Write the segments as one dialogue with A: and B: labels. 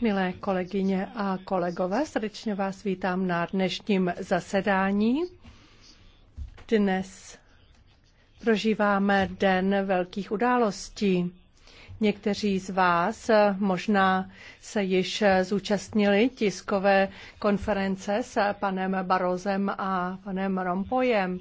A: Milé kolegyně a kolegové, srdečně vás vítám na dnešním zasedání. Dnes prožíváme den velkých událostí. Někteří z vás možná se již zúčastnili tiskové konference s panem Barozem a panem Rompojem.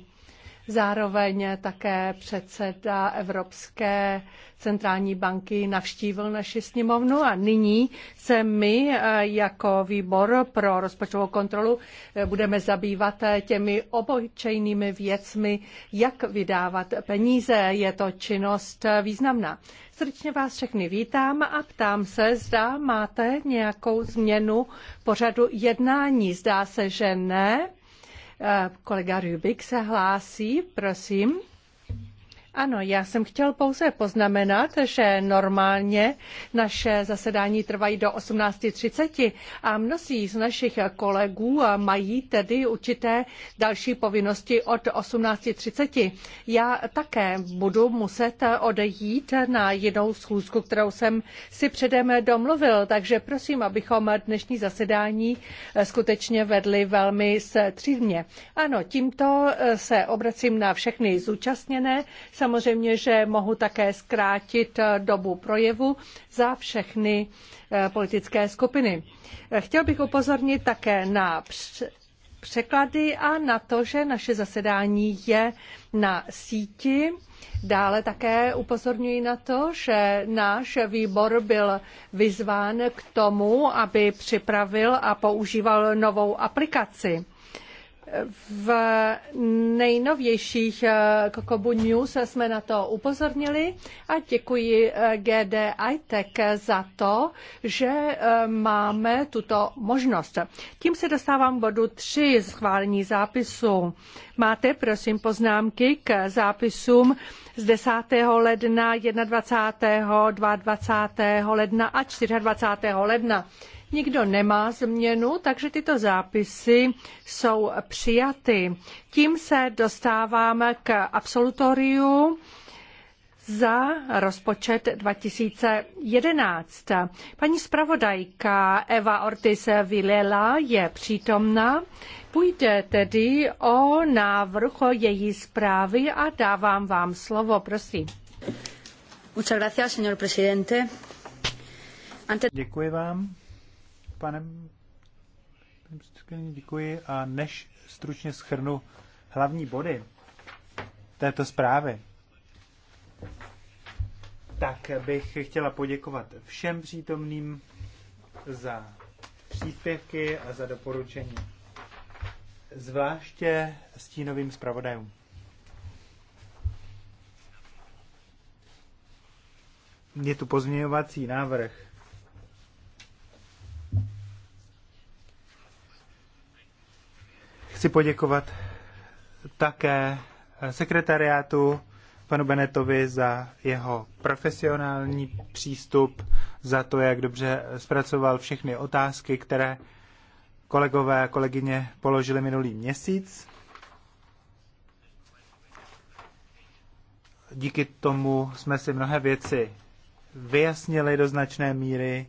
A: Zároveň také předseda Evropské centrální banky navštívil naši sněmovnu a nyní se my eh, jako výbor pro rozpočtovou kontrolu eh, budeme zabývat eh, těmi obyčejnými věcmi, jak vydávat peníze. Je to činnost významná. Srdečně vás všechny vítám a ptám se, zda máte nějakou změnu pořadu jednání. Zdá se, že ne. Eh, kolega Rubik se hlásí, prosím. Ano, já jsem chtěl pouze poznamenat, že normálně naše zasedání trvají do 18.30 a mnozí z našich kolegů mají tedy určité další povinnosti od 18.30. Já také budu muset odejít na jinou schůzku, kterou jsem si předem domluvil, takže prosím, abychom dnešní zasedání skutečně vedli velmi střídmě. Ano, tímto se obracím na všechny zúčastněné. Samozřejmě Samozřejmě, že mohu také zkrátit eh, dobu projevu za všechny eh, politické skupiny. Eh, chtěl bych upozornit také na překlady a na to, že naše zasedání je na síti. Dále také upozorňuji na to, že náš výbor byl vyzván k tomu, aby připravil a používal novou aplikaci. V nejnovějších eh, Kokobu News jsme na to upozornili a děkuji eh, GD ITEC za to, že eh, máme tuto možnost. Tím se dostávám bodu 3 schválení zápisu. Máte, prosím, poznámky k zápisům z 10. ledna, 21. 22. ledna a 24. ledna. Nikdo nemá změnu, takže tyto zápisy jsou přijaty. Tím se dostáváme k absolutoriu za rozpočet 2011. Paní zpravodajka Eva Ortiz Vilela je přítomna. Půjde tedy o návrh její zprávy a dávám vám slovo, prosím. Muchas gracias, señor presidente.
B: Děkuji vám pane děkuji a než stručně schrnu hlavní body této zprávy, tak bych chtěla poděkovat všem přítomným za příspěvky a za doporučení. Zvláště stínovým zpravodajům. Je tu pozměňovací návrh Chci poděkovat také eh, sekretariátu panu Benetovi za jeho profesionální přístup, za to, jak dobře zpracoval všechny otázky, které kolegové a kolegyně položili minulý měsíc. Díky tomu jsme si mnohé věci vyjasnili do značné míry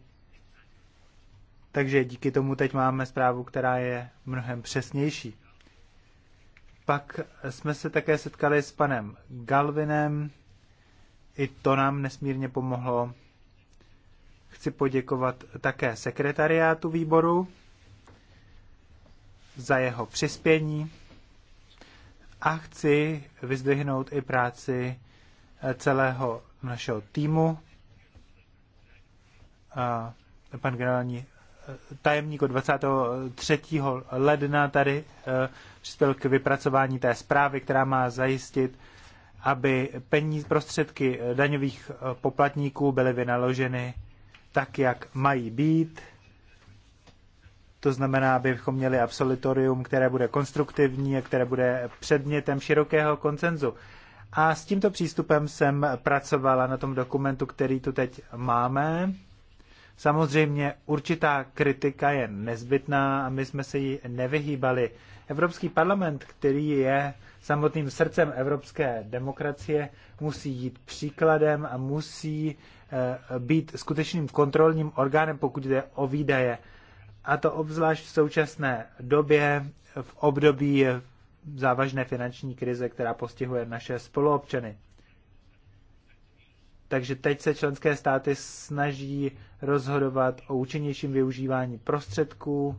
B: takže díky tomu teď máme zprávu, která je mnohem přesnější. Pak jsme se také setkali s panem Galvinem. I to nám nesmírně pomohlo. Chci poděkovat také sekretariátu výboru za jeho přispění a chci vyzdvihnout i práci eh, celého našeho týmu. Pan generální tajemník od 23. ledna tady eh, přispěl k vypracování té zprávy, která má zajistit, aby peníze, prostředky eh, daňových eh, poplatníků byly vynaloženy tak, jak mají být. To znamená, abychom měli absolutorium, které bude konstruktivní a které bude předmětem širokého koncenzu. A s tímto přístupem jsem pracovala na tom dokumentu, který tu teď máme. Samozřejmě určitá kritika je nezbytná a my jsme se ji nevyhýbali. Evropský parlament, který je samotným srdcem evropské demokracie, musí jít příkladem a musí eh, být skutečným kontrolním orgánem, pokud jde o výdaje. A to obzvlášť v současné době, v období závažné finanční krize, která postihuje naše spoluobčany. Takže teď se členské státy snaží rozhodovat o účinnějším využívání prostředků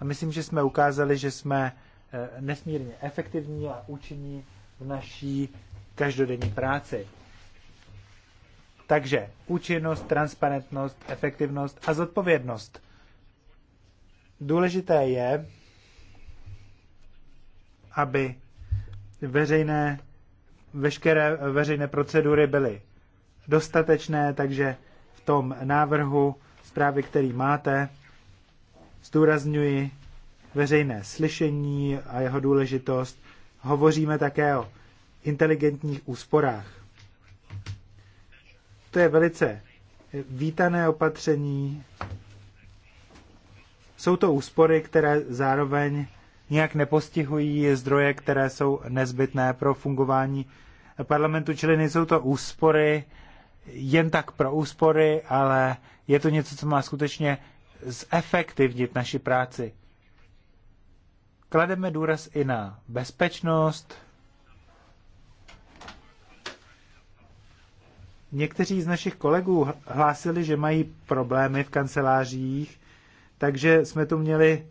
B: a myslím, že jsme ukázali, že jsme eh, nesmírně efektivní a účinní v naší každodenní práci. Takže účinnost, transparentnost, efektivnost a zodpovědnost. Důležité je, aby veřejné, veškeré veřejné procedury byly dostatečné, takže v tom návrhu zprávy, který máte, zdůrazňuji veřejné slyšení a jeho důležitost. Hovoříme také o inteligentních úsporách. To je velice vítané opatření. Jsou to úspory, které zároveň nějak nepostihují zdroje, které jsou nezbytné pro fungování parlamentu, čili nejsou to úspory, jen tak pro úspory, ale je to něco, co má skutečně zefektivnit naši práci. Klademe důraz i na bezpečnost. Někteří z našich kolegů hlásili, že mají problémy v kancelářích, takže jsme tu měli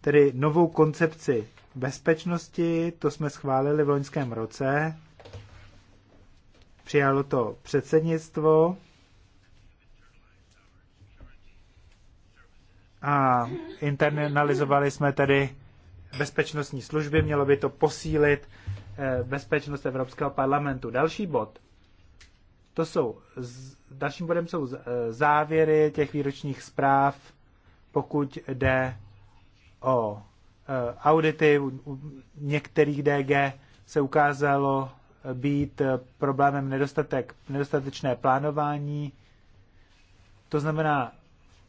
B: tedy novou koncepci bezpečnosti, to jsme schválili v loňském roce přijalo to předsednictvo a internalizovali jsme tedy bezpečnostní služby, mělo by to posílit eh, bezpečnost Evropského parlamentu. Další bod, to jsou, dalším bodem jsou eh, závěry těch výročních zpráv, pokud jde o eh, audity některých DG se ukázalo, být eh, problémem nedostatek, nedostatečné plánování. To znamená,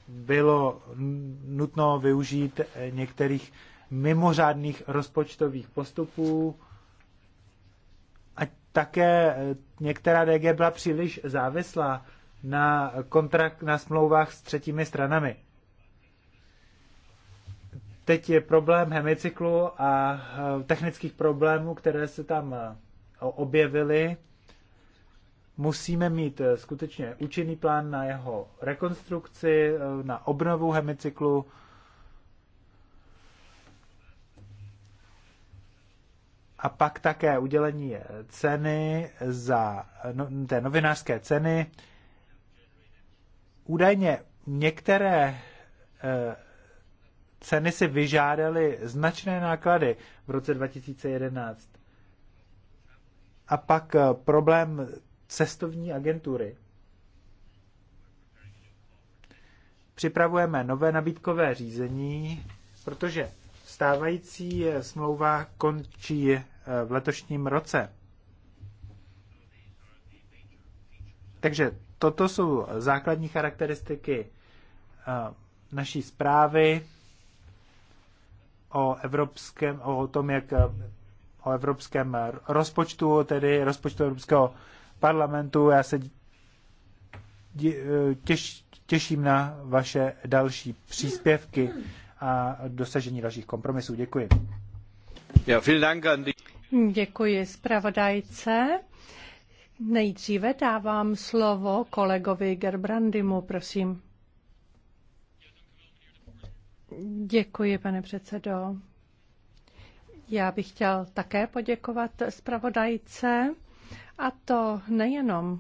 B: bylo nutno využít eh, některých mimořádných rozpočtových postupů a také eh, některá DG byla příliš závislá na, kontrakt, na smlouvách s třetími stranami. Teď je problém hemicyklu a technických problémů, které se tam Objevili. Musíme mít eh, skutečně účinný plán na jeho rekonstrukci, eh, na obnovu hemicyklu. A pak také udělení eh, ceny za no, té novinářské ceny. Údajně některé eh, ceny si vyžádaly značné náklady v roce 2011. A pak eh, problém cestovní agentury. Připravujeme nové nabídkové řízení, protože stávající eh, smlouva končí eh, v letošním roce. Takže toto jsou základní charakteristiky naší zprávy o evropském, o tom, jak o evropském rozpočtu, tedy rozpočtu Evropského parlamentu. Já se těš, těším na vaše další příspěvky a dosažení dalších kompromisů. Děkuji.
A: Děkuji zpravodajce. Nejdříve dávám slovo kolegovi Gerbrandimu, prosím. Děkuji, pane předsedo. Já bych chtěl také poděkovat zpravodajce a to nejenom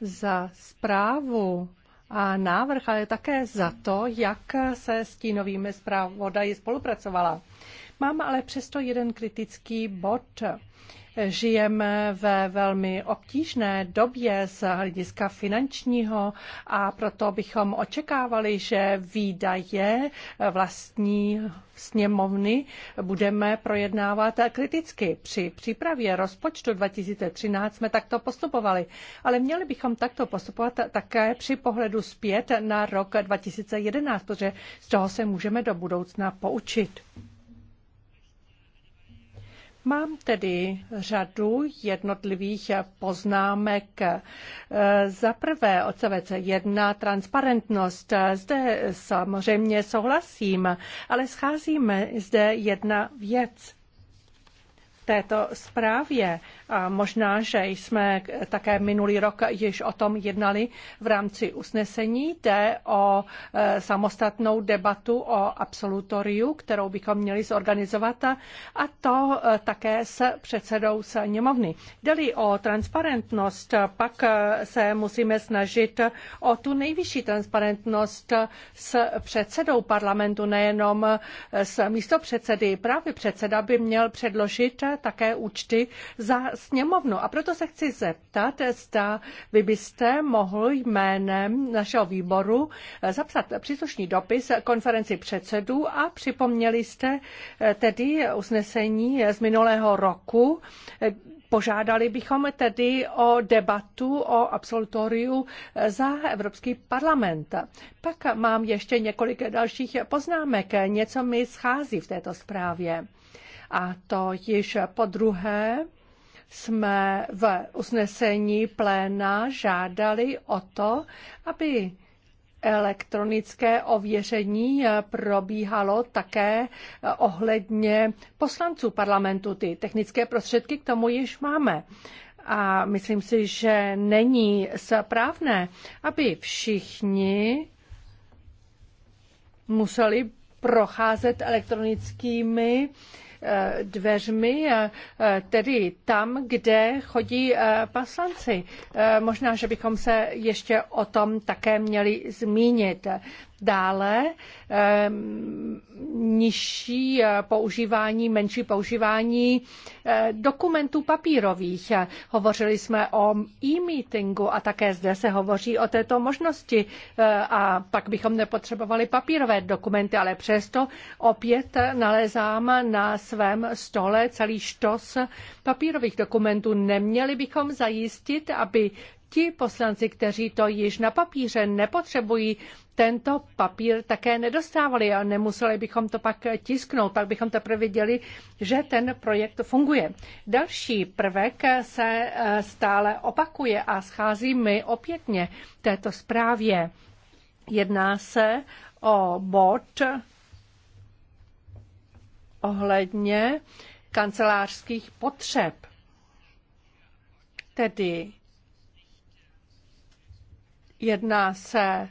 A: za zprávu a návrh, ale také za to, jak se s tínovými zpravodaji spolupracovala. Mám ale přesto jeden kritický bod. Žijeme ve velmi obtížné době z hlediska finančního a proto bychom očekávali, že výdaje vlastní sněmovny budeme projednávat kriticky. Při přípravě rozpočtu 2013 jsme takto postupovali, ale měli bychom takto postupovat také při pohledu zpět na rok 2011, protože z toho se můžeme do budoucna poučit. Mám tedy řadu jednotlivých poznámek. E, za prvé odsavec jedna transparentnost. Zde samozřejmě souhlasím, ale scházíme zde jedna věc této zprávě a možná, že jsme také minulý rok již o tom jednali v rámci usnesení. Jde o e, samostatnou debatu o absolutoriu, kterou bychom měli zorganizovat a to e, také s předsedou němovny. jde o transparentnost, pak e, se musíme snažit o tu nejvyšší transparentnost s předsedou parlamentu, nejenom s místopředsedy. Právě předseda by měl předložit také účty za sněmovnu. A proto se chci zeptat, zda vy byste mohl jménem našeho výboru eh, zapsat příslušný dopis konferenci předsedů a připomněli jste eh, tedy usnesení z minulého roku, eh, Požádali bychom tedy o debatu o absolutoriu za Evropský parlament. Pak mám ještě několik dalších poznámek. Něco mi schází v této zprávě. A to již po druhé jsme v usnesení pléna žádali o to, aby elektronické ověření probíhalo také ohledně poslanců parlamentu. Ty technické prostředky k tomu již máme. A myslím si, že není správné, aby všichni museli procházet elektronickými uh, Eh, dveřmi, eh, eh, tedy tam, kde chodí paslanci. Možná, že bychom se ještě o tom také měli zmínit. Dále nižší eh, používání, menší používání eh, dokumentů papírových. Hovořili jsme o e-meetingu a také zde se hovoří o této možnosti eh, a pak bychom nepotřebovali papírové dokumenty, ale přesto opět nalezám na svém stole celý štos papírových dokumentů. Neměli bychom zajistit, aby Ti poslanci, kteří to již na papíře nepotřebují, tento papír také nedostávali a nemuseli bychom to pak tisknout, pak bychom teprve viděli, že ten projekt funguje. Další prvek se eh, stále opakuje a schází mi opětně této zprávě. Jedná se o bod ohledně kancelářských potřeb. Tedy Jedná se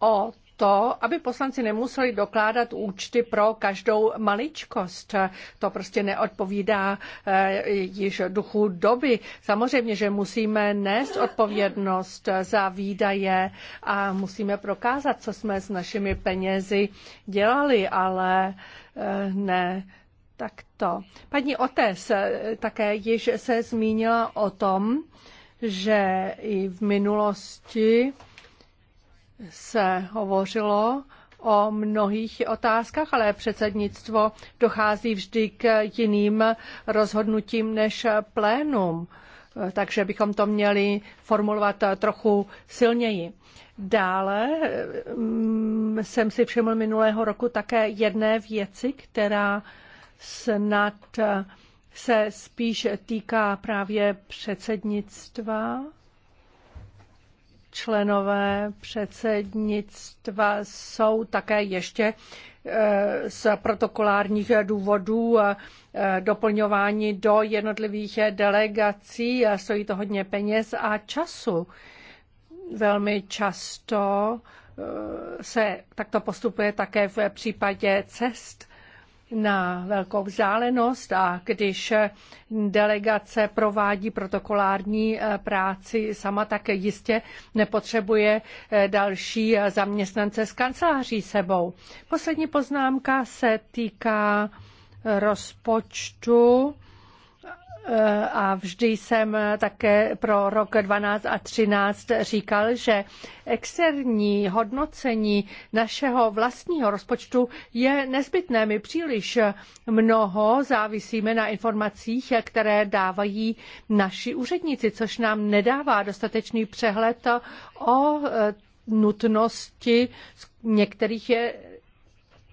A: o to, aby poslanci nemuseli dokládat účty pro každou maličkost. To prostě neodpovídá eh, již duchu doby. Samozřejmě, že musíme nést odpovědnost za výdaje a musíme prokázat, co jsme s našimi penězi dělali, ale eh, ne takto. Paní Otes eh, také již se zmínila o tom, že i v minulosti se hovořilo o mnohých otázkách, ale předsednictvo dochází vždy k jiným rozhodnutím než plénum. Takže bychom to měli formulovat trochu silněji. Dále mm, jsem si všiml minulého roku také jedné věci, která snad se spíš týká právě předsednictva. Členové předsednictva jsou také ještě eh, z protokolárních důvodů eh, doplňování do jednotlivých delegací. Eh, stojí to hodně peněz a času. Velmi často se takto postupuje také v případě cest na velkou vzdálenost a když delegace provádí protokolární eh, práci sama, tak jistě nepotřebuje eh, další eh, zaměstnance z kanceláří sebou. Poslední poznámka se týká rozpočtu Eh, a vždy jsem také pro rok 12 a 13 říkal, že externí hodnocení našeho vlastního rozpočtu je nezbytné. My příliš mnoho závisíme na informacích, které dávají naši úředníci, což nám nedává dostatečný přehled o eh, nutnosti některých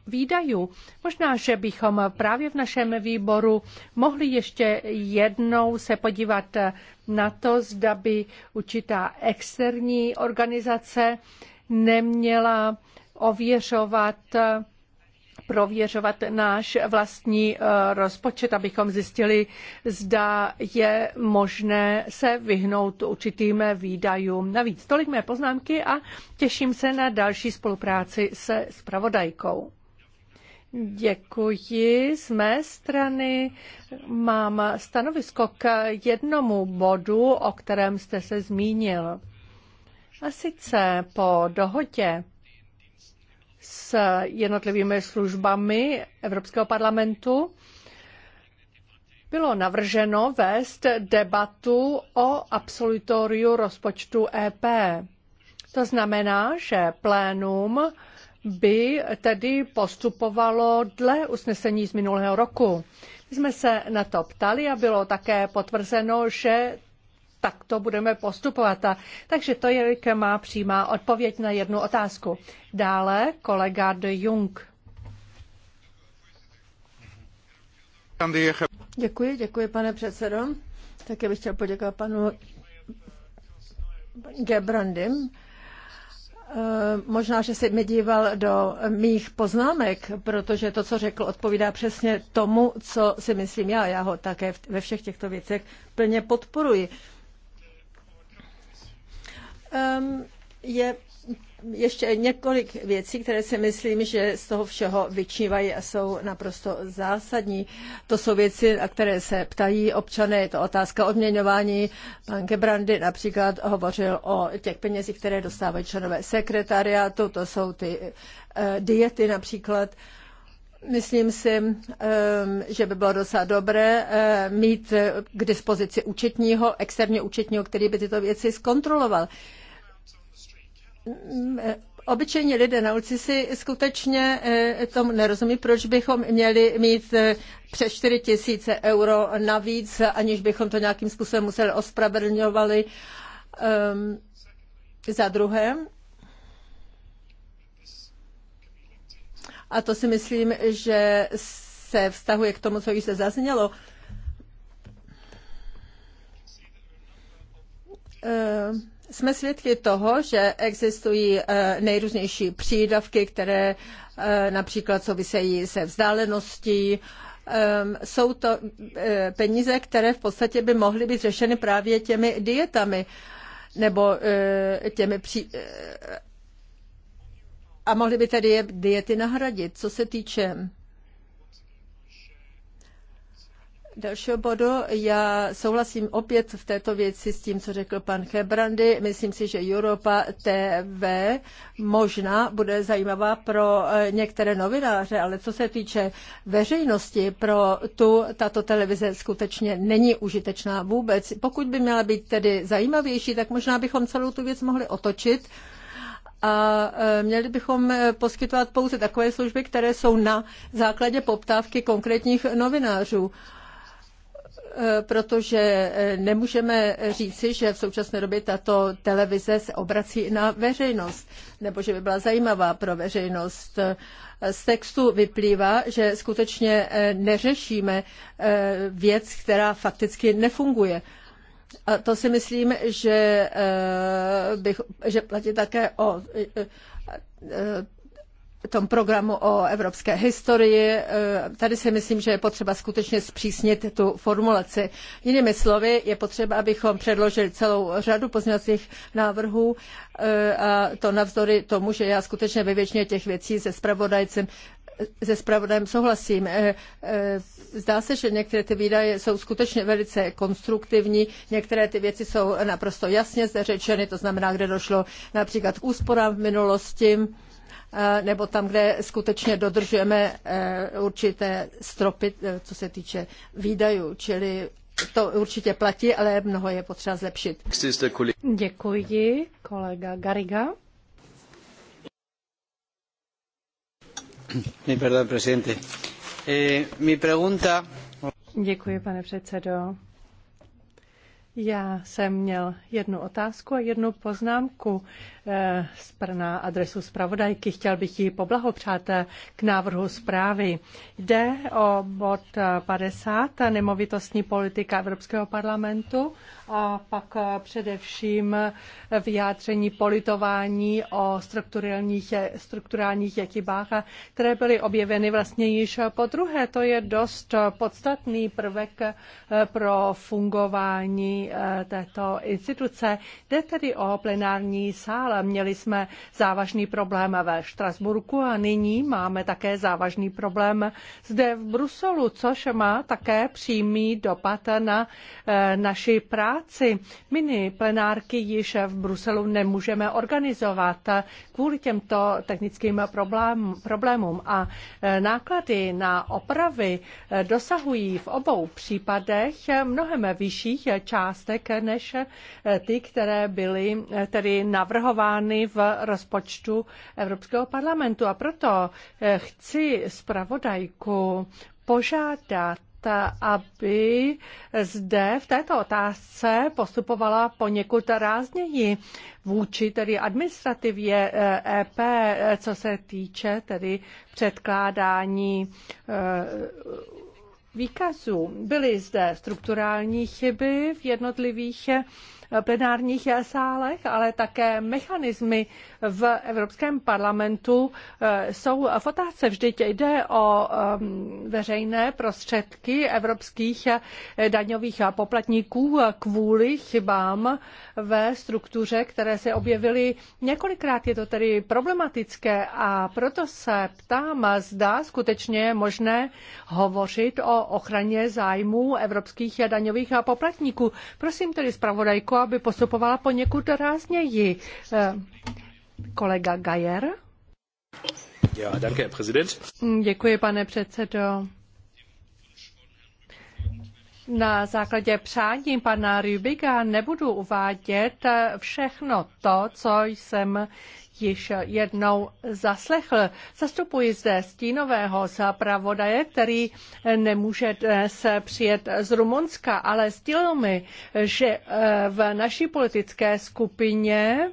A: výdajů. Možná, že bychom právě v našem výboru mohli ještě jednou se podívat na to, zda by určitá externí organizace neměla ověřovat prověřovat náš vlastní eh, rozpočet, abychom zjistili, zda je možné se vyhnout určitým výdajům. Navíc tolik mé poznámky a těším se na další spolupráci se spravodajkou. Děkuji. Z mé strany mám stanovisko k jednomu bodu, o kterém jste se zmínil. A sice po dohodě s jednotlivými službami Evropského parlamentu bylo navrženo vést debatu o absolutoriu rozpočtu EP. To znamená, že plénum by tedy postupovalo dle usnesení z minulého roku. My jsme se na to ptali a bylo také potvrzeno, že tak to budeme postupovat. A, takže to je má přímá odpověď na jednu otázku. Dále kolega de Jung.
C: Děkuji, děkuji, pane předsedo. Také bych chtěl poděkovat panu Gebrandim. Eh, možná, že se mi díval do mých poznámek, protože to, co řekl, odpovídá přesně tomu, co si myslím já. Já ho také ve všech těchto věcech plně podporuji. Je ještě několik věcí, které si myslím, že z toho všeho vyčnívají a jsou naprosto zásadní. To jsou věci, na které se ptají občané. Je to otázka odměňování. Pan Gebrandy například hovořil o těch penězích, které dostávají členové sekretariátu. To jsou ty eh, diety například. Myslím si, eh, že by bylo docela dobré eh, mít k dispozici účetního, externě účetního, který by tyto věci zkontroloval. Mm, eh, obyčejní lidé na ulici si skutečně eh, tomu nerozumí, proč bychom měli mít eh, přes 4 tisíce euro navíc, aniž bychom to nějakým způsobem museli ospravedlňovali. Um, za druhé, a to si myslím, že se vztahuje k tomu, co již se zaznělo, um, jsme svědky toho, že existují eh, nejrůznější přídavky, které eh, například souvisejí se vzdáleností. Ehm, jsou to eh, peníze, které v podstatě by mohly být řešeny právě těmi dietami nebo těmi pří... a mohly by tedy diety nahradit. Co se týče dalšího bodu. Já souhlasím opět v této věci s tím, co řekl pan Hebrandy. Myslím si, že Europa TV možná bude zajímavá pro eh, některé novináře, ale co se týče veřejnosti, pro tu tato televize skutečně není užitečná vůbec. Pokud by měla být tedy zajímavější, tak možná bychom celou tu věc mohli otočit a eh, měli bychom eh, poskytovat pouze takové služby, které jsou na základě poptávky konkrétních novinářů. Eh, protože eh, nemůžeme říci, že v současné době tato televize se obrací na veřejnost, nebo že by byla zajímavá pro veřejnost. Eh, z textu vyplývá, že skutečně neřešíme věc, která fakticky nefunguje. A to si myslím, že, bych, že platí také o tom programu o evropské historii. Eh, tady si myslím, že je potřeba skutečně zpřísnit tu formulaci. Jinými slovy, je potřeba, abychom předložili celou řadu pozměňovacích návrhů eh, a to navzdory tomu, že já skutečně ve většině těch věcí se spravodajcem se spravodajem souhlasím. Eh, zdá se, že některé ty výdaje jsou skutečně velice konstruktivní, některé ty věci jsou naprosto jasně zřečeny, to znamená, kde došlo například k úsporám v minulosti, Eh, nebo tam, kde skutečně dodržujeme eh, určité stropy, eh, co se týče výdajů, čili to určitě platí, ale mnoho je potřeba zlepšit.
A: Děkuji, kolega Gariga. Děkuji, pane předsedo. Já jsem měl jednu otázku a jednu poznámku. Eh, na adresu zpravodajky. Chtěl bych jí poblahopřát eh, k návrhu zprávy. Jde o bod 50, eh, nemovitostní politika Evropského parlamentu a pak především vyjádření politování o strukturálních, strukturálních chybách, které byly objeveny vlastně již po druhé. To je dost podstatný prvek pro fungování této instituce. Jde tedy o plenární sál, Měli jsme závažný problém ve Štrasburku a nyní máme také závažný problém zde v Bruselu, což má také přímý dopad na eh, naši práci. Mini plenárky již v Bruselu nemůžeme organizovat kvůli těmto technickým problémům a eh, náklady na opravy eh, dosahují v obou případech mnohem vyšších částek než ty, které byly tedy navrhovány reflektovány v rozpočtu Evropského parlamentu. A proto eh, chci zpravodajku požádat, aby zde v této otázce postupovala poněkud rázněji vůči tedy administrativě EP, eh, e co se týče tedy předkládání eh, výkazů. Byly zde strukturální chyby v jednotlivých plenárních sálech, ale také mechanismy v Evropském parlamentu eh, jsou v otázce. Vždyť jde o eh, veřejné prostředky evropských eh, daňových poplatníků kvůli chybám ve struktuře, které se objevily několikrát. Je to tedy problematické a proto se ptám, zda skutečně je možné hovořit o ochraně zájmů evropských daňových poplatníků. Prosím tedy zpravodajku, aby postupovala poněkud rázněji. Eh, kolega Gajer.
B: Ja, danke, Herr Präsident.
A: Děkuji, pane předsedo. Na základě přání pana Rubiga nebudu uvádět všechno to, co jsem již jednou zaslechl. Zastupuji zde stínového zpravodaje, který nemůže se přijet z Rumunska, ale stílo mi, že eh, v naší politické skupině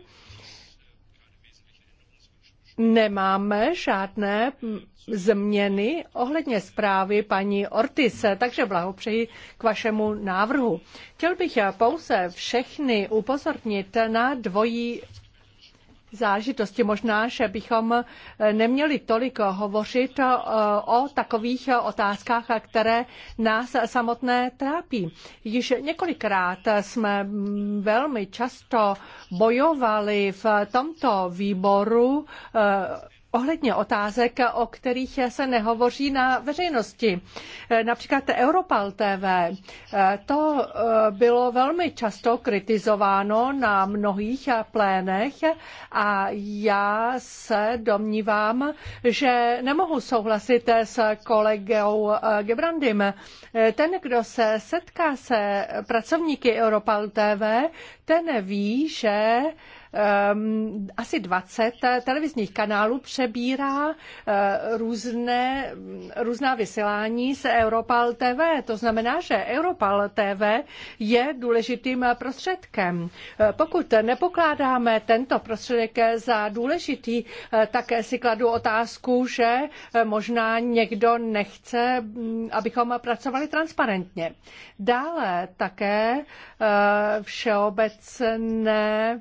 A: nemáme žádné hm, změny ohledně zprávy paní Ortiz, takže blahopřeji k vašemu návrhu. Chtěl bych pouze všechny upozornit na dvojí zážitosti. Možná, že bychom eh, neměli tolik hovořit eh, o takových otázkách, které nás samotné trápí. Již několikrát jsme mm, velmi často bojovali v tomto výboru eh, ohledně otázek, o kterých se nehovoří na veřejnosti. Například Europal TV. To eh, bylo velmi často kritizováno na mnohých plénech a já se domnívám, že nemohu souhlasit s kolegou eh, Gebrandym. Ten, kdo se setká se pracovníky Europal TV, ten ví, že Ehm, asi 20 televizních kanálů přebírá eh, různé, různá vysílání z Europal TV. To znamená, že Europal TV je důležitým prostředkem. Eh, pokud nepokládáme tento prostředek za důležitý, eh, tak si kladu otázku, že možná někdo nechce, mm, abychom pracovali transparentně. Dále také všeobecné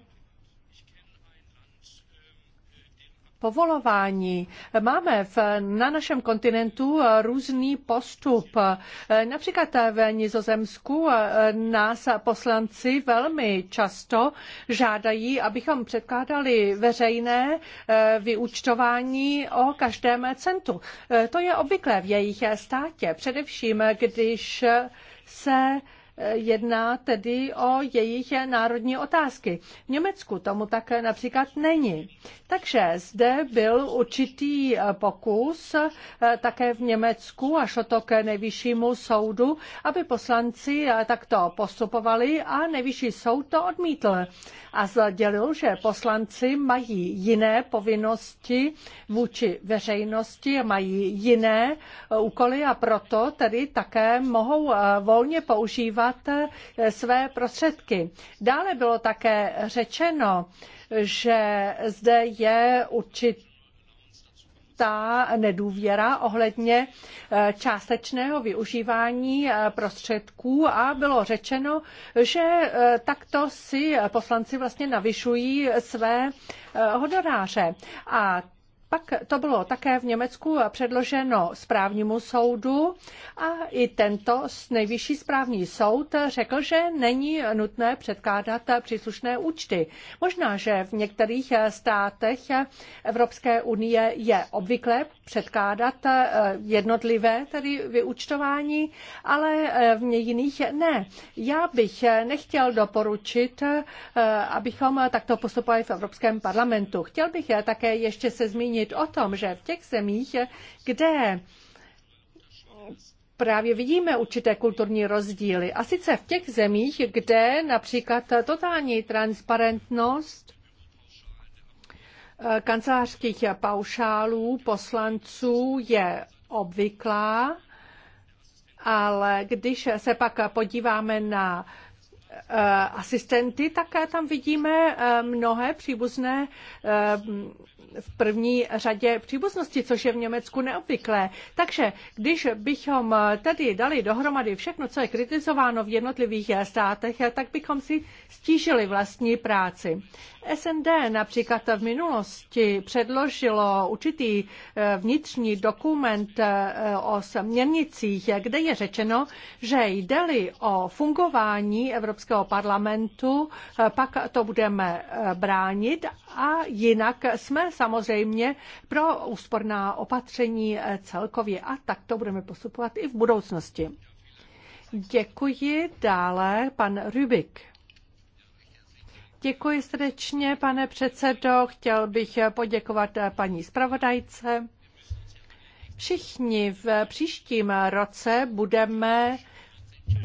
A: povolování. Máme v, na našem kontinentu různý postup. Například v Nizozemsku nás poslanci velmi často žádají, abychom předkládali veřejné eh, vyúčtování o každém centu. Eh, to je obvyklé v jejich státě, především když se jedná tedy o jejich národní otázky. V Německu tomu tak například není. Takže zde byl určitý pokus eh, také v Německu a šlo to k nejvyššímu soudu, aby poslanci eh, takto postupovali a nejvyšší soud to odmítl a sdělil, že poslanci mají jiné povinnosti vůči veřejnosti, mají jiné eh, úkoly a proto tedy také mohou volně používat investovat eh, své prostředky. Dále bylo také řečeno, že zde je určitý ta nedůvěra ohledně eh, částečného využívání eh, prostředků a bylo řečeno, že takto si poslanci vlastně navyšují své honoráře. A pak to bylo také v Německu předloženo správnímu soudu a i tento nejvyšší správní soud řekl, že není nutné předkládat příslušné účty. Možná, že v některých státech Evropské unie je obvykle předkládat eh, jednotlivé tedy vyúčtování, ale eh, v jiných ne. Já bych nechtěl doporučit, eh, abychom takto postupovali v Evropském parlamentu. Chtěl bych také ještě se zmínit zmínit o tom, že v těch zemích, kde právě vidíme určité kulturní rozdíly. A sice v těch zemích, kde například totální transparentnost eh, kancelářských paušálů poslanců je obvyklá, ale když se pak podíváme na Eh, asistenty, také tam vidíme eh, mnohé příbuzné eh, v první řadě příbuznosti, což je v Německu neobvyklé. Takže když bychom tedy dali dohromady všechno, co je kritizováno v jednotlivých státech, tak bychom si stížili vlastní práci. SND například v minulosti předložilo určitý vnitřní dokument o směrnicích, kde je řečeno, že jde-li o fungování Evropské Evropského parlamentu, eh, pak to budeme eh, bránit a jinak jsme samozřejmě pro úsporná opatření eh, celkově a tak to budeme postupovat i v budoucnosti. Děkuji dále pan Rubik. Děkuji srdečně, pane předsedo. Chtěl bych poděkovat paní zpravodajce. Všichni v příštím roce budeme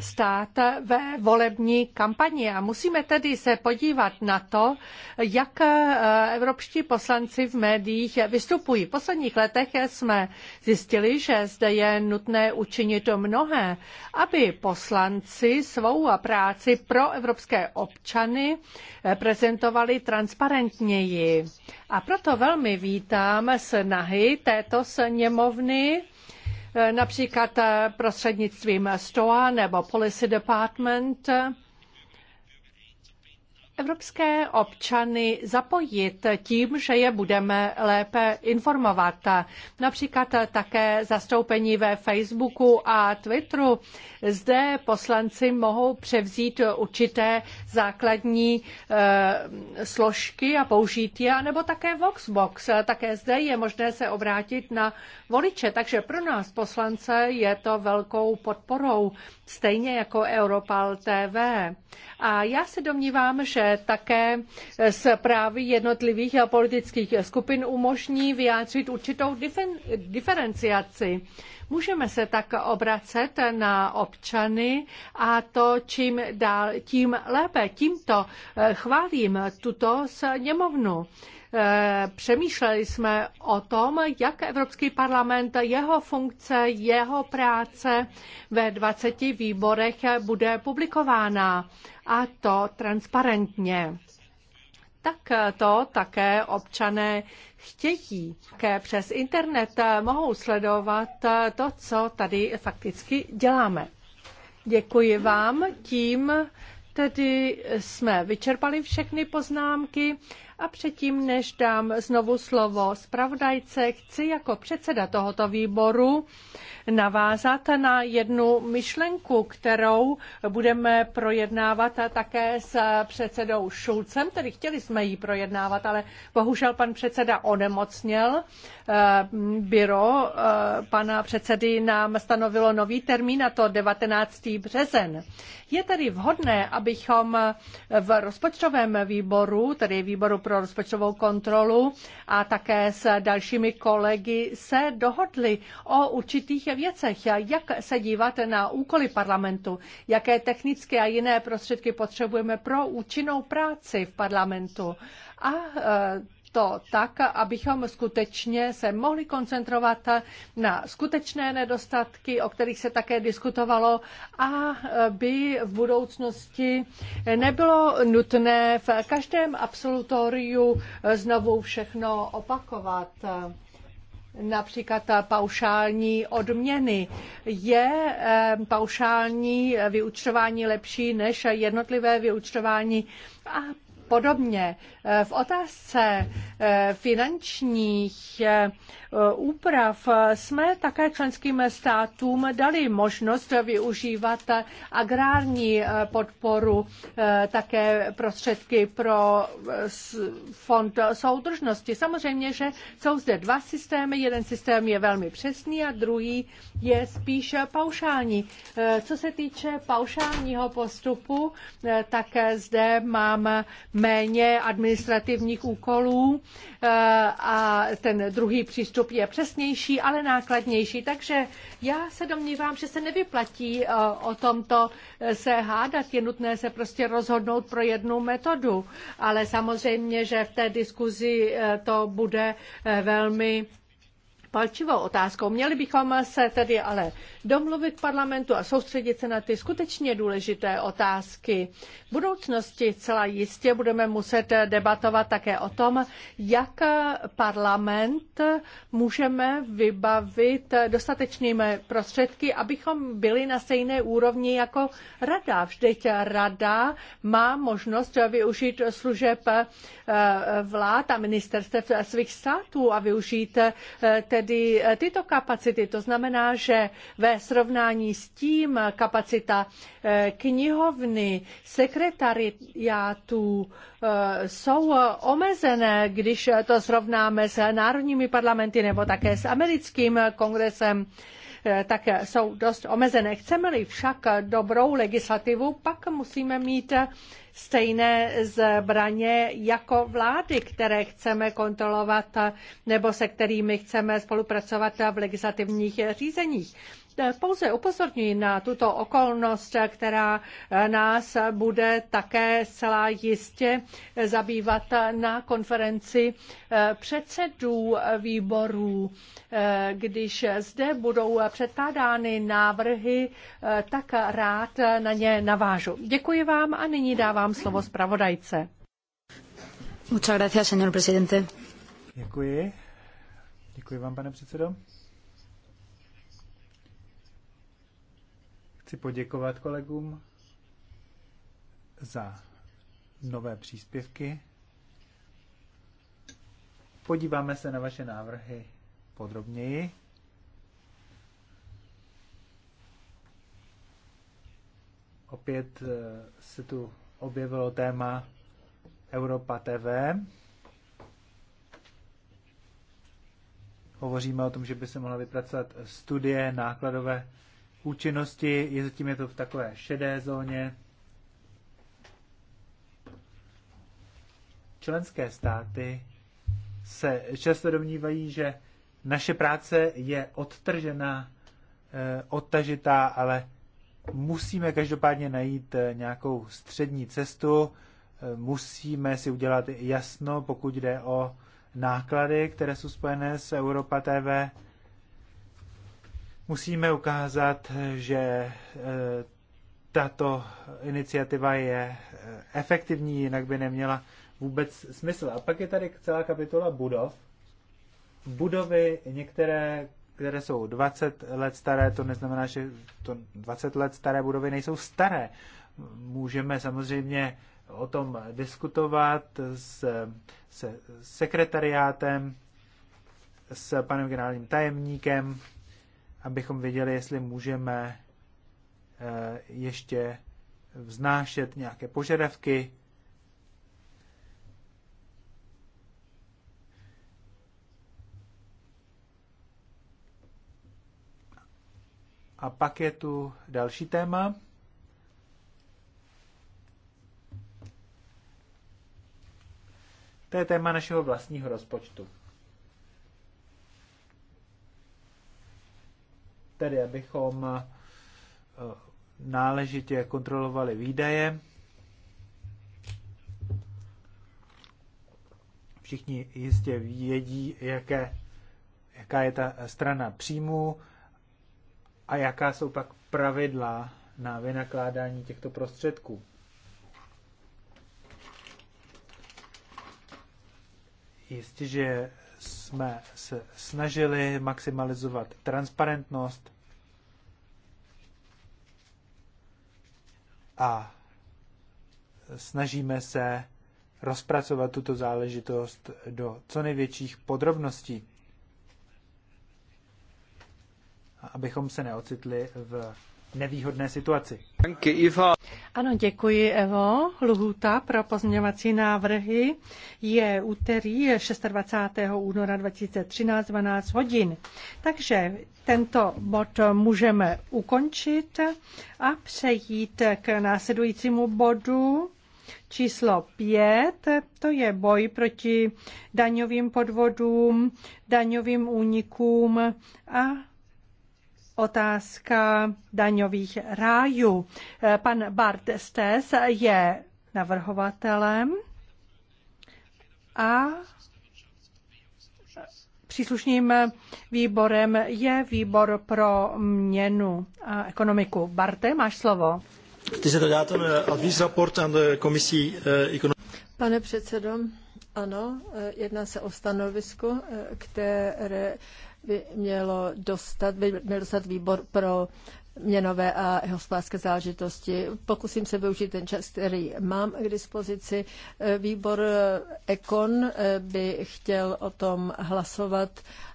A: stát ve volební kampani. A musíme tedy se podívat na to, jak eh, evropští poslanci v médiích vystupují. V posledních letech jsme zjistili, že zde je nutné učinit mnohé, aby poslanci svou práci pro evropské občany eh, prezentovali transparentněji. A proto velmi vítám snahy této sněmovny například eh, prostřednictvím STOA nebo Policy Department evropské občany zapojit tím, že je budeme lépe informovat. Například také zastoupení ve Facebooku a Twitteru. Zde poslanci mohou převzít určité základní eh, složky a použít je, nebo také Voxbox. Také zde je možné se obrátit na voliče, takže pro nás poslance je to velkou podporou, stejně jako Europal TV. A já se domnívám, že také z zprávy jednotlivých politických skupin umožní vyjádřit určitou diferenciaci. Můžeme se tak obracet na občany a to čím dál, tím lépe. Tímto eh, chválím tuto sněmovnu. Eh, přemýšleli jsme o tom, jak Evropský parlament, jeho funkce, jeho práce ve 20 výborech bude publikována a to transparentně. Tak to také občané chtějí. Také přes internet mohou sledovat to, co tady fakticky děláme. Děkuji vám. Tím tedy jsme vyčerpali všechny poznámky. A předtím, než dám znovu slovo zpravodajce, chci jako předseda tohoto výboru navázat na jednu myšlenku, kterou budeme projednávat také s předsedou Šulcem, tedy chtěli jsme ji projednávat, ale bohužel pan předseda onemocněl. Eh, byro eh, pana předsedy nám stanovilo nový termín, a to 19. březen. Je tedy vhodné, abychom v rozpočtovém výboru, tedy výboru pro rozpočtovou kontrolu a také s dalšími kolegy se dohodli o určitých věcech, jak se dívat na úkoly parlamentu, jaké technické a jiné prostředky potřebujeme pro účinnou práci v parlamentu. A e, to tak, abychom skutečně se mohli koncentrovat na skutečné nedostatky, o kterých se také diskutovalo, a by v budoucnosti nebylo nutné v každém absolutoriu znovu všechno opakovat například paušální odměny. Je eh, paušální vyučování lepší než jednotlivé vyučování? a podobně. Eh, v otázce eh, finančních eh, úprav jsme také členským státům dali možnost využívat agrární podporu, také prostředky pro fond soudržnosti. Samozřejmě, že jsou zde dva systémy. Jeden systém je velmi přesný a druhý je spíš paušální. Co se týče paušálního postupu, tak zde mám méně administrativních úkolů eh, a ten druhý přístup je přesnější, ale nákladnější. Takže já se domnívám, že se nevyplatí eh, o tomto se hádat. Je nutné se prostě rozhodnout pro jednu metodu. Ale samozřejmě, že v té diskuzi eh, to bude velmi palčivou otázkou. Měli bychom se tedy ale domluvit parlamentu a soustředit se na ty skutečně důležité otázky. V budoucnosti celá jistě budeme muset debatovat také o tom, jak parlament můžeme vybavit dostatečnými prostředky, abychom byli na stejné úrovni jako rada. Vždyť rada má možnost využít služeb eh, vlád a ministerstv svých států a využít eh, tedy tedy eh, tyto kapacity. To znamená, že ve srovnání s tím kapacita eh, knihovny, sekretariátů eh, jsou omezené, když to srovnáme s národními parlamenty nebo také s americkým kongresem. Eh, tak jsou dost omezené. Chceme-li však dobrou legislativu, pak musíme mít stejné zbraně jako vlády, které chceme kontrolovat nebo se kterými chceme spolupracovat v legislativních řízeních pouze upozorňuji na tuto okolnost, která eh, nás bude také celá jistě zabývat na konferenci eh, předsedů výborů, eh, když zde budou předkládány návrhy, tak rád na ně navážu. Děkuji vám a nyní dávám slovo zpravodajce.
D: Muchas gracias, señor presidente.
B: Děkuji. Děkuji vám, pane předsedo. Chci poděkovat kolegům za nové příspěvky. Podíváme se na vaše návrhy podrobněji. Opět eh, se tu objevilo téma Europa TV. Hovoříme o tom, že by se mohla vypracovat studie nákladové účinnosti, je zatím je to v takové šedé zóně. Členské státy se často domnívají, že naše práce je odtržená, eh, odtažitá, ale musíme každopádně najít eh, nějakou střední cestu, eh, musíme si udělat jasno, pokud jde o náklady, které jsou spojené s Europa TV, Musíme ukázat, že eh, tato iniciativa je eh, efektivní, jinak by neměla vůbec smysl. A pak je tady celá kapitola budov. Budovy některé, které jsou 20 let staré, to neznamená, že to 20 let staré budovy nejsou staré. Můžeme samozřejmě o tom diskutovat s, se sekretariátem, s panem generálním tajemníkem, abychom věděli, jestli můžeme eh, ještě vznášet nějaké požadavky. A pak je tu další téma. To je téma našeho vlastního rozpočtu. tedy abychom eh, náležitě kontrolovali výdaje. Všichni jistě vědí, jaké, jaká je ta strana příjmů a jaká jsou pak pravidla na vynakládání těchto prostředků. Jistě, že jsme se snažili maximalizovat transparentnost a snažíme se rozpracovat tuto záležitost do co největších podrobností, abychom se neocitli v nevýhodné situaci.
A: Ano, děkuji, Evo. Lhůta pro pozměňovací návrhy je úterý 26. února 2013 12 hodin. Takže tento bod můžeme ukončit a přejít k následujícímu bodu číslo 5, to je boj proti daňovým podvodům, daňovým únikům a otázka daňových rájů. Eh, pan Bart Stes je navrhovatelem a příslušným výborem je výbor pro měnu a ekonomiku. Barte, máš slovo.
B: Eh, eh,
A: Pane předsedo,
C: ano, jedná se o stanovisko, které by mělo dostat, by měl dostat výbor pro měnové a hospodářské záležitosti. Pokusím se využít ten čas, který mám k dispozici. Výbor Ekon eh, eh, by chtěl o tom hlasovat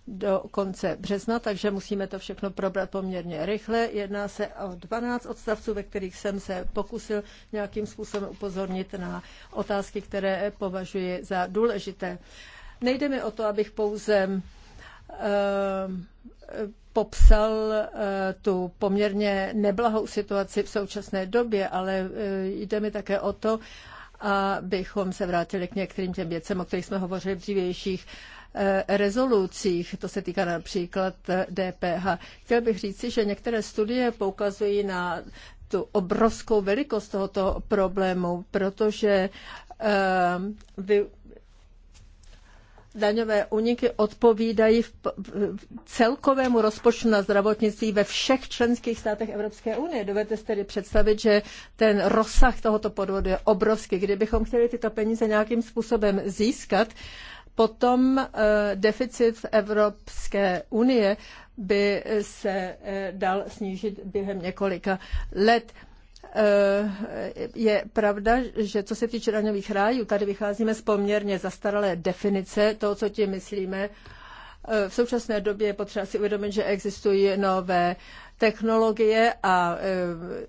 C: do konce března, takže musíme to všechno probrat poměrně rychle. Jedná se o 12 odstavců, ve kterých jsem se pokusil nějakým způsobem upozornit na otázky, které považuji za důležité. Nejde mi o to, abych pouze Eh, popsal eh, tu poměrně neblahou situaci v současné době, ale eh, jde mi také o to, abychom se vrátili k některým těm věcem, o kterých jsme hovořili v dřívějších rezolucích, to se týká například DPH. Chtěl bych říci, že některé studie poukazují na tu obrovskou velikost tohoto problému, protože vy daňové úniky odpovídají v, celkovému rozpočtu na zdravotnictví ve všech členských státech Evropské unie. Dovedete si tedy představit, že ten rozsah tohoto podvodu je obrovský. Kdybychom chtěli tyto peníze nějakým způsobem získat, potom eh, deficit Evropské unie by se eh, dal snížit během několika let. Eh, je pravda, že co se týče daňových rájů, tady vycházíme z poměrně zastaralé definice toho, co tím myslíme. Eh, v současné době je potřeba si uvědomit, že existují nové technologie a eh,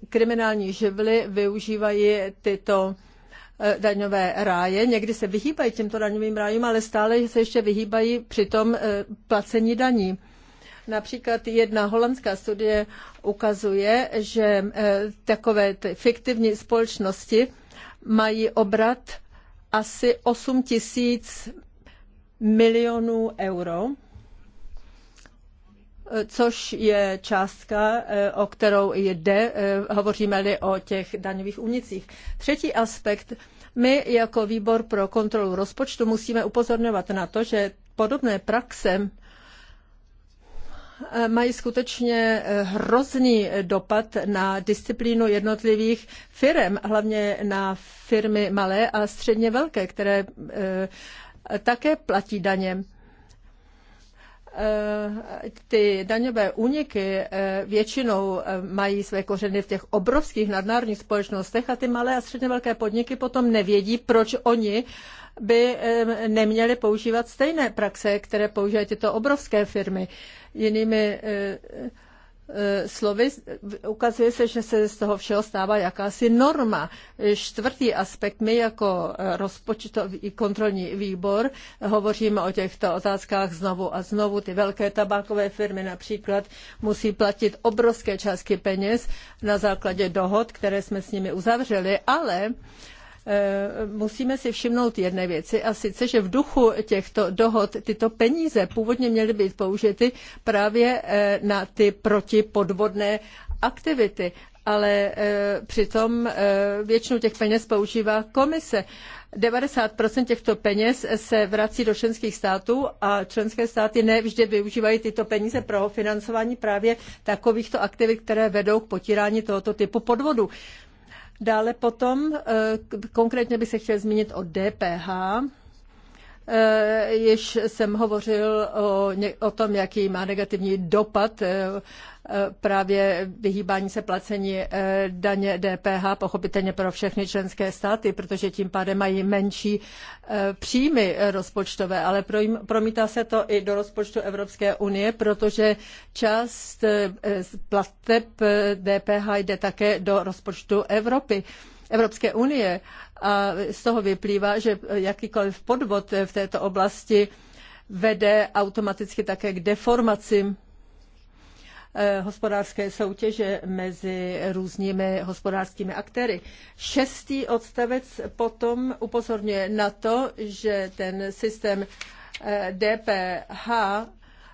C: kriminální živly využívají tyto daňové ráje. Někdy se vyhýbají těmto daňovým rájům, ale stále se ještě vyhýbají při tom placení daní. Například jedna holandská studie ukazuje, že eh, takové ty fiktivní společnosti mají obrat asi 8 tisíc milionů euro, eh, což je částka, eh, o kterou jde, hovoříme-li o těch daňových únicích. Třetí aspekt, my jako výbor pro kontrolu rozpočtu musíme upozorňovat na to, že podobné praxe Eh, mají skutečně eh, hrozný dopad na disciplínu jednotlivých firm, hlavně na firmy malé a středně velké, které eh, také platí daně. Eh, ty daňové úniky eh, většinou eh, mají své kořeny v těch obrovských nadnárodních společnostech a ty malé a středně velké podniky potom nevědí, proč oni by neměli používat stejné praxe, které používají tyto obrovské firmy. Jinými Eh, slovy ukazuje se, že se z toho všeho stává jakási norma. Čtvrtý aspekt, my jako eh, rozpočtový kontrolní výbor hovoříme o těchto otázkách znovu a znovu. Ty velké tabákové firmy například musí platit obrovské částky peněz na základě dohod, které jsme s nimi uzavřeli, ale Eh, musíme si všimnout jedné věci a sice, že v duchu těchto dohod tyto peníze původně měly být použity právě eh, na ty protipodvodné aktivity, ale eh, přitom většinu těch peněz používá komise. 90% těchto peněz se vrací do členských států a členské státy nevždy využívají tyto peníze pro financování právě takovýchto aktivit, které vedou k potírání tohoto typu podvodu. Dále potom eh, konkrétně bych se chtěl zmínit o DPH, Eh, již jsem hovořil o, o tom, jaký má negativní dopad eh, eh, právě vyhýbání se placení daně DPH, pochopitelně pro všechny členské státy, protože tím pádem mají menší příjmy rozpočtové, ale promítá se to i do rozpočtu Evropské unie, protože část plateb DPH jde také do rozpočtu Evropy. Evropské unie a z toho vyplývá, že jakýkoliv podvod v této oblasti vede automaticky také k deformaci eh, hospodářské soutěže mezi různými hospodářskými aktéry. Šestý odstavec potom upozorňuje na to, že ten systém DPH eh,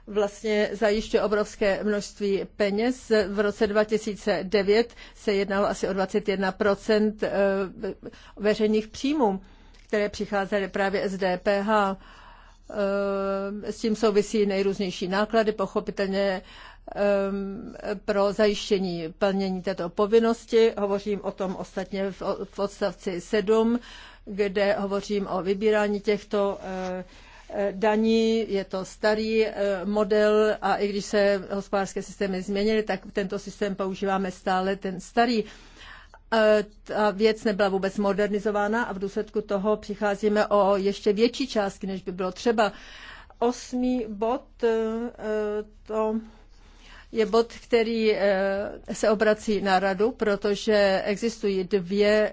C: vlastně zajišťuje obrovské množství peněz. V roce 2009 se jednalo asi o 21 eh, veřejných příjmů, které přicházely právě z DPH. Eh, s tím souvisí nejrůznější náklady, pochopitelně eh, pro zajištění plnění této povinnosti. Hovořím o tom ostatně v odstavci 7, kde hovořím o vybírání těchto daní, je to starý eh, model a i když se hospodářské systémy změnily, tak tento systém používáme stále, ten starý. Eh, ta věc nebyla vůbec modernizována a v důsledku toho přicházíme o ještě větší částky, než by bylo třeba. Osmý bod eh, to je bod, který se obrací na radu, protože existují dvě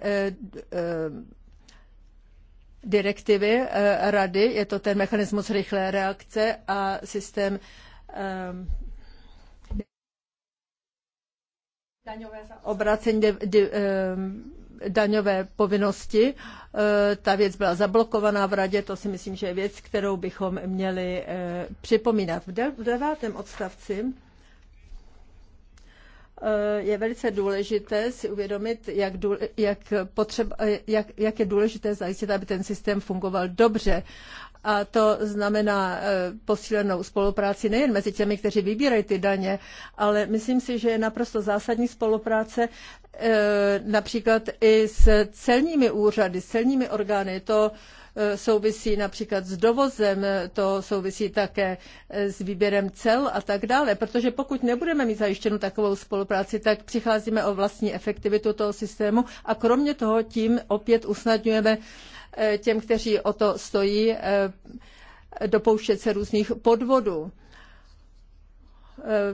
C: direktivy eh, rady, je to ten mechanismus rychlé reakce a systém eh, obracení eh, daňové povinnosti. Ta věc byla zablokovaná v radě, to si myslím, že je věc, kterou bychom měli připomínat. V devátém odstavci je velice důležité si uvědomit, jak, důle, jak, potřeba, jak, jak je důležité zajistit, aby ten systém fungoval dobře. A to znamená e, posílenou spolupráci nejen mezi těmi, kteří vybírají ty daně, ale myslím si, že je naprosto zásadní spolupráce e, například i s celními úřady, s celními orgány. To Eh, souvisí například s dovozem, to souvisí také eh, s výběrem cel a tak dále, protože pokud nebudeme mít zajištěnu takovou spolupráci, tak přicházíme o vlastní efektivitu toho systému a kromě toho tím opět usnadňujeme eh, těm, kteří o to stojí, dopouštět se různých podvodů.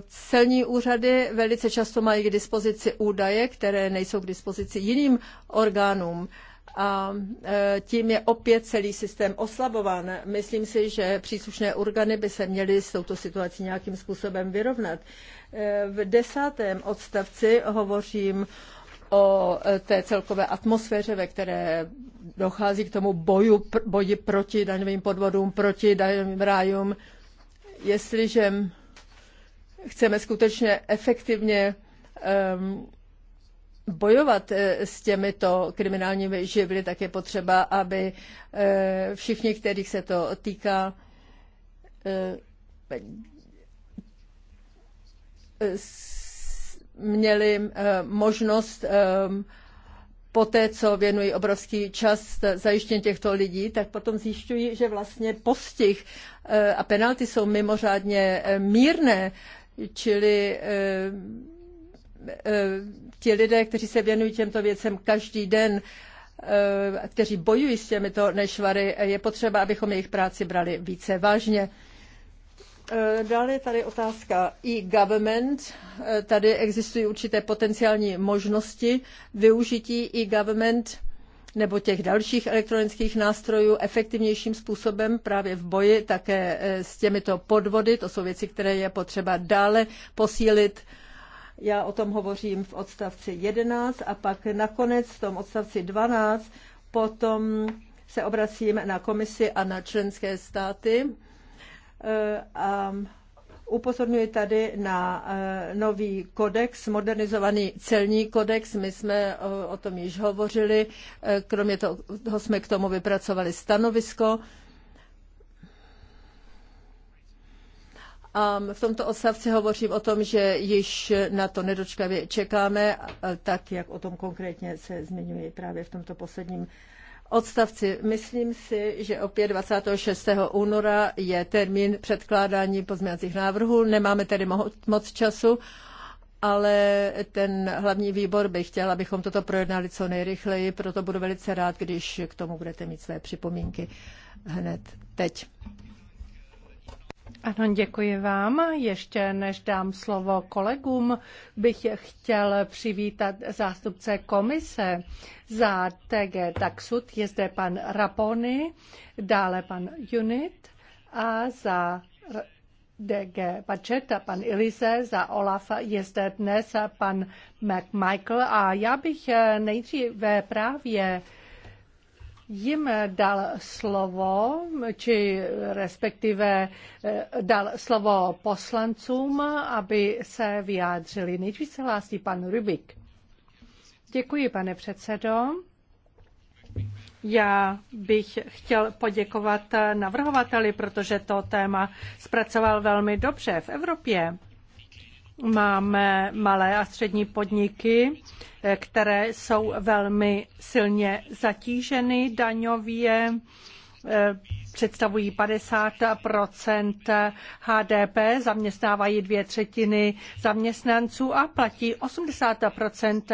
C: Celní úřady velice často mají k dispozici údaje, které nejsou k dispozici jiným orgánům a e, tím je opět celý systém oslabován. Myslím si, že příslušné orgány by se měly s touto situací nějakým způsobem vyrovnat. E, v desátém odstavci hovořím o e, té celkové atmosféře, ve které dochází k tomu boju, boji proti daňovým podvodům, proti daňovým rájům. Jestliže chceme skutečně efektivně um, bojovat eh, s těmito kriminálními živly, tak je potřeba, aby eh, všichni, kterých se to týká, eh, měli možnost po té, co věnují obrovský čas zajištění těchto lidí, tak potom zjišťují, že vlastně postih a penalty jsou mimořádně mírné, čili ti lidé, kteří se věnují těmto věcem každý den, eh, kteří bojují s těmito nešvary, je potřeba, abychom jejich práci brali více vážně. Eh, dále je tady otázka e-government. Eh, tady existují určité potenciální možnosti využití e-government nebo těch dalších elektronických nástrojů efektivnějším způsobem právě v boji také s těmito podvody. To jsou věci, které je potřeba dále posílit já o tom hovořím v odstavci 11 a pak nakonec v tom odstavci 12 potom se obracím na komisi a na členské státy e, a upozorňuji tady na e, nový kodex, modernizovaný celní kodex. My jsme o tom již hovořili, e, kromě toho jsme k tomu vypracovali stanovisko. Um, v tomto odstavci hovořím o tom, že již na to nedočkavě čekáme, tak jak o tom konkrétně se zmiňuji právě v tomto posledním odstavci. Myslím si, že opět 26. února je termín předkládání pozměňovacích návrhů. Nemáme tedy moc času, ale ten hlavní výbor by chtěl, abychom toto projednali co nejrychleji, proto budu velice rád, když k tomu budete mít své připomínky hned
A: teď. Ano, děkuji vám. Ještě než dám slovo kolegům, bych chtěl přivítat zástupce komise za TG Taxud. Je zde pan Rapony, dále pan Unit a za DG Pačeta, pan Ilise, za Olaf je zde dnes pan McMichael a já bych nejdříve právě jim dal slovo, či respektive eh, dal slovo poslancům, aby se vyjádřili. Nejdřív se hlásí pan Rubik. Děkuji, pane předsedo. Já bych chtěl poděkovat navrhovateli, protože to téma zpracoval velmi dobře v Evropě Máme malé a střední podniky, eh, které jsou velmi silně zatíženy daňově Eh, představují 50 HDP, zaměstnávají dvě třetiny zaměstnanců a platí 80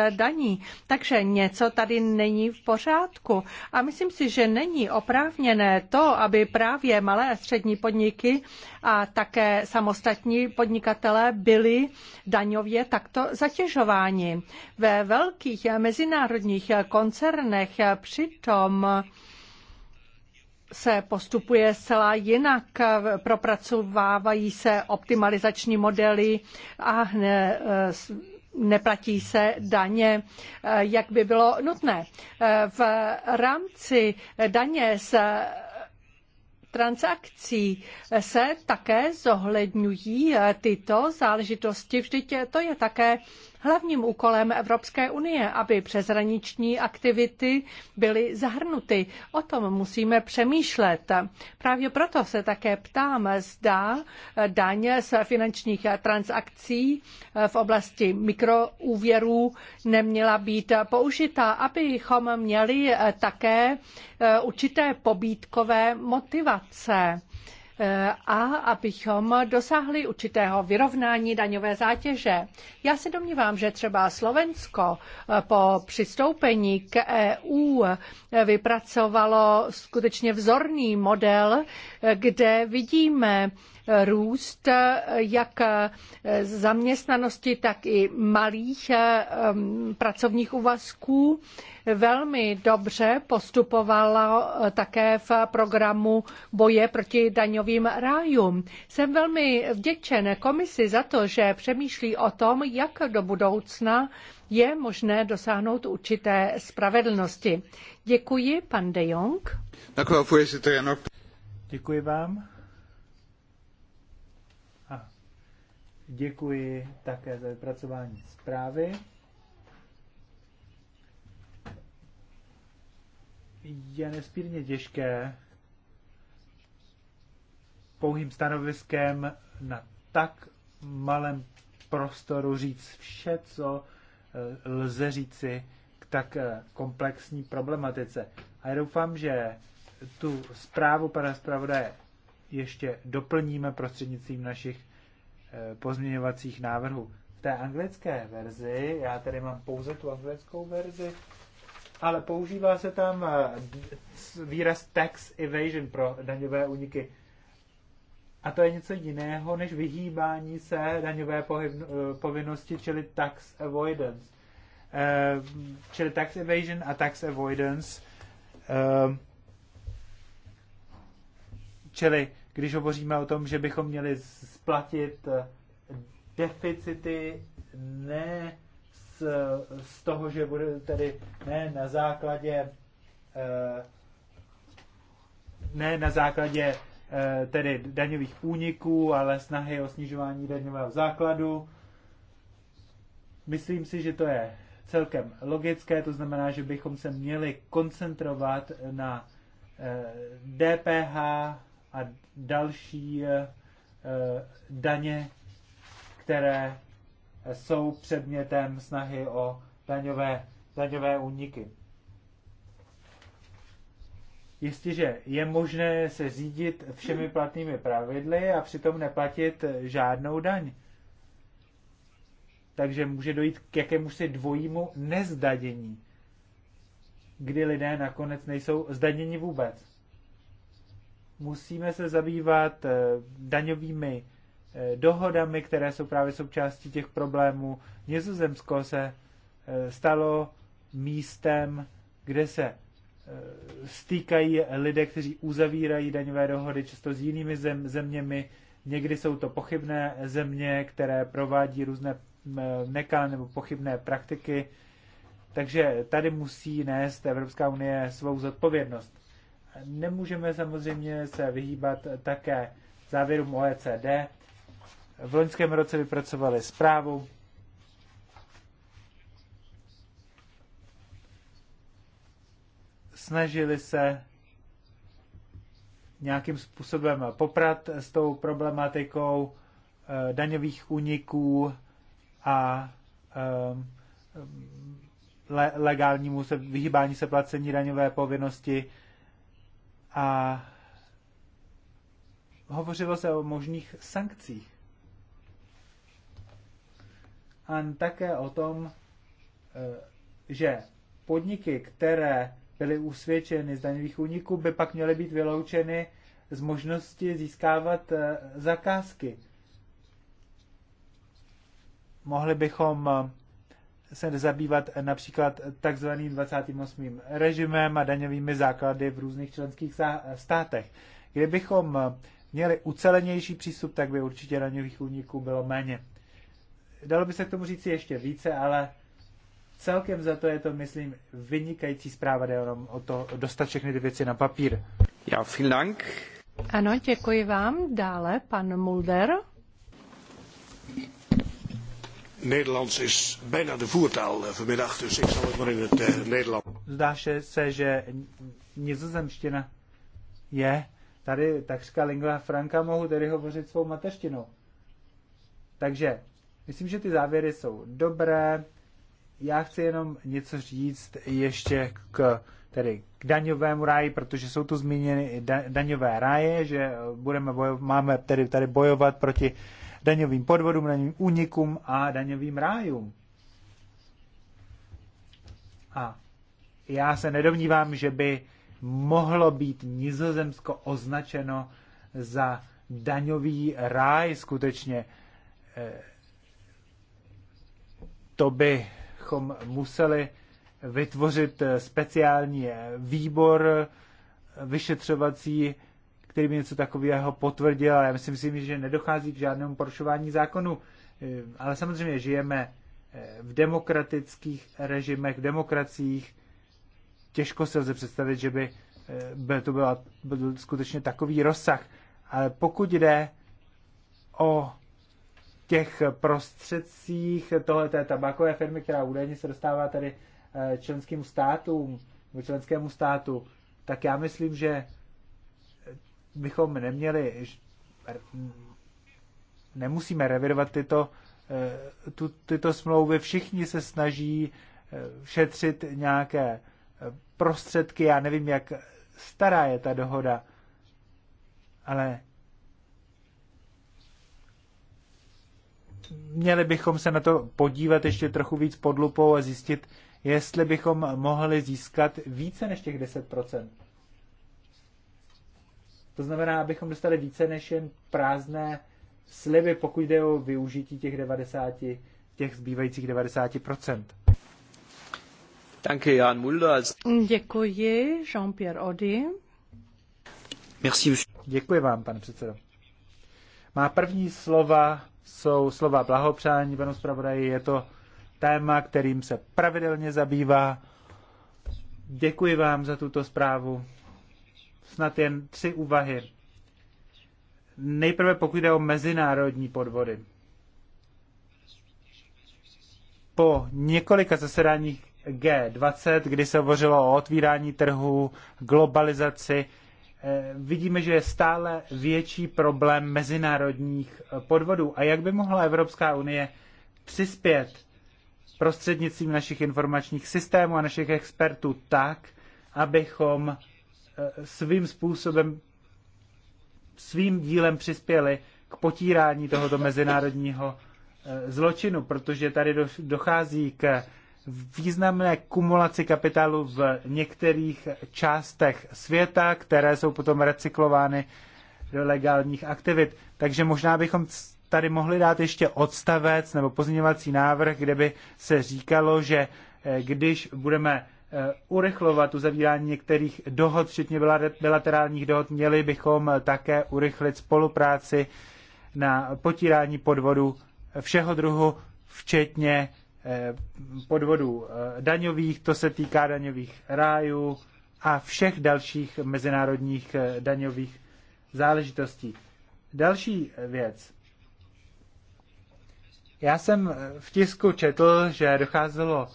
A: daní. Takže něco tady není v pořádku. A myslím si, že není oprávněné to, aby právě malé a střední podniky a také samostatní podnikatelé byli daňově takto zatěžováni. Ve velkých mezinárodních koncernech přitom se postupuje zcela jinak, propracovávají se optimalizační modely a ne, eh, neplatí se daně, eh, jak by bylo nutné. Eh, v rámci daně z transakcí se také zohledňují tyto záležitosti. Vždyť to je také Hlavním úkolem Evropské unie, aby přeshraniční aktivity byly zahrnuty. O tom musíme přemýšlet. Právě proto se také ptám, zda eh, daň z finančních eh, transakcí eh, v oblasti mikroúvěrů neměla být použita, abychom měli také určité pobídkové motivace a abychom dosáhli určitého vyrovnání daňové zátěže. Já se domnívám, že třeba Slovensko eh, po přistoupení k EU eh, vypracovalo skutečně vzorný model, eh, kde vidíme, růst jak zaměstnanosti, tak i malých um, pracovních úvazků. Velmi dobře postupovala také v programu boje proti daňovým rájům. Jsem velmi vděčen komisi za to, že přemýšlí o tom, jak do budoucna je možné dosáhnout určité spravedlnosti. Děkuji, pan De Jong.
B: Děkuji vám. Děkuji také za vypracování zprávy. Je nespírně těžké pouhým stanoviskem na tak malém prostoru říct vše, co eh, lze říci k tak eh, komplexní problematice. A já doufám, že tu zprávu pana zpravodaje ještě doplníme prostřednictvím našich pozměňovacích návrhů. V té anglické verzi, já tady mám pouze tu anglickou verzi, ale používá se tam eh, výraz tax evasion pro daňové úniky. A to je něco jiného než vyhýbání se daňové eh, povinnosti, čili tax avoidance. Eh, čili tax evasion a tax avoidance. Čili když hovoříme o tom, že bychom měli splatit eh, deficity ne z, z toho, že bude tedy ne na základě eh, ne na základě eh, tedy daňových úniků, ale snahy o snižování daňového základu. Myslím si, že to je celkem logické, to znamená, že bychom se měli koncentrovat na DPH a další eh, eh, daně, které jsou předmětem snahy o daňové, daňové úniky. Jestliže je možné se řídit všemi platnými pravidly a přitom neplatit žádnou daň. Takže může dojít k jakému si dvojímu nezdadění, kdy lidé nakonec nejsou zdaněni vůbec musíme se zabývat eh, daňovými eh, dohodami, které jsou právě součástí těch problémů. Nizozemsko se eh, stalo místem, kde se stýkají lidé, kteří uzavírají daňové dohody často s jinými zem, zeměmi. Někdy jsou to pochybné země, které provádí různé nekalé nebo pochybné praktiky. Takže tady musí nést Evropská unie svou zodpovědnost nemůžeme samozřejmě se vyhýbat také závěrům OECD. V loňském roce vypracovali zprávu, snažili se nějakým způsobem poprat s tou problematikou eh, daňových úniků a eh, legálnímu se, vyhýbání se placení daňové povinnosti a hovořilo se o možných sankcích. A také o tom, e, že podniky, které byly usvědčeny z daňových úniků, by pak měly být vyloučeny z možnosti získávat e, zakázky. Mohli bychom e, se zabývat například takzvaným 28. režimem a daňovými základy v různých členských státech. Kdybychom měli ucelenější přístup, tak by určitě daňových úniků bylo méně. Dalo by se k tomu říct ještě více, ale celkem za to je to, myslím, vynikající zpráva, jde jenom o to dostat všechny ty věci na papír.
A: Já, vielen Dank. Ano, děkuji vám. Dále pan Mulder.
D: Nederlands is bijna de voertaal eh, vanmiddag, dus ik zal het maar in het uh, Nederlands.
B: Zdá se, že nizozemština je tady takřka lingua franca, mohu tedy hovořit svou mateřštinou. Takže myslím, že ty závěry jsou dobré. Já chci jenom něco říct ještě k, tedy k daňovému ráji, protože jsou tu zmíněny da, daňové ráje, že budeme bojovat, máme tedy tady bojovat proti daňovým podvodům, daňovým únikům a daňovým rájům. A já se nedomnívám, že by mohlo být Nizozemsko označeno za daňový ráj skutečně. Eh, to bychom museli vytvořit eh, speciální eh, výbor vyšetřovací který by něco takového potvrdil, ale já myslím, si, že nedochází k žádnému porušování zákonu. Eh, ale samozřejmě žijeme eh, v demokratických režimech, v demokraciích. Těžko se lze představit, že by eh, to byla, byl skutečně takový rozsah. Ale pokud jde o těch prostředcích tohle té tabakové firmy, která údajně se dostává tady členským státům, členskému státu, tak já myslím, že bychom neměli, nemusíme revidovat tyto, eh, tu, tyto smlouvy. Všichni se snaží eh, šetřit nějaké eh, prostředky. Já nevím, jak stará je ta dohoda, ale měli bychom se na to podívat ještě trochu víc pod lupou a zjistit, jestli bychom mohli získat více než těch 10%. To znamená, abychom dostali více než jen prázdné sliby, pokud jde o využití těch 90, těch zbývajících 90%.
A: Danke, Jan Děkuji, Jean-Pierre Audi. Merci,
B: Děkuji vám, pane předsedo. Má první slova jsou slova blahopřání panu zpravodaji. Je to téma, kterým se pravidelně zabývá. Děkuji vám za tuto zprávu snad jen tři úvahy. Nejprve pokud jde o mezinárodní podvody. Po několika zasedáních G20, kdy se hovořilo o otvírání trhu, globalizaci, eh, vidíme, že je stále větší problém mezinárodních podvodů. A jak by mohla Evropská unie přispět prostřednictvím našich informačních systémů a našich expertů tak, abychom Eh, svým způsobem, svým dílem přispěli k potírání tohoto mezinárodního eh, zločinu, protože tady dochází k významné kumulaci kapitálu v některých částech světa, které jsou potom recyklovány do legálních aktivit. Takže možná bychom tady mohli dát ještě odstavec nebo pozměňovací návrh, kde by se říkalo, že eh, když budeme Eh, urychlovat uzavírání některých dohod, včetně bilaterálních dohod. Měli bychom také urychlit spolupráci na potírání podvodu všeho druhu, včetně eh, podvodů eh, daňových, to se týká daňových rájů a všech dalších mezinárodních daňových záležitostí. Další věc. Já jsem v tisku četl, že docházelo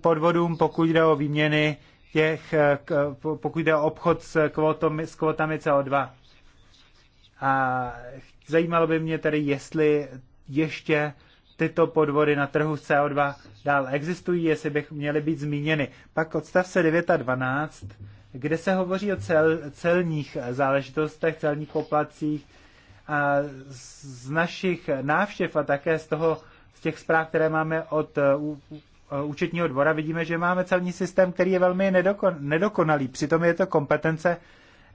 B: podvodům, pokud jde o výměny těch, eh, pokud jde o obchod s, kvotom, s kvotami CO2. A zajímalo by mě tedy, jestli ještě tyto podvody na trhu CO2 dál existují, jestli bych měly být zmíněny. Pak odstavce 9 a 12, kde se hovoří o cel, celních záležitostech, celních poplacích a z našich návštěv a také z toho, z těch zpráv, které máme od eh, Eh, účetního dvora vidíme, že máme celní systém, který je velmi nedokonalý. Přitom je to kompetence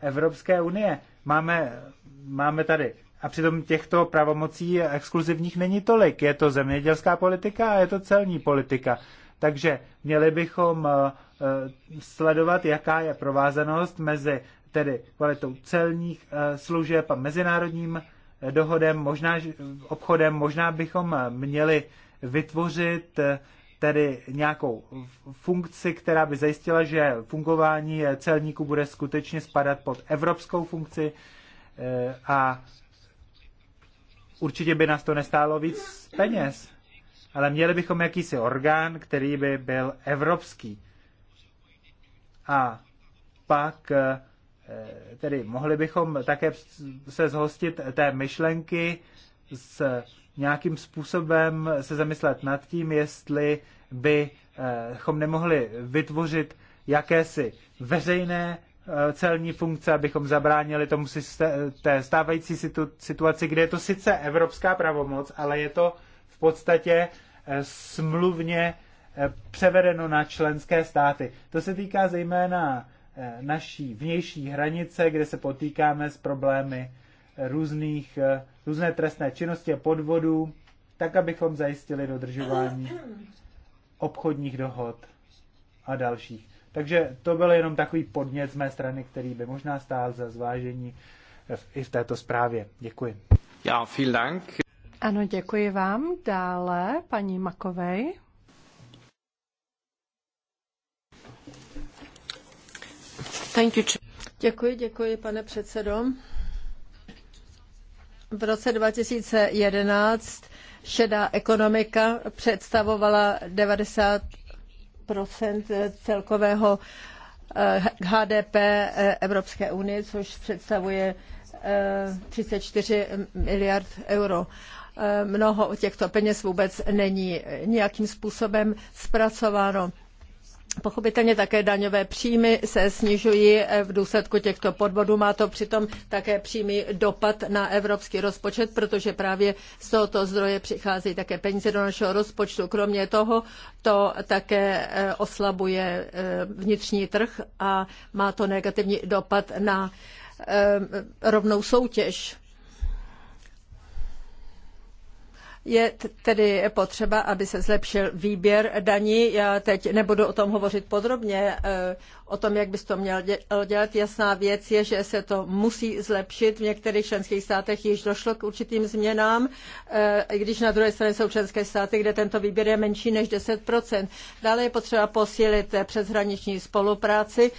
B: Evropské unie. Máme, máme tady. A přitom těchto pravomocí exkluzivních není tolik. Je to zemědělská politika a je to celní politika. Takže měli bychom eh, eh, sledovat, jaká je provázanost mezi tedy kvalitou celních služeb a mezinárodním dohodem, možná obchodem, možná bychom měli vytvořit tedy nějakou funkci, která by zajistila, že fungování celníku bude skutečně spadat pod evropskou funkci eh, a určitě by nás to nestálo víc peněz, ale měli bychom jakýsi orgán, který by byl evropský. A pak eh, tedy mohli bychom také se zhostit té myšlenky z nějakým způsobem se zamyslet nad tím, jestli bychom nemohli vytvořit jakési veřejné eh, celní funkce, abychom zabránili tomu té stávající situaci, kde je to sice evropská pravomoc, ale je to v podstatě eh, smluvně eh, převedeno na členské státy. To se týká zejména naší vnější hranice, kde se potýkáme s problémy různých, eh, různé trestné činnosti a podvodů, tak abychom zajistili dodržování obchodních dohod a dalších. Takže to byl jenom takový podnět z mé strany, který by možná stál za zvážení eh, i v této zprávě. Děkuji.
A: Já, vielen Dank. Ano, děkuji vám. Dále paní Makovej. Thank you.
C: Děkuji, děkuji, pane předsedo. V roce 2011 šedá ekonomika představovala 90 celkového HDP eh, eh, Evropské unie, což představuje 34 eh, miliard euro. Mnoho těchto peněz vůbec není nějakým způsobem zpracováno. Pochopitelně také daňové příjmy se snižují eh, v důsledku těchto podvodů. Má to přitom také přímý dopad na evropský rozpočet, protože právě z tohoto zdroje přichází také peníze do našeho rozpočtu. Kromě toho to také eh, oslabuje eh, vnitřní trh a má to negativní dopad na rovnou soutěž. Je tedy potřeba, aby se zlepšil výběr daní. Já teď nebudu o tom hovořit podrobně, eh, o tom, jak bys to měl eh, dělat. Jasná věc je, že se to musí zlepšit. V některých členských státech již došlo k určitým změnám, eh, i když na druhé straně jsou členské státy, kde tento výběr je menší než 10 Dále je potřeba posílit přeshraniční spolupráci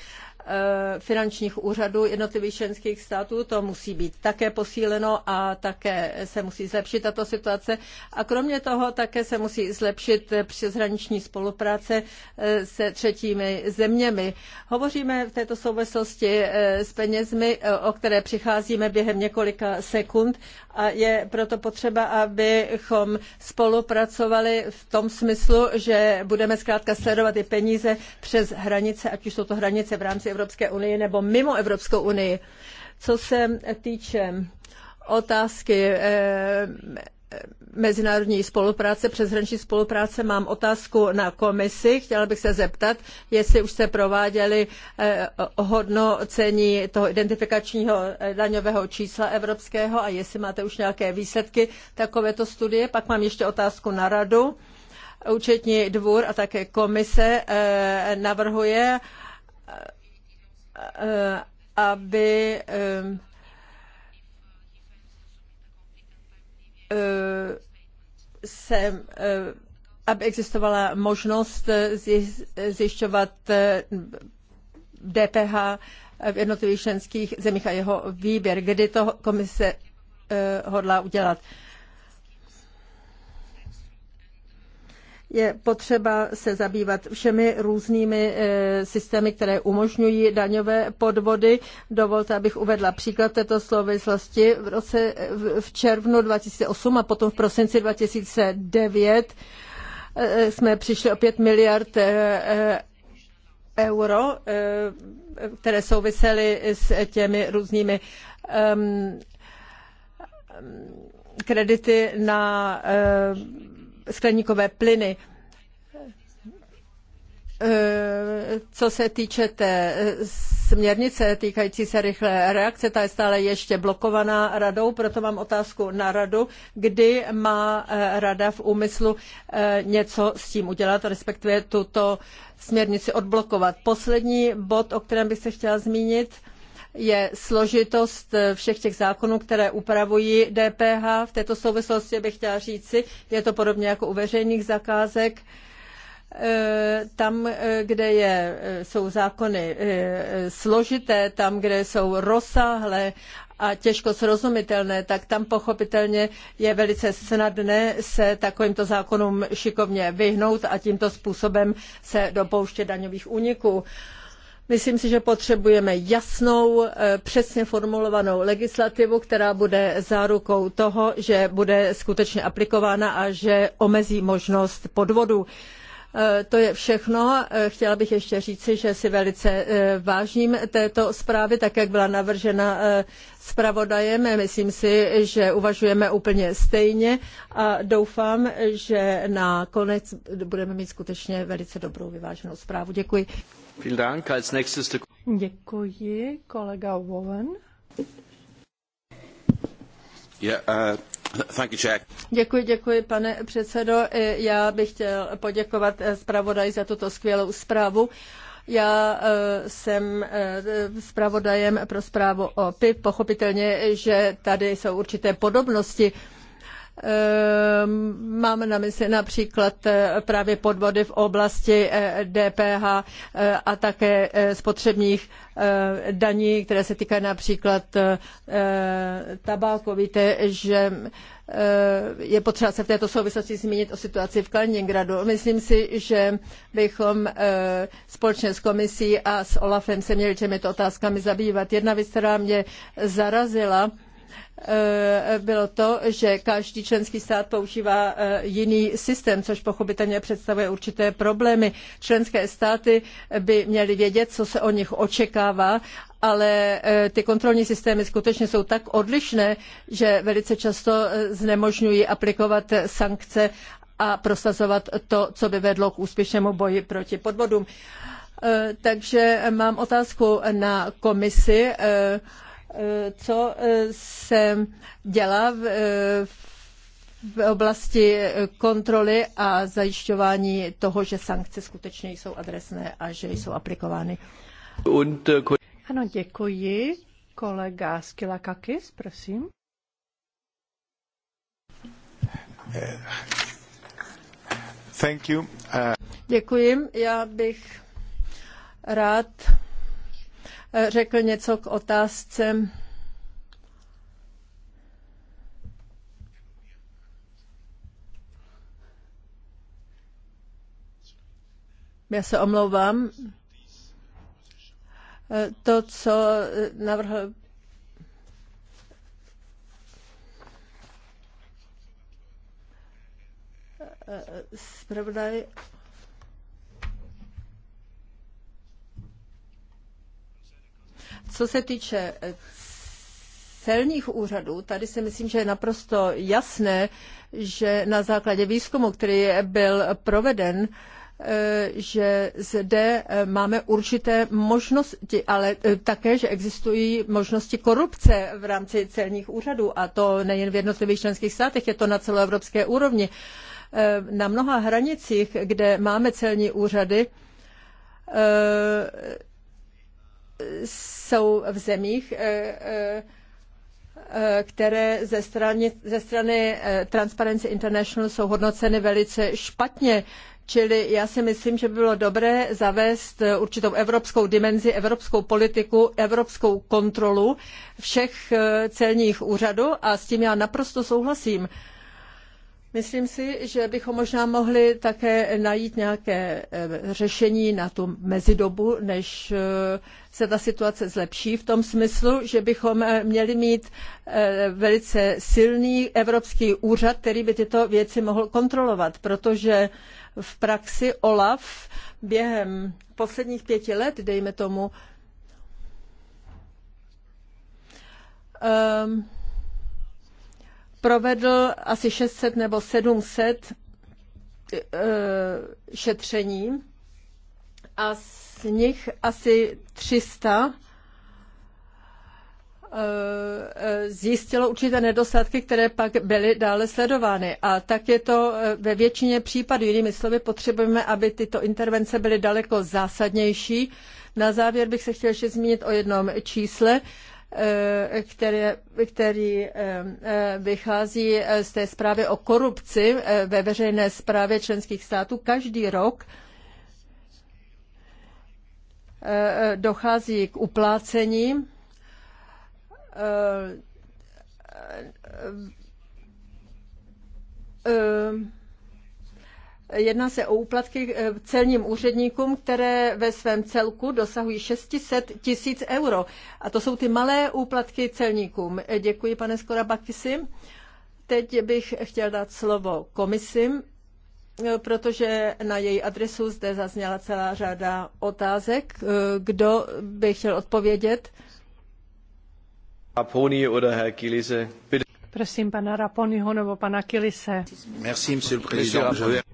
C: Eh, finančních úřadů jednotlivých členských států. To musí být také posíleno a také se musí zlepšit tato situace. A kromě toho také se musí zlepšit přeshraniční spolupráce eh, se třetími zeměmi. Hovoříme v této souvislosti eh, s penězmi, o které přicházíme během několika sekund a je proto potřeba, abychom spolupracovali v tom smyslu, že budeme zkrátka sledovat i peníze přes hranice, ať už jsou to hranice v rámci Evropské unii nebo mimo Evropskou unii. Co se týče otázky eh, mezinárodní spolupráce, přeshraniční spolupráce, mám otázku na komisi. Chtěla bych se zeptat, jestli už se prováděly eh, hodnocení toho identifikačního eh, daňového čísla evropského a jestli máte už nějaké výsledky takovéto studie. Pak mám ještě otázku na radu. Účetní dvůr a také komise navrhuje Eh, aby eh, eh, se aby existovala možnost zjišťovat DPH v jednotlivých členských zemích a jeho výběr, kdy to komise hodlá udělat. Je potřeba se zabývat všemi různými eh, systémy, které umožňují daňové podvody. Dovolte, abych uvedla příklad této souvislosti. V, roce, v červnu 2008 a potom v prosinci 2009 eh, jsme přišli o 5 miliard eh, euro, které souvisely s těmi různými ehm, ehm, kredity na skleníkové plyny. E, co se týče té směrnice týkající se rychlé reakce, ta je stále ještě blokovaná radou, proto mám otázku na radu, kdy má e, rada v úmyslu e, něco s tím udělat, respektive tuto směrnici odblokovat. Poslední bod, o kterém bych se chtěla zmínit, je složitost eh, všech těch zákonů, které upravují DPH. V této souvislosti bych chtěla říci, je to podobně jako u veřejných zakázek, eh, tam, eh, kde je, jsou zákony složité, tam, kde jsou rozsáhlé a těžko srozumitelné, tak tam pochopitelně je velice snadné se takovýmto zákonům šikovně vyhnout a tímto způsobem se dopouštět daňových úniků. Myslím si, že potřebujeme jasnou, eh, přesně formulovanou legislativu, která bude zárukou toho, že bude skutečně aplikována a že omezí možnost podvodu. Eh, to je všechno. Eh, chtěla bych ještě říci, že si velice vážím této zprávy, tak jak byla navržena zpravodajem. Myslím si, že uvažujeme úplně stejně a doufám, že na konec budeme mít skutečně velice dobrou vyváženou zprávu. Děkuji.
A: Děkuji, kolega Woven. Yeah, uh... Děkuji, děkuji, pane
C: předsedo. Já bych chtěl poděkovat zpravodaj za tuto skvělou zprávu. Já eh, jsem eh, zpravodajem pro zprávu o PIP. Pochopitelně, že tady jsou určité podobnosti Ehm, mám na mysli například eh, právě podvody v oblasti DPH eh, eh, a také spotřebních daní, které se týkají například tabáku. Víte, že je potřeba se v této souvislosti zmínit o situaci v Kaliningradu. Myslím si, že bychom společně s komisí a s Olafem se měli těmito otázkami zabývat. Jedna věc, která mě zarazila, Eh, bylo to, že každý členský stát používá eh, jiný systém, což pochopitelně představuje určité problémy. Členské státy by měly vědět, co se o nich očekává, ale eh, ty kontrolní systémy skutečně jsou tak odlišné, že velice často znemožňují aplikovat sankce a prosazovat to, co by vedlo k úspěšnému boji proti podvodům. Takže mám otázku na komisi co eh, se dělá v, eh, v oblasti kontroly a zajišťování toho, že sankce skutečně jsou adresné a že jsou
A: aplikovány. Eh, ano, děkuji. Kolega Skilakakis, prosím.
B: Thank you. Uh...
C: Děkuji. Já bych rád řekl něco k otázce Já se omlouvám. To, co navrhl zpravodaj Co se týče eh, celních úřadů, tady si myslím, že je naprosto jasné, že na základě výzkumu, který byl proveden, eh, že zde eh, máme určité možnosti, ale také, že existují možnosti korupce v rámci celních úřadů a to nejen v jednotlivých členských státech, je to na celoevropské úrovni. Na mnoha hranicích, kde máme celní úřady, jsou v zemích, eh, eh, které ze strany, ze strany eh, Transparency International jsou hodnoceny velice špatně. Čili já si myslím, že by bylo dobré zavést určitou evropskou dimenzi, evropskou politiku, evropskou kontrolu všech celních úřadů a s tím já naprosto souhlasím. Myslím si, že bychom možná mohli také najít nějaké eh, řešení na tu mezidobu, než eh, se ta situace zlepší, v tom smyslu, že bychom eh, měli mít velice silný evropský úřad, který by tyto věci mohl kontrolovat, protože v praxi OLAF během posledních pěti let, dejme tomu, um, provedl asi 600 nebo 700 eh, šetření a z nich asi 300 eh, zjistilo určité nedostatky, které pak byly dále sledovány. A tak je to eh, ve většině případů. Jinými slovy, potřebujeme, aby tyto intervence byly daleko zásadnější. Na závěr bych se chtěl ještě zmínit o jednom čísle. Eh, které, který eh, vychází z té zprávy o korupci eh, ve veřejné zprávě členských států každý rok dochází k uplácení Jedná se o úplatky eh, celním úředníkům, které ve svém celku dosahují 600 tisíc euro. A to jsou ty malé úplatky celníkům. Eh, děkuji, pane Skorabakisi. Teď bych chtěl dát slovo komisi, eh, protože na její adresu zde zazněla celá řada otázek.
A: Kdo by chtěl odpovědět? Pony oder Herr Kilise. Prosím pana Raponiho nebo pana Kilise. Merci, monsieur le président.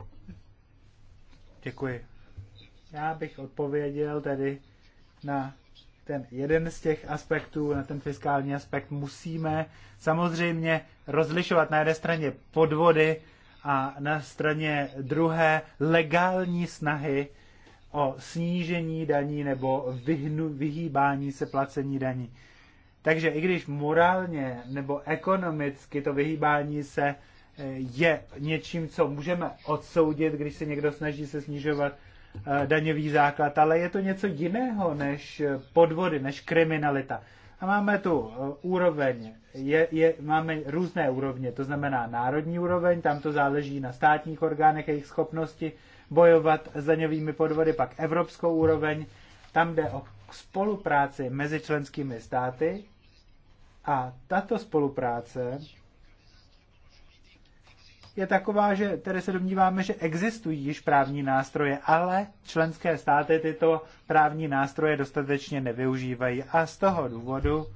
B: Děkuji. Já bych odpověděl tedy na ten jeden z těch aspektů, na ten fiskální aspekt, musíme samozřejmě rozlišovat na jedné straně podvody a na straně druhé legální snahy o snížení daní nebo vyhnu, vyhýbání se placení daní. Takže i když morálně nebo ekonomicky to vyhýbání se je něčím, co můžeme odsoudit, když se někdo snaží se snižovat eh, daňový základ, ale je to něco jiného než eh, podvody, než kriminalita. A máme tu eh, úroveň, je, je, máme různé úrovně, to znamená národní úroveň, tam to záleží na státních orgánech a jejich schopnosti bojovat s daňovými podvody, pak evropskou úroveň, tam jde o spolupráci mezi členskými státy a tato spolupráce je taková, že tedy se domníváme, že existují již právní nástroje, ale členské státy tyto právní nástroje dostatečně nevyužívají a z toho důvodu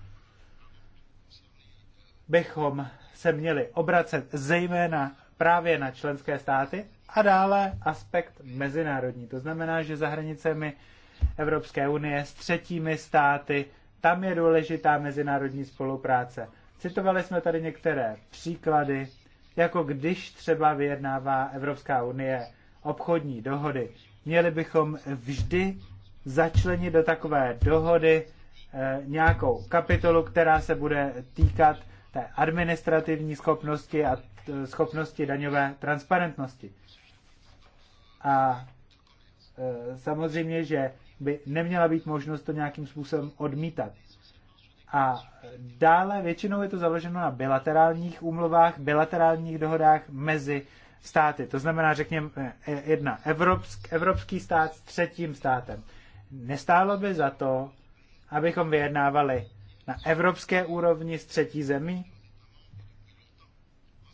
B: bychom se měli obracet zejména právě na členské státy a dále aspekt mezinárodní. To znamená, že za hranicemi Evropské unie s třetími státy, tam je důležitá mezinárodní spolupráce. Citovali jsme tady některé příklady jako když třeba vyjednává Evropská unie obchodní dohody. Měli bychom vždy začlenit do takové dohody eh, nějakou kapitolu, která se bude týkat té administrativní schopnosti a schopnosti daňové transparentnosti. A eh, samozřejmě, že by neměla být možnost to nějakým způsobem odmítat. A dále většinou je to založeno na bilaterálních úmluvách, bilaterálních dohodách mezi státy. To znamená, řekněme, e, jedna evropsk, evropský stát s třetím státem. Nestálo by za to, abychom vyjednávali na evropské úrovni s třetí zemí?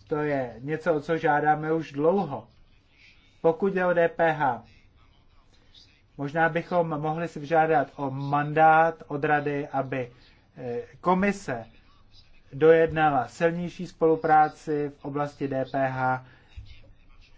B: To je něco, o co žádáme už dlouho. Pokud jde o DPH, možná bychom mohli si vyžádat o mandát od rady, aby Eh, komise dojednala silnější spolupráci v oblasti DPH.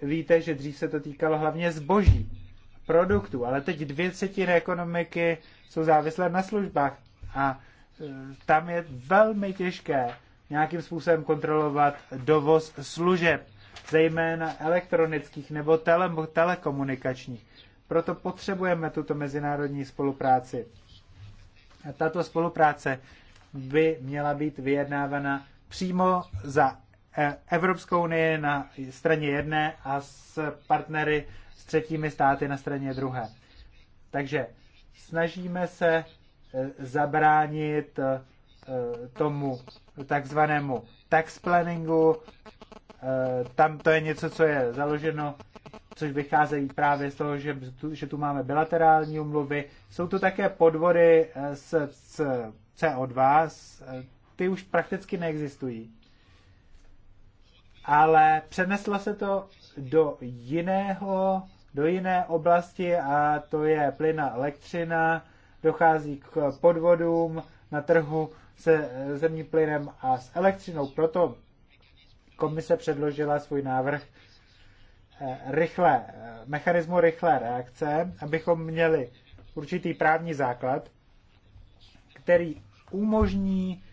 B: Víte, že dřív se to týkalo hlavně zboží, produktů, ale teď dvě třetiny ekonomiky jsou závislé na službách a eh, tam je velmi těžké nějakým způsobem kontrolovat dovoz služeb, zejména elektronických nebo tele telekomunikačních. Proto potřebujeme tuto mezinárodní spolupráci. Tato spolupráce by měla být vyjednávána přímo za eh, Evropskou unii na straně jedné a s partnery s třetími státy na straně druhé. Takže snažíme se eh, zabránit eh, tomu takzvanému tax planningu. Tam to je něco, co je založeno což vycházejí právě z toho, že tu, že tu máme bilaterální umluvy. Jsou tu také podvody eh, s, s CO2, s, eh, ty už prakticky neexistují. Ale přeneslo se to do jiného, do jiné oblasti a to je plyn a elektřina. Dochází k podvodům na trhu se eh, zemním plynem a s elektřinou. Proto komise předložila svůj návrh Eh, rychle eh, mechanismu rychlé reakce, abychom měli určitý právní základ, který umožní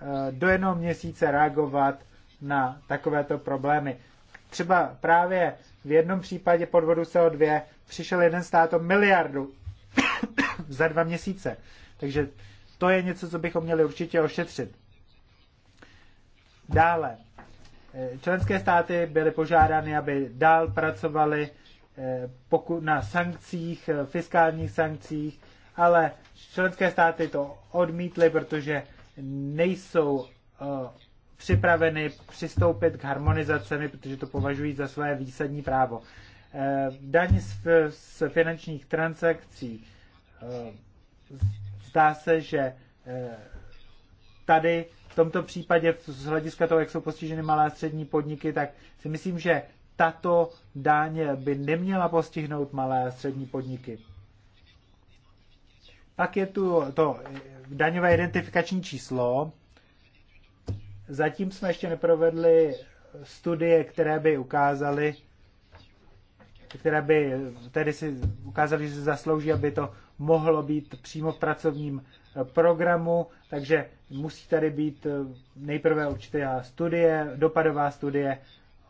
B: eh, do jednoho měsíce reagovat na takovéto problémy. Třeba právě v jednom případě podvodu CO2 přišel jeden stát o miliardu za dva měsíce. Takže to je něco, co bychom měli určitě ošetřit. Dále, Eh, členské státy byly požádány, aby dál pracovali eh, na sankcích, eh, fiskálních sankcích, ale členské státy to odmítly, protože nejsou připraveny přistoupit k harmonizacemi, protože to považují za své výsadní právo. Daň z, z finančních transakcí. Zdá se, že tady v tomto případě z hlediska toho, jak jsou postiženy malé a střední podniky, tak si myslím, že tato dáň by neměla postihnout malé a střední podniky. Pak je tu to eh, daňové identifikační číslo. Zatím jsme ještě neprovedli studie, které by ukázaly, které by eh, tedy si ukázaly, že zaslouží, aby to mohlo být přímo v pracovním programu, takže musí tady být eh, nejprve určitě studie, dopadová studie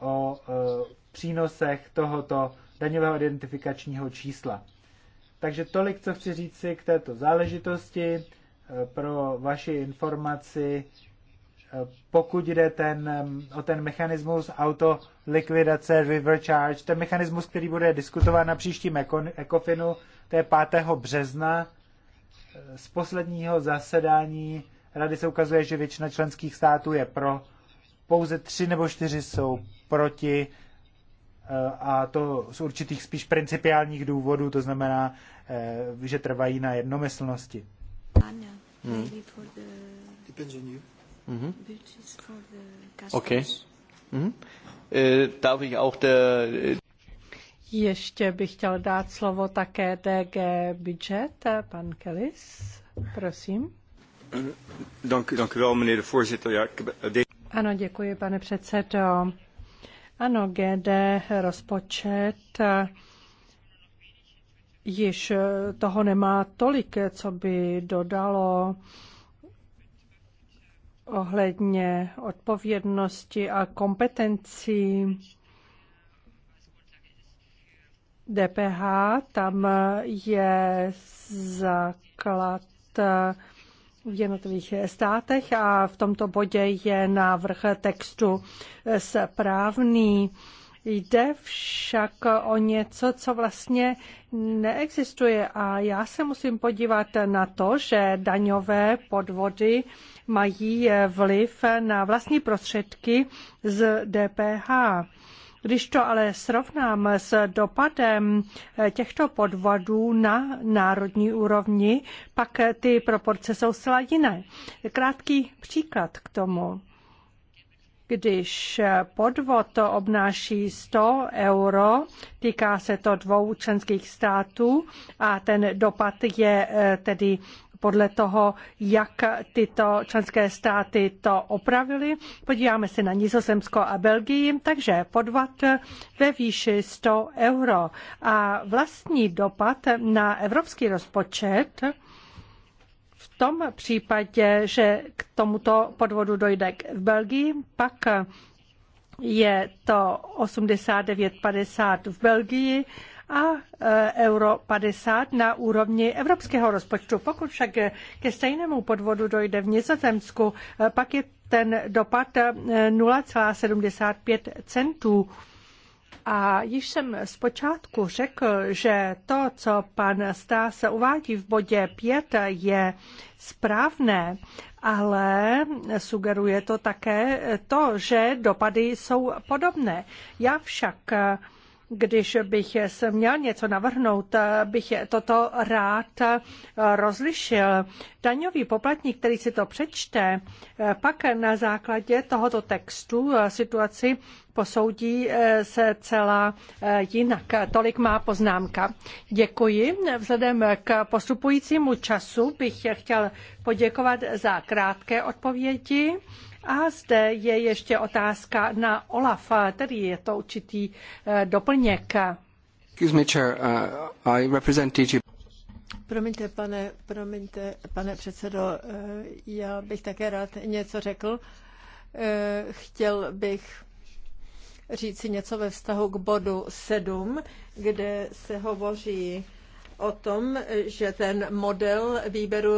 B: o eh, přínosech tohoto daňového identifikačního čísla. Takže tolik, co chci říci k této záležitosti. Eh, pro vaši informaci, pokud jde ten, o ten mechanismus auto likvidace river charge, ten mechanismus, který bude diskutován na příštím ECOFINu, to je 5. března z posledního zasedání rady se ukazuje, že většina členských států je pro, pouze tři nebo čtyři jsou proti eh, a to z určitých spíš principiálních důvodů, to znamená, eh, že trvají na jednomyslnosti. Hmm. Mhm.
A: Okay. Mhm. Äh, darf ich auch der äh, ještě bych chtěl dát slovo také DG Budget, pan Kellis, prosím. Ano, děkuji, pane předsedo. Ano, GD rozpočet eh, již eh, toho nemá tolik, eh, co by dodalo ohledně odpovědnosti a kompetencí DPH, tam je základ v jednotlivých státech a v tomto bodě je návrh textu správný. Jde však o něco, co vlastně neexistuje a já se musím podívat na to, že daňové podvody mají vliv na vlastní prostředky z DPH. Když to ale srovnám s dopadem eh, těchto podvodů na národní úrovni, pak eh, ty proporce jsou zcela jiné. Krátký příklad k tomu. Když eh, podvod to obnáší 100 euro, týká se to dvou členských států a ten dopad je tedy podle toho, jak tyto členské státy to opravily. Podíváme se na Nizozemsko a Belgii, takže podvat ve výši 100 euro a vlastní dopad na evropský rozpočet v tom případě, že k tomuto podvodu dojde v Belgii, pak je to 89,50 v Belgii, a eh, euro 50 na úrovni evropského rozpočtu. Pokud však ke stejnému podvodu dojde v Nizozemsku, eh, pak je ten dopad 0,75 eh, centů. A již jsem zpočátku řekl, že to, co pan Stás uvádí v bodě 5, je správné, ale sugeruje to také to, že dopady jsou podobné. Já však když bych se měl něco navrhnout, bych toto rád rozlišil. Daňový poplatník, který si to přečte, pak na základě tohoto textu situaci posoudí se celá jinak. Tolik má poznámka. Děkuji. Vzhledem k postupujícímu času bych chtěl poděkovat za krátké odpovědi a zde je ještě otázka na Olaf, tedy je to určitý eh, doplněk. Excuse me, chair. Uh, I represent DG. Promiňte,
C: pane, promiňte, pane předsedo, eh, já bych také rád něco řekl. Eh, chtěl bych říci něco ve vztahu k bodu 7, kde se hovoří o tom, že ten model výběru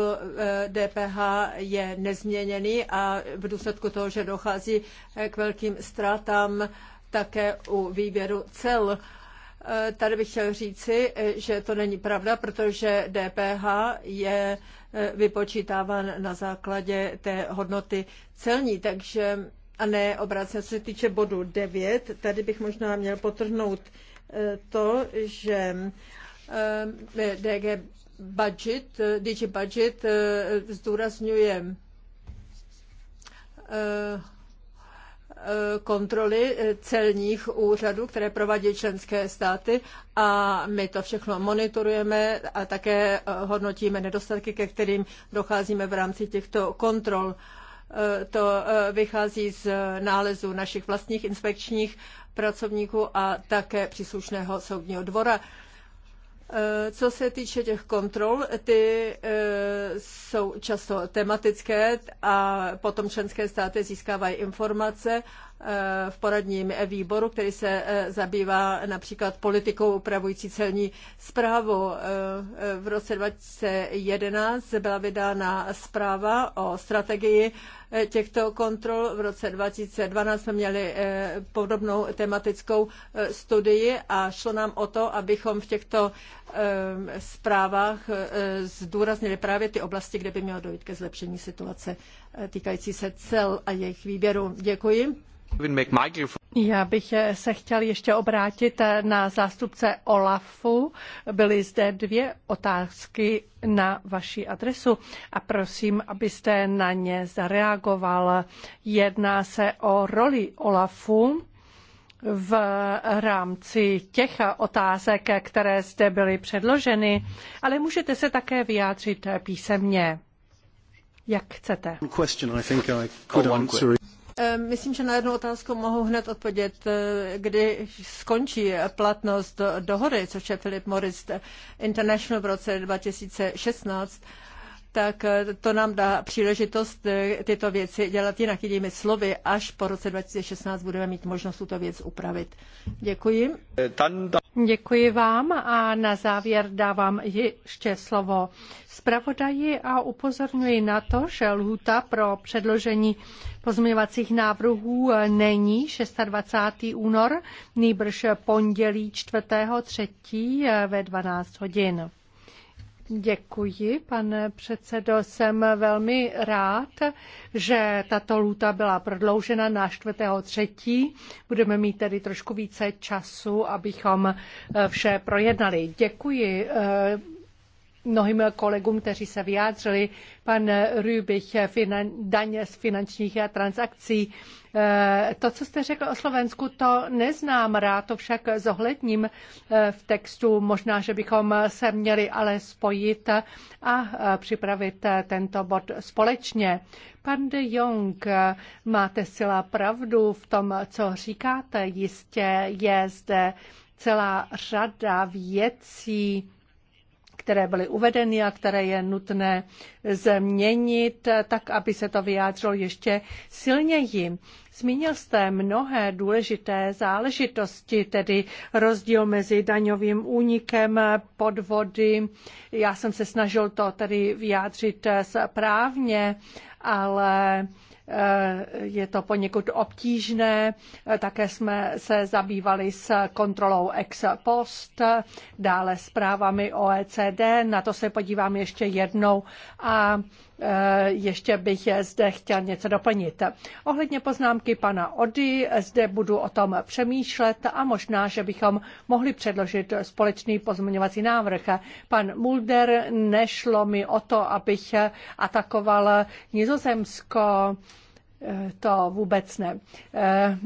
C: DPH eh, je nezměněný a v důsledku toho, že dochází eh, k velkým ztrátám také u výběru cel. Eh, tady bych chtěl říci, že to není pravda, protože DPH je vypočítáván na základě té hodnoty celní, takže a ne obrácně se týče bodu 9, tady bych možná měl potrhnout to, že Eh, eh, DG Budget, eh, DG Budget zdůrazňuje kontroly celních úřadů, které provadí členské státy a my to všechno monitorujeme a také hodnotíme nedostatky, ke kterým docházíme v rámci těchto kontrol. To vychází z nálezu našich vlastních inspekčních pracovníků a také příslušného soudního dvora. Eh, co se týče těch kontrol, ty eh, jsou často tematické a potom členské státy získávají informace Eh, v poradním výboru, který se eh, zabývá například politikou upravující celní zprávu. Eh, v roce 2011 byla vydána zpráva o strategii těchto kontrol. V roce 2012 jsme měli podobnou tematickou studii a šlo nám o to, abychom v těchto zprávách zdůraznili právě ty oblasti, kde by mělo dojít ke zlepšení situace týkající se cel a
A: jejich výběru. Děkuji. Já bych se chtěl ještě obrátit na zástupce OLAFu. Byly zde dvě otázky na vaši adresu a prosím, abyste na ně zareagoval. Jedná se o roli OLAFu v rámci těch otázek, které zde byly předloženy, ale můžete se také vyjádřit písemně, jak chcete. Ehm, myslím, že na jednu otázku mohu hned odpovědět. Eh, Když skončí
C: platnost dohody, což je Philip Morris International v roce 2016, tak eh, to nám dá příležitost eh, tyto věci dělat jinak. Jinými
A: slovy, až po roce 2016 budeme mít možnost tuto věc upravit. Děkuji. Děkuji vám a na závěr dávám ještě slovo zpravodaji a upozorňuji na to, že lhuta pro předložení pozměňovacích návrhů eh, není 26. únor, nýbrž pondělí 4. 3. ve 12 hodin. Děkuji, pane předsedo. Jsem velmi rád, že tato lůta byla prodloužena na 4.3. Budeme mít tedy trošku více času, abychom eh, vše projednali. Děkuji eh, mnohým kolegům, kteří se vyjádřili. Pan Rübich, daně z finančních transakcí, Eh, to, co jste řekl o Slovensku, to neznám rád, to však zohledním eh, v textu. Možná, že bychom se měli ale spojit a eh, připravit tento bod společně. Pan de Jong, máte sila pravdu v tom, co říkáte. Jistě je zde celá řada věcí, které byly uvedeny a které je nutné změnit, tak aby se to vyjádřilo ještě silněji. Zmínil jste mnohé důležité záležitosti, tedy rozdíl mezi daňovým únikem, podvody. Já jsem se snažil to tedy vyjádřit správně, ale je to poněkud obtížné. Také jsme se zabývali s kontrolou ex post, dále zprávami OECD, na to se podívám ještě jednou a Eh, ještě bych zde chtěl něco doplnit. Ohledně poznámky pana Ody, zde budu o tom přemýšlet a možná, že bychom mohli předložit společný pozměňovací návrh. Pan Mulder nešlo mi o to, abych atakoval Nizozemsko, to vůbec ne. Eh,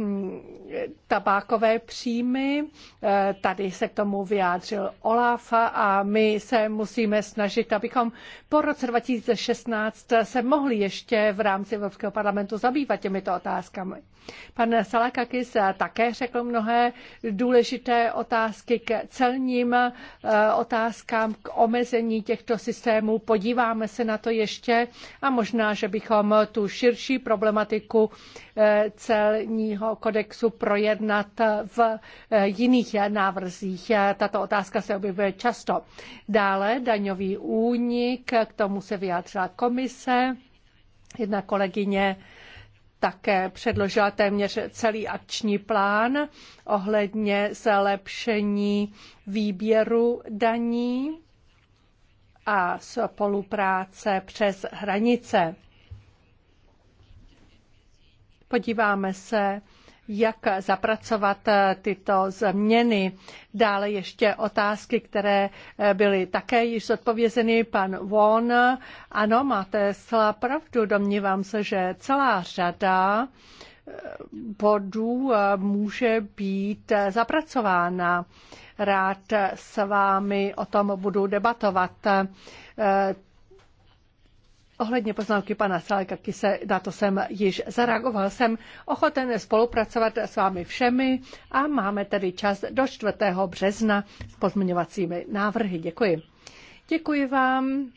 A: tabákové příjmy, eh, tady se k tomu vyjádřil Olaf a my se musíme snažit, abychom po roce 2016 se mohli ještě v rámci Evropského parlamentu zabývat těmito otázkami. Pan Salakakis také řekl mnohé důležité otázky k celním eh, otázkám, k omezení těchto systémů. Podíváme se na to ještě a možná, že bychom tu širší problematiku eh, celního kodexu projednat v eh, jiných návrzích. Tato otázka se objevuje často. Dále daňový únik, k tomu se vyjádřila komise. Jedna kolegyně také předložila téměř celý akční plán ohledně zlepšení výběru daní a spolupráce přes hranice. Podíváme se jak zapracovat eh, tyto změny. Dále ještě otázky, které eh, byly také již zodpovězeny. Pan Won, ano, máte zcela pravdu. Domnívám se, že celá řada eh, bodů může být zapracována. Rád s vámi o tom budu debatovat Ohledně poznámky pana Saleka Kise, na to jsem již zareagoval. Jsem ochoten spolupracovat s vámi všemi a máme tedy čas do 4. března s pozměňovacími návrhy. Děkuji. Děkuji vám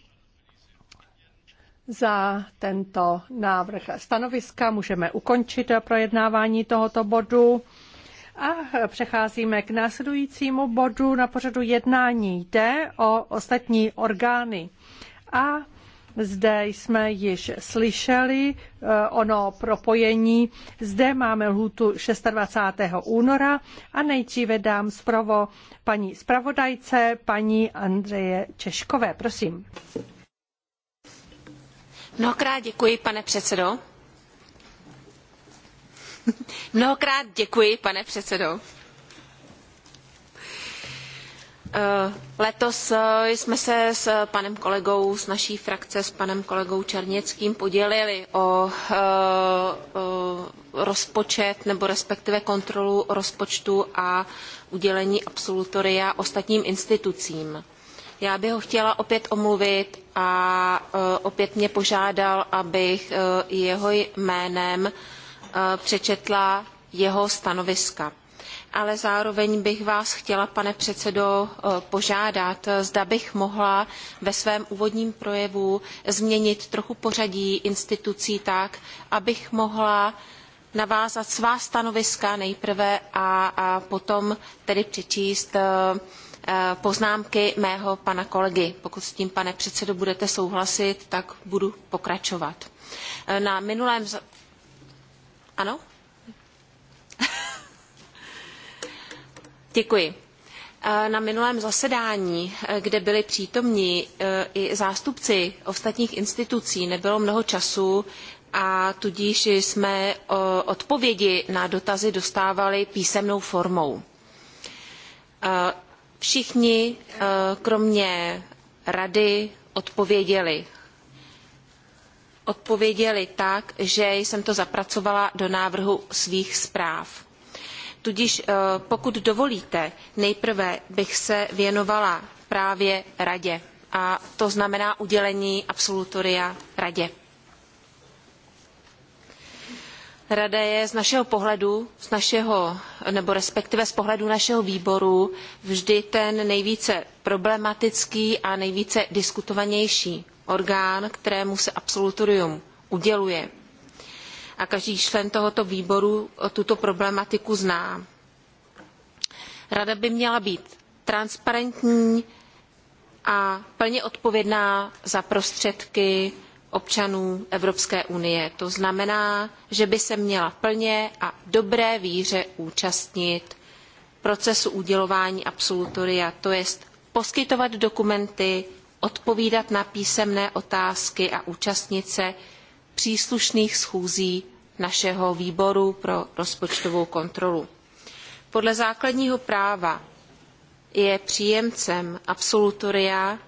A: za tento návrh stanoviska. Můžeme ukončit projednávání tohoto bodu. A přecházíme k následujícímu bodu na pořadu jednání. Jde o ostatní orgány. A zde jsme již slyšeli eh, ono propojení. Zde máme lhůtu 26. února a nejdříve dám zprovo paní zpravodajce, paní Andreje Češkové. Prosím.
D: Mnohokrát děkuji, pane předsedo. Mnohokrát děkuji, pane předsedo. Eh, letos eh, jsme se s panem kolegou z naší frakce, s panem kolegou Černěckým podělili eh, o, rozpočet nebo respektive kontrolu rozpočtu a udělení absolutoria ostatním institucím. Já bych ho chtěla opět omluvit a opět mě požádal, abych jeho jménem přečetla jeho stanoviska ale zároveň bych vás chtěla, pane předsedo, eh, požádat, zda bych mohla ve svém úvodním projevu změnit trochu pořadí institucí tak, abych mohla navázat svá stanoviska nejprve a, a potom tedy přečíst eh, eh, poznámky mého pana kolegy. Pokud s tím, pane předsedo, budete souhlasit, tak budu pokračovat. Na minulém... Ano? Děkuji. E, na minulém zasedání, e, kde byli přítomni e, i zástupci ostatních institucí, nebylo mnoho času a tudíž jsme odpovědi na dotazy dostávali písemnou formou. Všichni, kromě rady, odpověděli. Odpověděli tak, že jsem to zapracovala do návrhu svých zpráv. Tudíž eh, pokud dovolíte, nejprve bych se věnovala právě radě a to znamená udělení absolutoria radě. Rada je z našeho pohledu, z našeho, nebo respektive z pohledu našeho výboru vždy ten nejvíce problematický a nejvíce diskutovanější orgán, kterému se absolutorium uděluje a každý člen tohoto výboru tuto problematiku zná. Rada by měla být transparentní a plně odpovědná za prostředky občanů Evropské unie. To znamená, že by se měla plně a v dobré víře účastnit procesu udělování absolutoria, to jest poskytovat dokumenty, odpovídat na písemné otázky a účastnit se příslušných schůzí našeho výboru pro rozpočtovou kontrolu. Podle základního práva je příjemcem absolutoria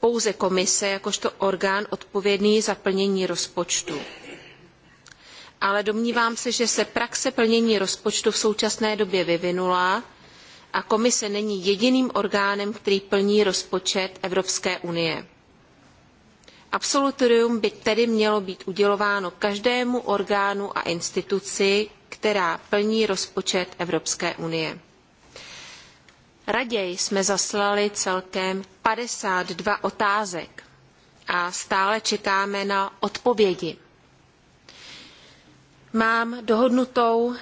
D: pouze komise jakožto orgán odpovědný za plnění rozpočtu. Ale domnívám se, že se praxe plnění rozpočtu v současné době vyvinula a komise není jediným orgánem, který plní rozpočet Evropské unie. Absolutorium by tedy mělo být udělováno každému orgánu a instituci, která plní rozpočet Evropské unie. Raději jsme zaslali celkem 52 otázek a stále čekáme na odpovědi. Mám dohodnutou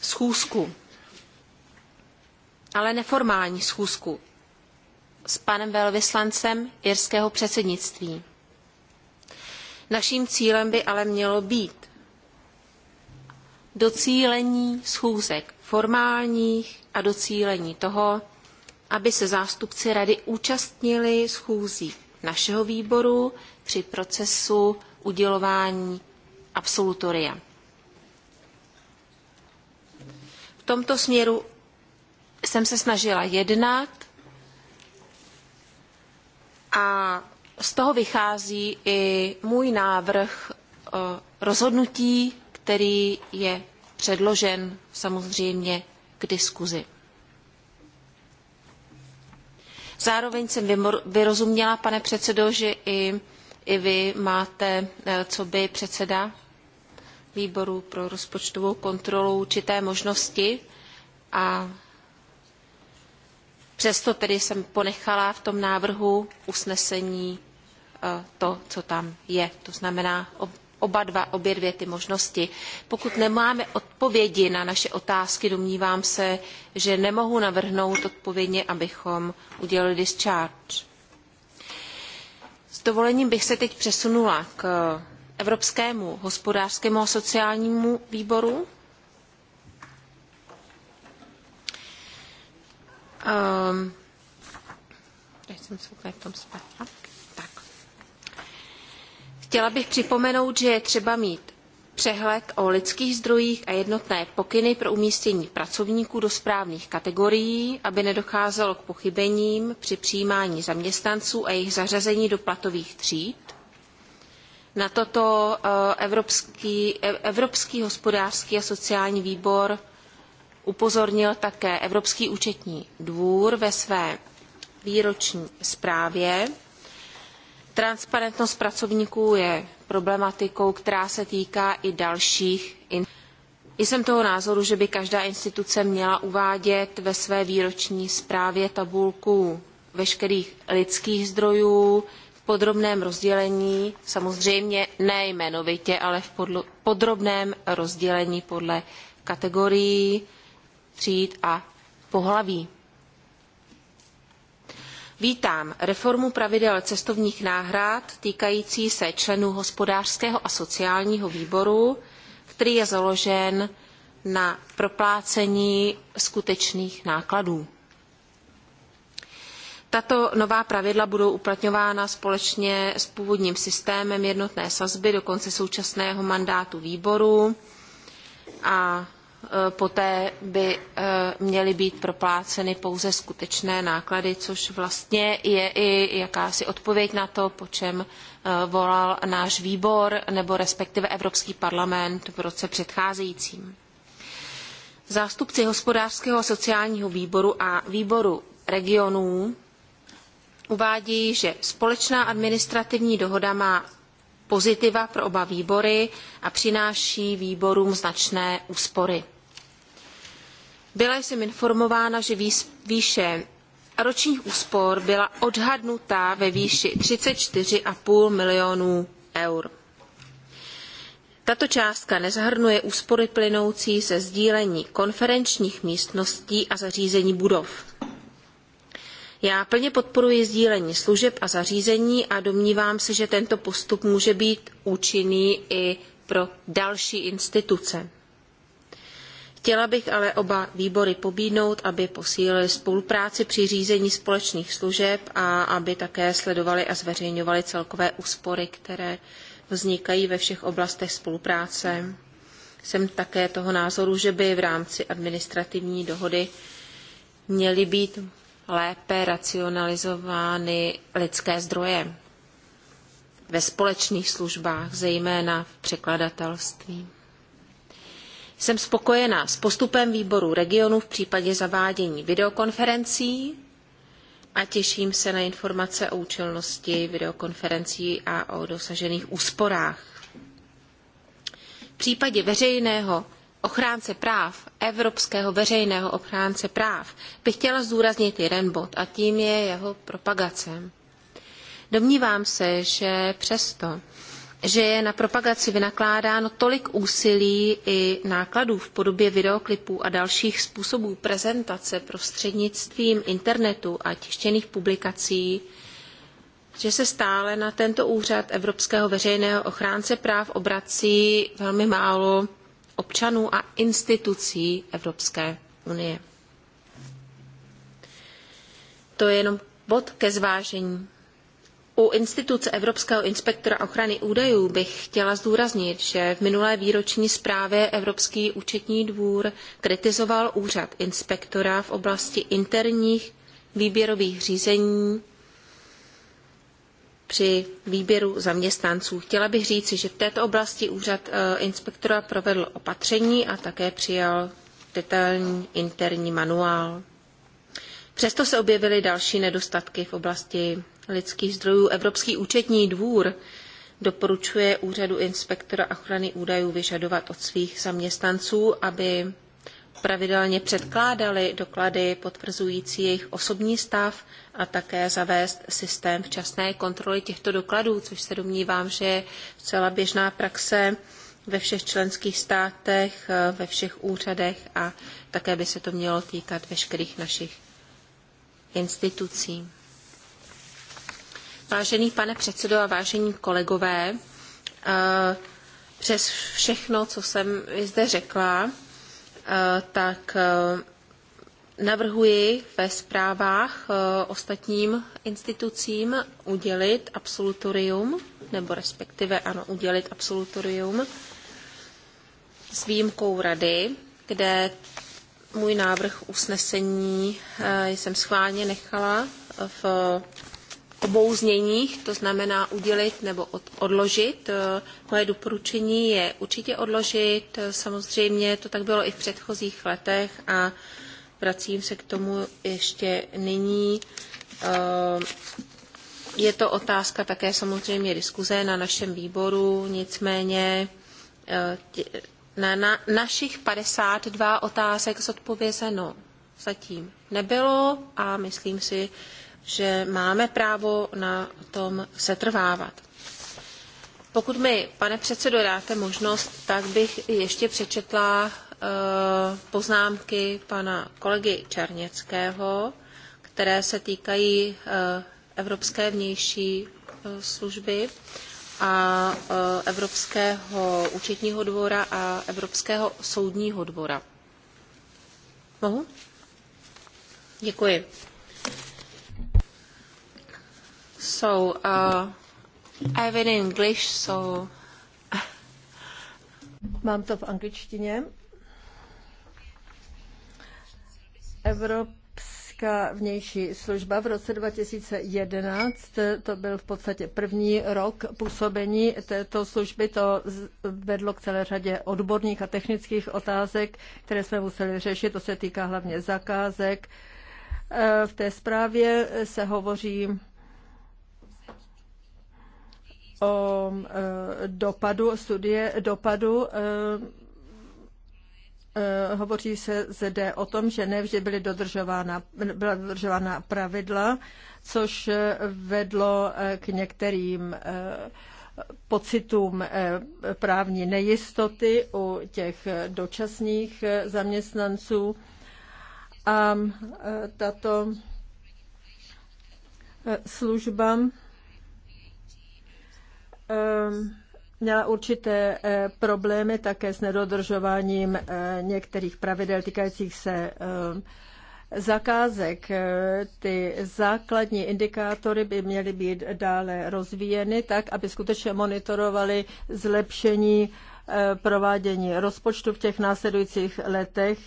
D: schůzku, ale neformální schůzku s panem velvyslancem irského předsednictví Naším cílem by ale mělo být docílení schůzek formálních a docílení toho, aby se zástupci rady účastnili schůzí našeho výboru při procesu udělování absolutoria. V tomto směru jsem se snažila jednat a z toho vychází i můj návrh eh, rozhodnutí, který je předložen samozřejmě k diskuzi. Zároveň jsem vyrozuměla, pane předsedo, že i, i vy máte, eh, co by předseda výboru pro rozpočtovou kontrolu určité možnosti a přesto tedy jsem ponechala v tom návrhu usnesení Eh, to, co tam je. To znamená oba dva, obě dvě ty možnosti. Pokud nemáme odpovědi na naše otázky, domnívám se, že nemohu navrhnout odpovědně, abychom udělali discharge. S dovolením bych se teď přesunula k Evropskému hospodářskému a sociálnímu výboru. Um, teď jsem se v tom Chtěla bych připomenout, že je třeba mít přehled o lidských zdrojích a jednotné pokyny pro umístění pracovníků do správných kategorií, aby nedocházelo k pochybením při přijímání zaměstnanců a jejich zařazení do platových tříd. Na toto eh, Evropský, eh, Evropský hospodářský a sociální výbor upozornil také Evropský účetní dvůr ve své výroční zprávě Transparentnost pracovníků je problematikou, která se týká i dalších. Jsem toho názoru, že by každá instituce měla uvádět ve své výroční zprávě tabulku veškerých lidských zdrojů v podrobném rozdělení, samozřejmě ne jmenovitě, ale v podrobném rozdělení podle kategorií, tříd a pohlaví. Vítám reformu pravidel cestovních náhrad týkající se členů hospodářského a sociálního výboru, který je založen na proplácení skutečných nákladů. Tato nová pravidla budou uplatňována společně s původním systémem jednotné sazby do konce současného mandátu výboru a Eh, poté by eh, měly být propláceny pouze skutečné náklady, což vlastně je i jakási odpověď na to, po čem eh, volal náš výbor nebo respektive Evropský parlament v roce předcházejícím. Zástupci hospodářského a sociálního výboru a výboru regionů uvádějí, že společná administrativní dohoda má pozitiva pro oba výbory a přináší výborům značné úspory. Byla jsem informována, že výše ročních úspor byla odhadnutá ve výši 34,5 milionů eur. Tato částka nezahrnuje úspory plynoucí ze sdílení konferenčních místností a zařízení budov. Já plně podporuji sdílení služeb a zařízení a domnívám se, že tento postup může být účinný i pro další instituce. Chtěla bych ale oba výbory pobídnout, aby posílili spolupráci při řízení společných služeb a aby také sledovali a zveřejňovali celkové úspory, které vznikají ve všech oblastech spolupráce. Jsem také toho názoru, že by v rámci administrativní dohody měly být lépe racionalizovány lidské zdroje ve společných službách, zejména v překladatelství. Jsem spokojená s postupem výboru regionu v případě zavádění videokonferencí a těším se na informace o účelnosti videokonferencí a o dosažených úsporách. V případě veřejného ochránce práv, evropského veřejného ochránce práv, bych chtěla zdůraznit jeden bod a tím je jeho propagace. Domnívám se, že přesto, že je na propagaci vynakládáno tolik úsilí i nákladů v podobě videoklipů a dalších způsobů prezentace prostřednictvím internetu a tištěných publikací, že se stále na tento úřad Evropského veřejného ochránce práv obrací velmi málo občanů a institucí Evropské unie. To je jenom bod ke zvážení. U instituce Evropského inspektora ochrany údajů bych chtěla zdůraznit, že v minulé výroční zprávě Evropský účetní dvůr kritizoval úřad inspektora v oblasti interních výběrových řízení při výběru zaměstnanců. Chtěla bych říci, že v této oblasti úřad eh, inspektora provedl opatření a také přijal detailní interní manuál. Přesto se objevily další nedostatky v oblasti lidských zdrojů Evropský účetní dvůr doporučuje úřadu inspektora ochrany údajů vyžadovat od svých zaměstnanců, aby pravidelně předkládali doklady potvrzující jejich osobní stav a také zavést systém včasné kontroly těchto dokladů, což se domnívám, že je celá běžná praxe ve všech členských státech, ve všech úřadech a také by se to mělo týkat veškerých našich institucí. Vážený pane předsedo a vážení kolegové, eh, přes všechno, co jsem zde řekla, eh, tak eh, navrhuji ve zprávách ostatním institucím udělit absolutorium, nebo respektive ano, udělit absolutorium s výjimkou rady, kde můj návrh usnesení jsem schválně nechala v obou zněních, to znamená udělit nebo odložit. Eh, moje doporučení je určitě odložit, eh, samozřejmě to tak bylo i v předchozích letech a vracím se k tomu ještě nyní. Eh, je to otázka také samozřejmě diskuze na našem výboru, nicméně na, na našich 52 otázek zodpovězeno zatím nebylo a myslím si, že máme právo na tom setrvávat. Pokud mi, pane předsedo, dáte možnost, tak bych ještě přečetla eh, poznámky pana kolegy Černěckého, které se týkají eh, Evropské vnější eh, služby a Evropského účetního dvora a Evropského soudního dvora. Mohu? Děkuji. So, uh, I have it in English, so... Mám to v angličtině. Evropská
C: vnější služba v roce 2011, to byl v podstatě první rok působení této služby, to vedlo k celé řadě odborných a technických otázek, které jsme museli řešit, to se týká hlavně zakázek. Eh, v té zprávě se hovoří o e, dopadu, studie dopadu e, e, hovoří se zde o tom, že nevždy byly dodržována, byla dodržována pravidla, což vedlo k některým pocitům právní nejistoty u těch dočasných zaměstnanců. A tato služba Ehm, měla určité eh, problémy také s nedodržováním eh, některých pravidel týkajících se ehm, zakázek. Eh, ty základní indikátory by měly být dále rozvíjeny tak, aby skutečně monitorovali zlepšení provádění rozpočtu v těch následujících letech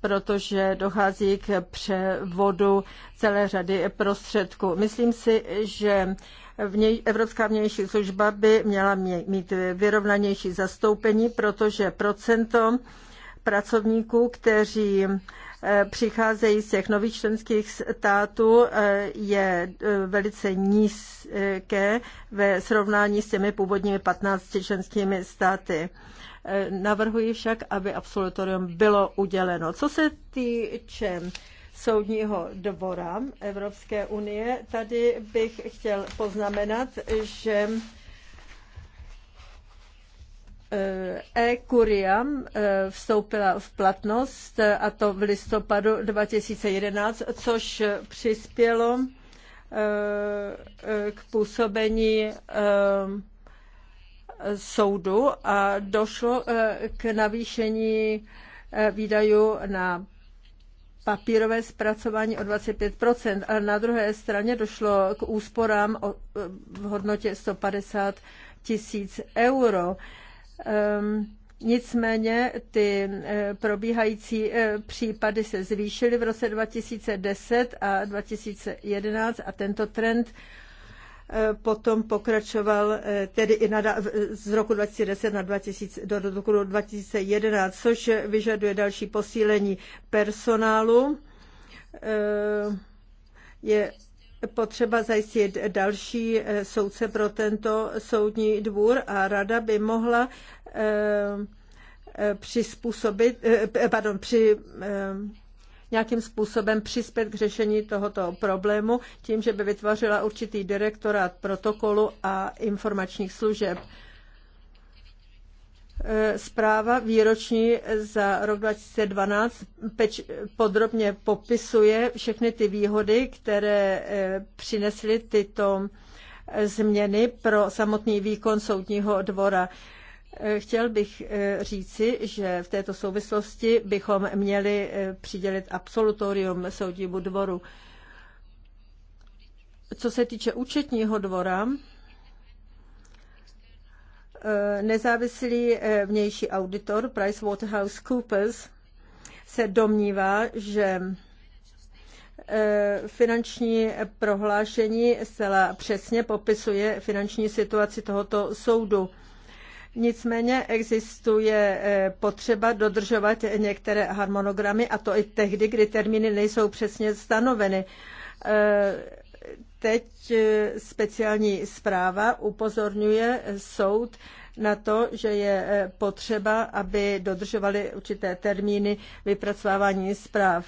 C: protože dochází k převodu celé řady prostředků. Myslím si, že vněj, Evropská vnější služba by měla mít vyrovnanější zastoupení, protože procento pracovníků, kteří eh, přicházejí z těch nových členských států, eh, je eh, velice nízké ve srovnání s těmi původními 15 členskými státy. Navrhuji však, aby absolutorium bylo uděleno. Co se týče soudního dvora Evropské unie. Tady bych chtěl poznamenat, že e-kuria eh, e. eh, vstoupila v platnost a to v listopadu 2011, což přispělo eh, k působení soudu a došlo k navýšení výdajů na papírové zpracování o 25%, ale na druhé straně došlo k úsporám o, v hodnotě 150 tisíc euro. Um, Nicméně ty eh, probíhající eh, případy se zvýšily v roce 2010 a 2011 a tento trend potom pokračoval eh, tedy i na, z roku 2010 na 2000, do, do roku 2011, což vyžaduje další posílení personálu. Eh, je potřeba zajistit další eh, soudce pro tento soudní dvůr a rada by mohla přizpůsobit, pardon, při nějakým způsobem přispět k řešení tohoto problému tím, že by vytvořila určitý direktorát protokolu a informačních služeb. E, zpráva výroční za rok 2012 peč, podrobně popisuje všechny ty výhody, které e, přinesly tyto e, změny pro samotný výkon soudního dvora. Chtěl bych eh, říci, že v této souvislosti bychom měli eh, přidělit absolutorium soudnímu dvoru. Co se týče účetního dvora, eh, nezávislý vnější auditor PricewaterhouseCoopers se domnívá, že finanční prohlášení zcela přesně popisuje finanční situaci tohoto soudu. Nicméně existuje eh, potřeba dodržovat některé harmonogramy a to i tehdy, kdy termíny nejsou přesně stanoveny. Eh, teď eh, speciální zpráva upozorňuje soud na to, že je potřeba, aby dodržovali určité termíny vypracovávání zpráv.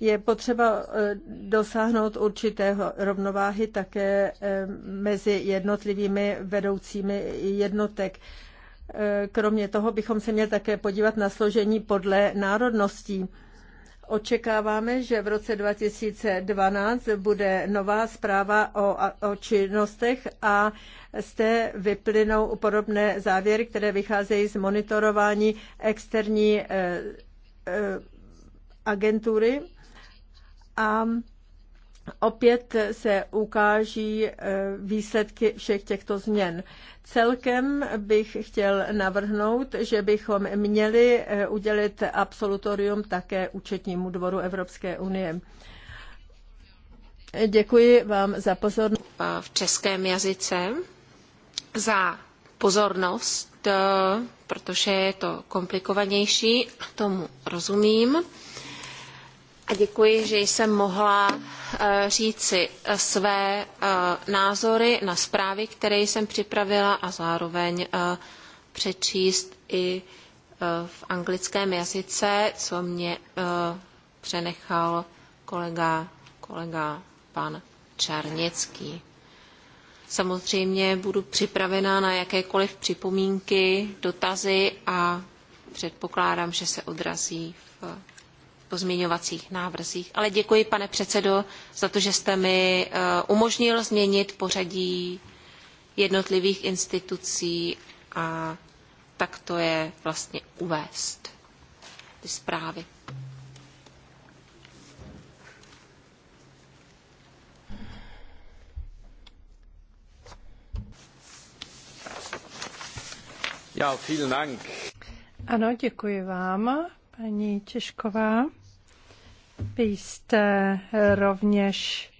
C: Je potřeba eh, dosáhnout určitého rovnováhy také eh, mezi jednotlivými vedoucími jednotek. Eh, kromě toho bychom se měli také podívat na složení podle národností. Očekáváme, že v roce 2012 bude nová zpráva o, o činnostech a z té vyplynou podobné závěry, které vycházejí z monitorování externí e, e, agentury a opět se ukáží eh, výsledky všech těchto změn. Celkem bych chtěl navrhnout, že bychom měli eh, udělit absolutorium také účetnímu
D: dvoru Evropské unie. Děkuji vám za pozornost. V českém jazyce za pozornost, eh, protože je to komplikovanější, tomu rozumím a děkuji, že jsem mohla eh, říci eh, své eh, názory na zprávy, které jsem připravila a zároveň přečíst i v anglickém jazyce, co mě přenechal kolega, kolega pan Čarněcký. Samozřejmě budu připravena na jakékoliv připomínky, dotazy a předpokládám, že se odrazí v pozměňovacích návrzích. Ale děkuji, pane předsedo, za to, že jste mi eh, umožnil změnit pořadí jednotlivých institucí a tak to je vlastně uvést ty zprávy.
A: Ja, vielen Dank. Ano, děkuji vám, paní Češková. Vy jste eh, rovněž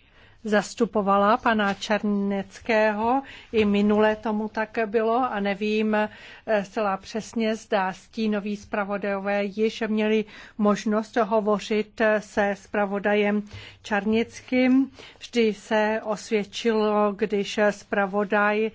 A: zastupovala pana Černeckého. I minule tomu tak bylo a nevím eh, zcela přesně, zda stínoví zpravodajové již měli možnost hovořit eh, se zpravodajem Čarnickým. Vždy se osvědčilo, když zpravodaj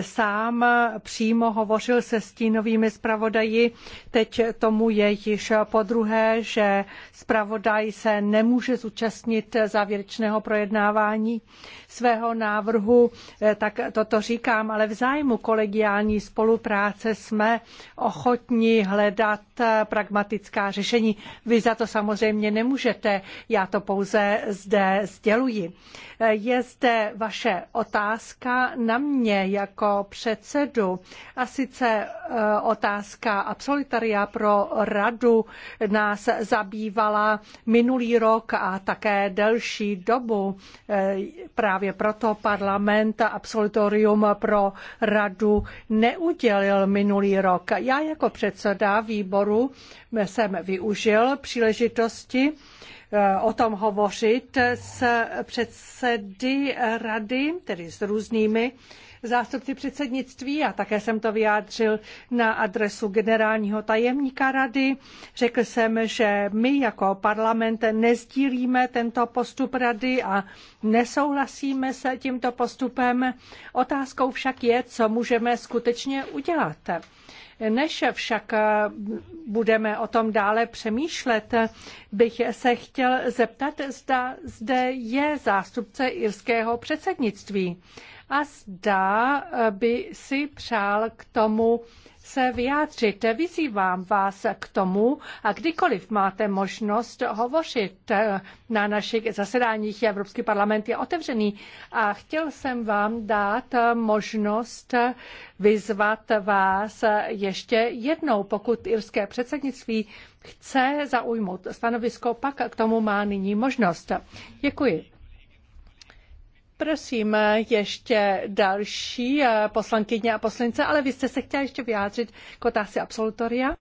A: sám přímo hovořil se stínovými zpravodaji. Teď tomu je již po druhé, že zpravodaj se nemůže zúčastnit závěrečného projednávání svého návrhu, eh, tak toto říkám, ale v zájmu kolegiální spolupráce jsme ochotni hledat eh, pragmatická řešení. Vy za to samozřejmě nemůžete, já to pouze zde sděluji. Eh, je zde vaše otázka na mě, jak jako předsedu. A sice e, otázka absolutaria pro radu nás zabývala minulý rok a také delší dobu. E, právě proto parlament absolutorium pro radu neudělil minulý rok. Já jako předseda výboru jsem využil příležitosti, e, o tom hovořit s předsedy rady, tedy s různými zástupci předsednictví a také jsem to vyjádřil na adresu generálního tajemníka rady. Řekl jsem, že my jako parlament nezdílíme tento postup rady a nesouhlasíme se tímto postupem. Otázkou však je, co můžeme skutečně udělat. Než však budeme o tom dále přemýšlet, bych se chtěl zeptat, zda zde je zástupce irského předsednictví a zda eh, by si přál k tomu se vyjádřit. Vyzývám vás k tomu a kdykoliv máte možnost hovořit eh, na našich zasedáních. Evropský parlament je otevřený a chtěl jsem vám dát eh, možnost vyzvat vás ještě jednou, pokud irské předsednictví chce zaujmout stanovisko, pak k tomu má nyní možnost. Děkuji. Prosím, ještě další eh, poslankyně a poslance, ale vy jste se chtěla ještě vyjádřit k otázce absolutoria.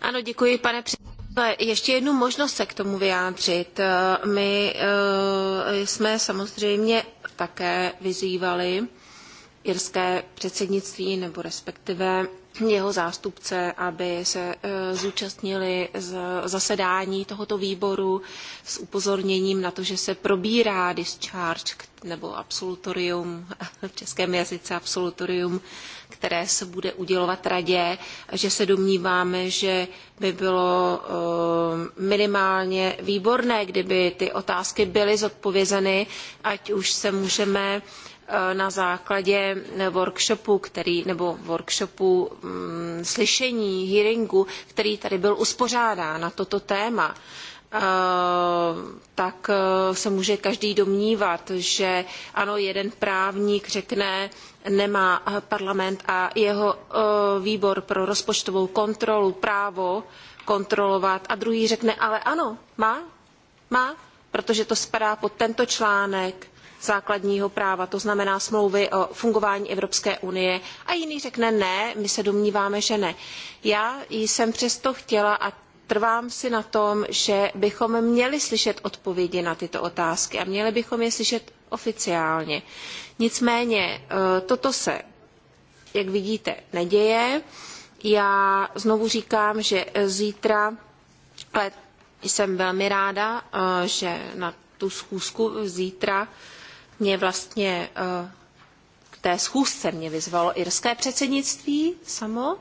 D: Ano, děkuji, pane předsedající. Ještě jednu možnost se k tomu vyjádřit. Eh, my eh, jsme samozřejmě také vyzývali irské předsednictví nebo respektive jeho zástupce, aby se e, zúčastnili z zasedání tohoto výboru s upozorněním na to, že se probírá discharge nebo absolutorium, v českém jazyce absolutorium, které se bude udělovat radě, že se domníváme, že by bylo e, minimálně výborné, kdyby ty otázky byly zodpovězeny, ať už se můžeme Eh, na základě workshopu, který, nebo workshopu mm, slyšení, hearingu, který tady byl uspořádán na toto téma eh, tak eh, se může každý domnívat, že ano, jeden právník řekne, nemá parlament a jeho výbor pro rozpočtovou kontrolu právo kontrolovat a druhý řekne, ale ano, má, má, protože to spadá pod tento článek základního práva, to znamená smlouvy o fungování Evropské unie a jiný řekne ne, my se domníváme, že ne. Já jsem přesto chtěla a trvám si na tom, že bychom měli slyšet odpovědi na tyto otázky a měli bychom je slyšet oficiálně. Nicméně eh, toto se, jak vidíte, neděje. Já znovu říkám, že zítra, ale jsem velmi ráda, eh, že na tu schůzku zítra mě vlastně eh, k té schůzce mě vyzvalo irské předsednictví samo,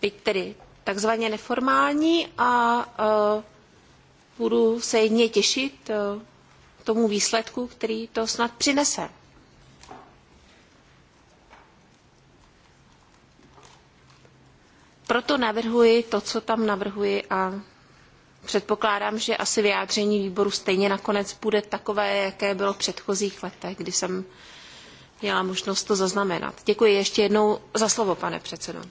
D: byť tedy takzvaně neformální a eh, budu se jedně těšit eh, tomu výsledku, který to snad přinese. Proto navrhuji to, co tam navrhuji a předpokládám, že asi vyjádření výboru stejně nakonec bude takové, jaké bylo v předchozích letech, kdy jsem měla možnost to zaznamenat. Děkuji ještě jednou za slovo, pane předsedo.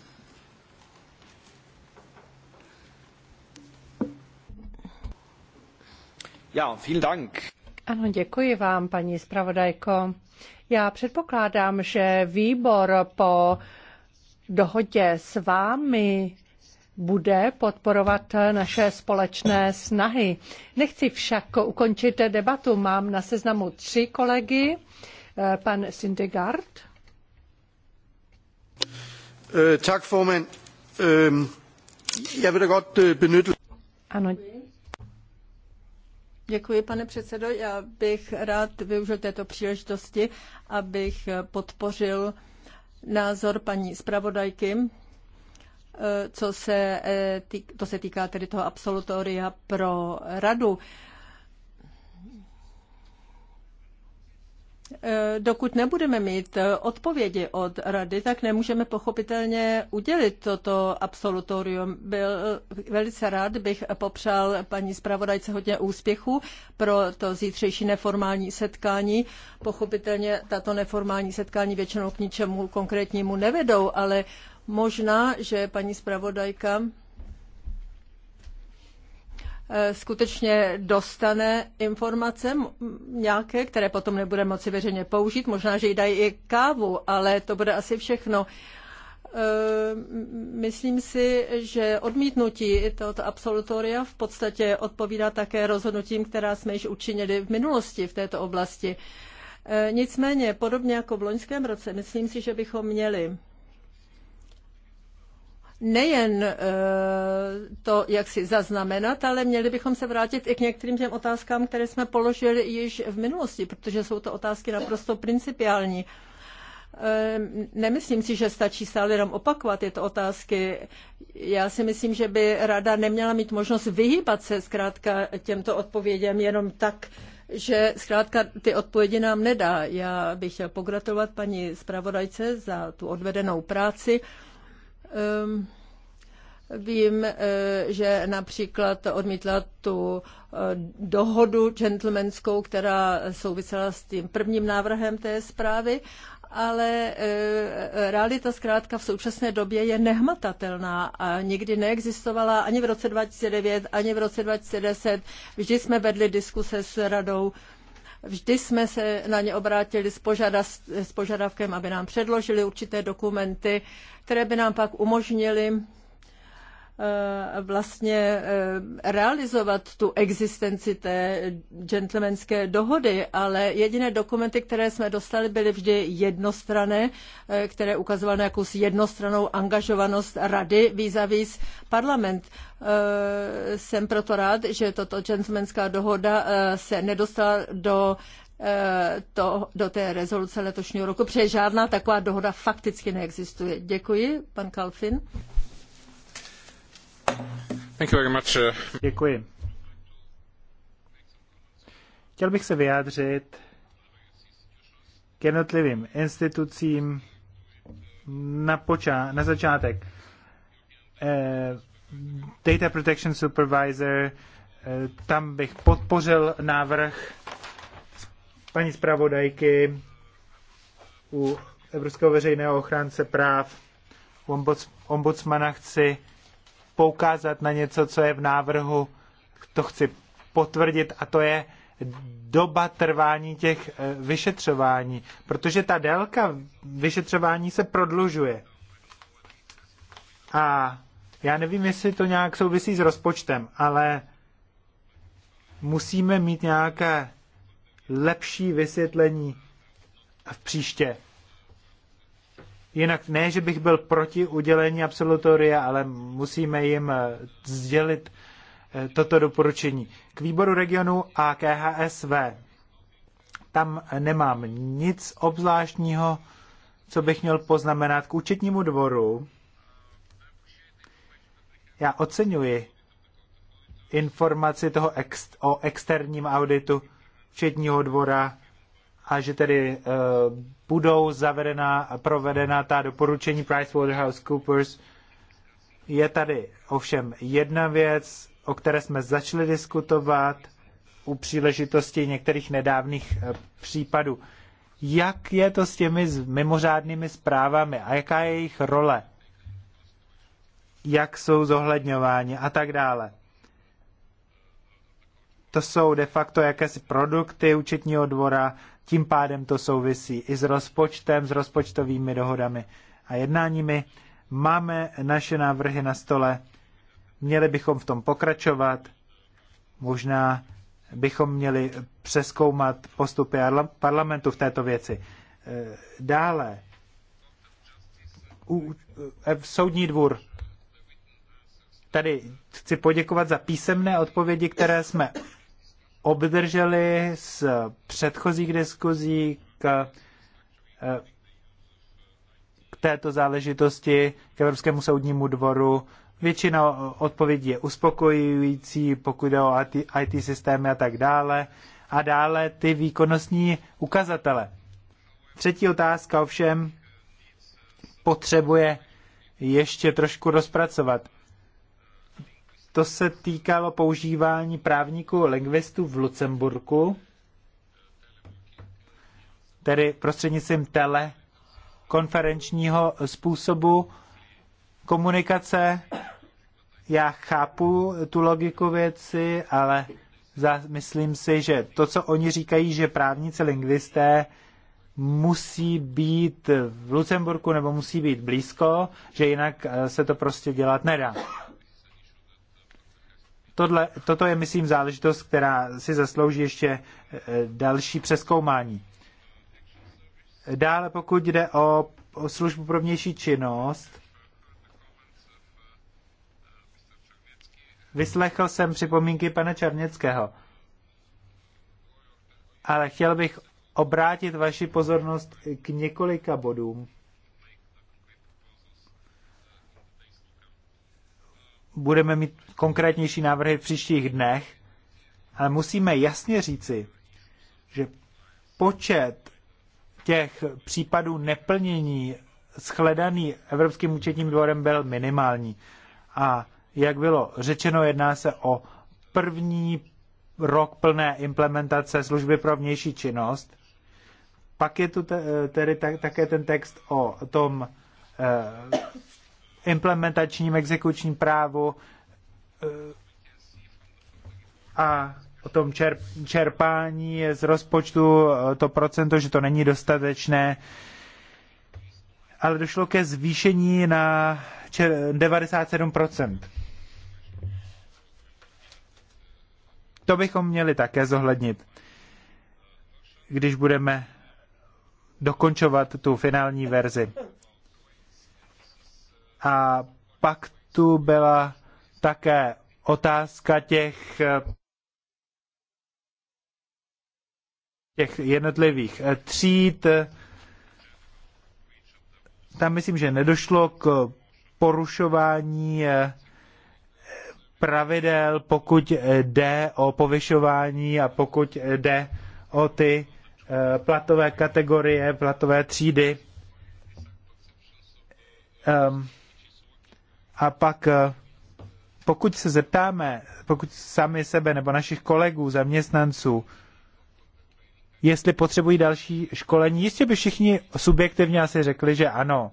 B: Já, vielen Dank.
A: Ano, děkuji vám, paní zpravodajko. Já předpokládám, že výbor po dohodě s vámi bude podporovat naše společné snahy. Nechci však ukončit debatu. Mám na seznamu tři kolegy. Eh, pan Sindegard. Eh, tak, formand. Ehm, Já bych godt eh, benytte... Ano.
C: Děkuji, pane předsedo. Já bych rád využil této příležitosti, abych podpořil názor paní zpravodajky Eh, co se, eh, to se týká tedy toho absolutoria pro radu. Eh, dokud nebudeme mít odpovědi od rady, tak nemůžeme pochopitelně udělit toto absolutorium. Byl velice rád, bych popřál paní zpravodajce hodně úspěchu pro to zítřejší neformální setkání. Pochopitelně tato neformální setkání většinou k ničemu konkrétnímu nevedou, ale Možná, že paní zpravodajka eh, skutečně dostane informace nějaké, které potom nebude moci veřejně použít. Možná, že jí dají i kávu, ale to bude asi všechno. Eh, myslím si, že odmítnutí tohoto absolutoria v podstatě odpovídá také rozhodnutím, která jsme již učinili v minulosti v této oblasti. Eh, nicméně, podobně jako v loňském roce, myslím si, že bychom měli nejen eh, to, jak si zaznamenat, ale měli bychom se vrátit i k některým těm otázkám, které jsme položili již v minulosti, protože jsou to otázky naprosto principiální. Eh, nemyslím si, že stačí stále jenom opakovat tyto otázky. Já si myslím, že by rada neměla mít možnost vyhýbat se zkrátka těmto odpověděm jenom tak, že zkrátka ty odpovědi nám nedá. Já bych chtěl pogratulovat paní zpravodajce za tu odvedenou práci. Ehm, vím, eh, že například odmítla tu eh, dohodu gentlemanskou, která souvisela s tím prvním návrhem té zprávy, ale eh, realita zkrátka v současné době je nehmatatelná a nikdy neexistovala ani v roce 2009, ani v roce 2010. Vždy jsme vedli diskuse s radou Vždy jsme se na ně obrátili s, požada, s požadavkem, aby nám předložili určité dokumenty, které by nám pak umožnily Eh, vlastně eh, realizovat tu existenci té gentlemanské dohody, ale jediné dokumenty, které jsme dostali, byly vždy jednostrané, eh, které ukazovaly na jakousi jednostranou angažovanost rady vis-a-vis parlament. Jsem proto rád, že toto gentlemanská dohoda se nedostala do to, do té rezoluce letošního roku, protože žádná taková dohoda fakticky neexistuje. Děkuji,
B: pan Kalfin. Uh, Děkuji. Chtěl bych se vyjádřit k jednotlivým institucím na, poča- na začátek. Eh, Data Protection Supervisor, eh, tam bych podpořil návrh paní zpravodajky u Evropského veřejného ochránce práv, ombudsmana chci poukázat na něco, co je v návrhu, to chci potvrdit, a to je doba trvání těch eh, vyšetřování, protože ta délka vyšetřování se prodlužuje. A já nevím, jestli to nějak souvisí s rozpočtem, ale musíme mít nějaké lepší vysvětlení v příště. Jinak ne, že bych byl proti udělení absolutoria, ale musíme jim eh, sdělit eh, toto doporučení. K výboru regionu a KHSV. E Tam eh, nemám nic obzvláštního, co bych měl poznamenat. K účetnímu dvoru já oceňuji informaci toho ex, o externím auditu účetního dvora a že tedy uh, budou zavedena, provedena ta doporučení PricewaterhouseCoopers. Je tady ovšem jedna věc, o které jsme začali diskutovat u příležitosti některých nedávných uh, případů. Jak je to s těmi mimořádnými zprávami a jaká je jejich role? Jak jsou zohledňováni a tak dále? to jsou de facto jakési produkty účetního dvora, tím pádem to souvisí i s rozpočtem, s rozpočtovými dohodami a jednáními. Máme naše návrhy na stole, měli bychom v tom pokračovat, možná bychom měli přeskoumat postupy parlamentu v této věci. E, dále, e, soudní dvůr. Tady chci poděkovat za písemné odpovědi, které jsme obdrželi z předchozích diskuzí k, eh, k této záležitosti k Evropskému soudnímu dvoru. Většina odpovědí je uspokojující, pokud jde o IT systémy a tak dále. A dále ty výkonnostní ukazatele. Třetí otázka ovšem potřebuje ještě trošku rozpracovat. To se týkalo používání právníků lingvistů v Lucemburku, tedy prostřednictvím telekonferenčního způsobu komunikace. Já chápu tu logiku věci, ale myslím si, že to, co oni říkají, že právníci lingvisté musí být v Lucemburku nebo musí být blízko, že jinak eh, se to prostě dělat nedá. Tohle, toto je, myslím, záležitost, která si zaslouží ještě e, další přeskoumání. Dále, pokud jde o, o službu pro vnější činnost, vyslechl jsem připomínky pana Černěckého, ale chtěl bych obrátit vaši pozornost k několika bodům, budeme mít konkrétnější návrhy v příštích dnech, ale musíme jasně říci, že počet těch případů neplnění shledaný Evropským účetním dvorem byl minimální. A jak bylo řečeno, jedná se o první rok plné implementace služby pro vnější činnost. Pak je tu tedy také ten text o tom eh, implementačním, exekučním právu eh, a o tom čerpání z rozpočtu eh, to procento, že to není dostatečné, ale došlo ke zvýšení na 97%. To bychom měli také zohlednit, když budeme dokončovat tu finální verzi. A pak tu byla také otázka těch, těch jednotlivých tříd. Tam myslím, že nedošlo k porušování eh, pravidel, pokud jde o povyšování a pokud jde o ty eh, platové kategorie, platové třídy. Um, a pak eh, pokud se zeptáme, pokud sami sebe nebo našich kolegů, zaměstnanců, jestli potřebují další školení, jistě by všichni subjektivně asi řekli, že ano.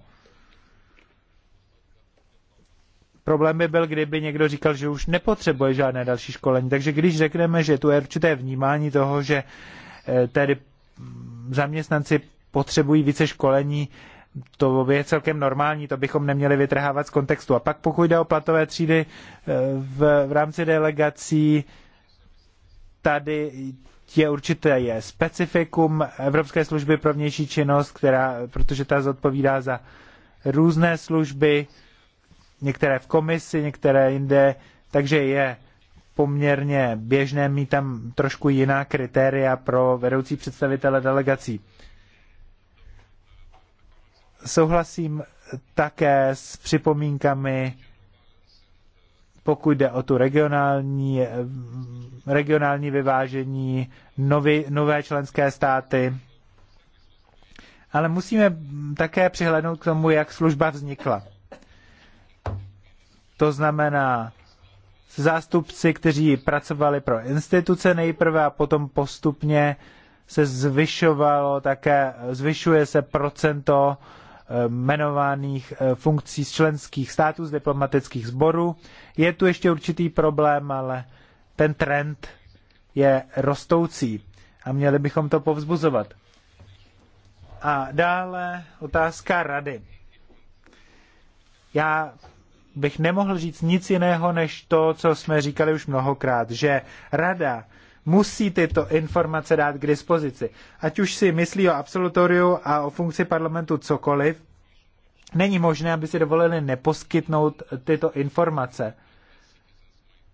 B: Problém by byl, kdyby někdo říkal, že už nepotřebuje žádné další školení. Takže když řekneme, že tu je určité vnímání toho, že eh, tedy mm, zaměstnanci potřebují více školení, to je celkem normální, to bychom neměli vytrhávat z kontextu. A pak pokud jde o platové třídy eh, v, v rámci delegací, tady je určité je specifikum Evropské služby pro vnější činnost, která, protože ta zodpovídá za různé služby, některé v komisi, některé jinde, takže je poměrně běžné mít tam trošku jiná kritéria pro vedoucí představitele delegací. Souhlasím také s připomínkami, pokud jde o tu regionální, regionální vyvážení, nový, nové členské státy. Ale musíme také přihlednout k tomu, jak služba vznikla. To znamená zástupci, kteří pracovali pro instituce nejprve a potom postupně se zvyšovalo také, zvyšuje se procento uh, jmenovaných eh, funkcí z členských států, z diplomatických sborů. Je tu ještě určitý problém, ale ten trend je rostoucí a měli bychom to povzbuzovat. A dále otázka rady. Já bych nemohl říct nic jiného, než to, co jsme říkali už mnohokrát, že rada musí tyto informace dát k dispozici. Ať už si myslí o absolutoriu a o funkci parlamentu cokoliv, není možné, aby si dovolili neposkytnout tyto informace.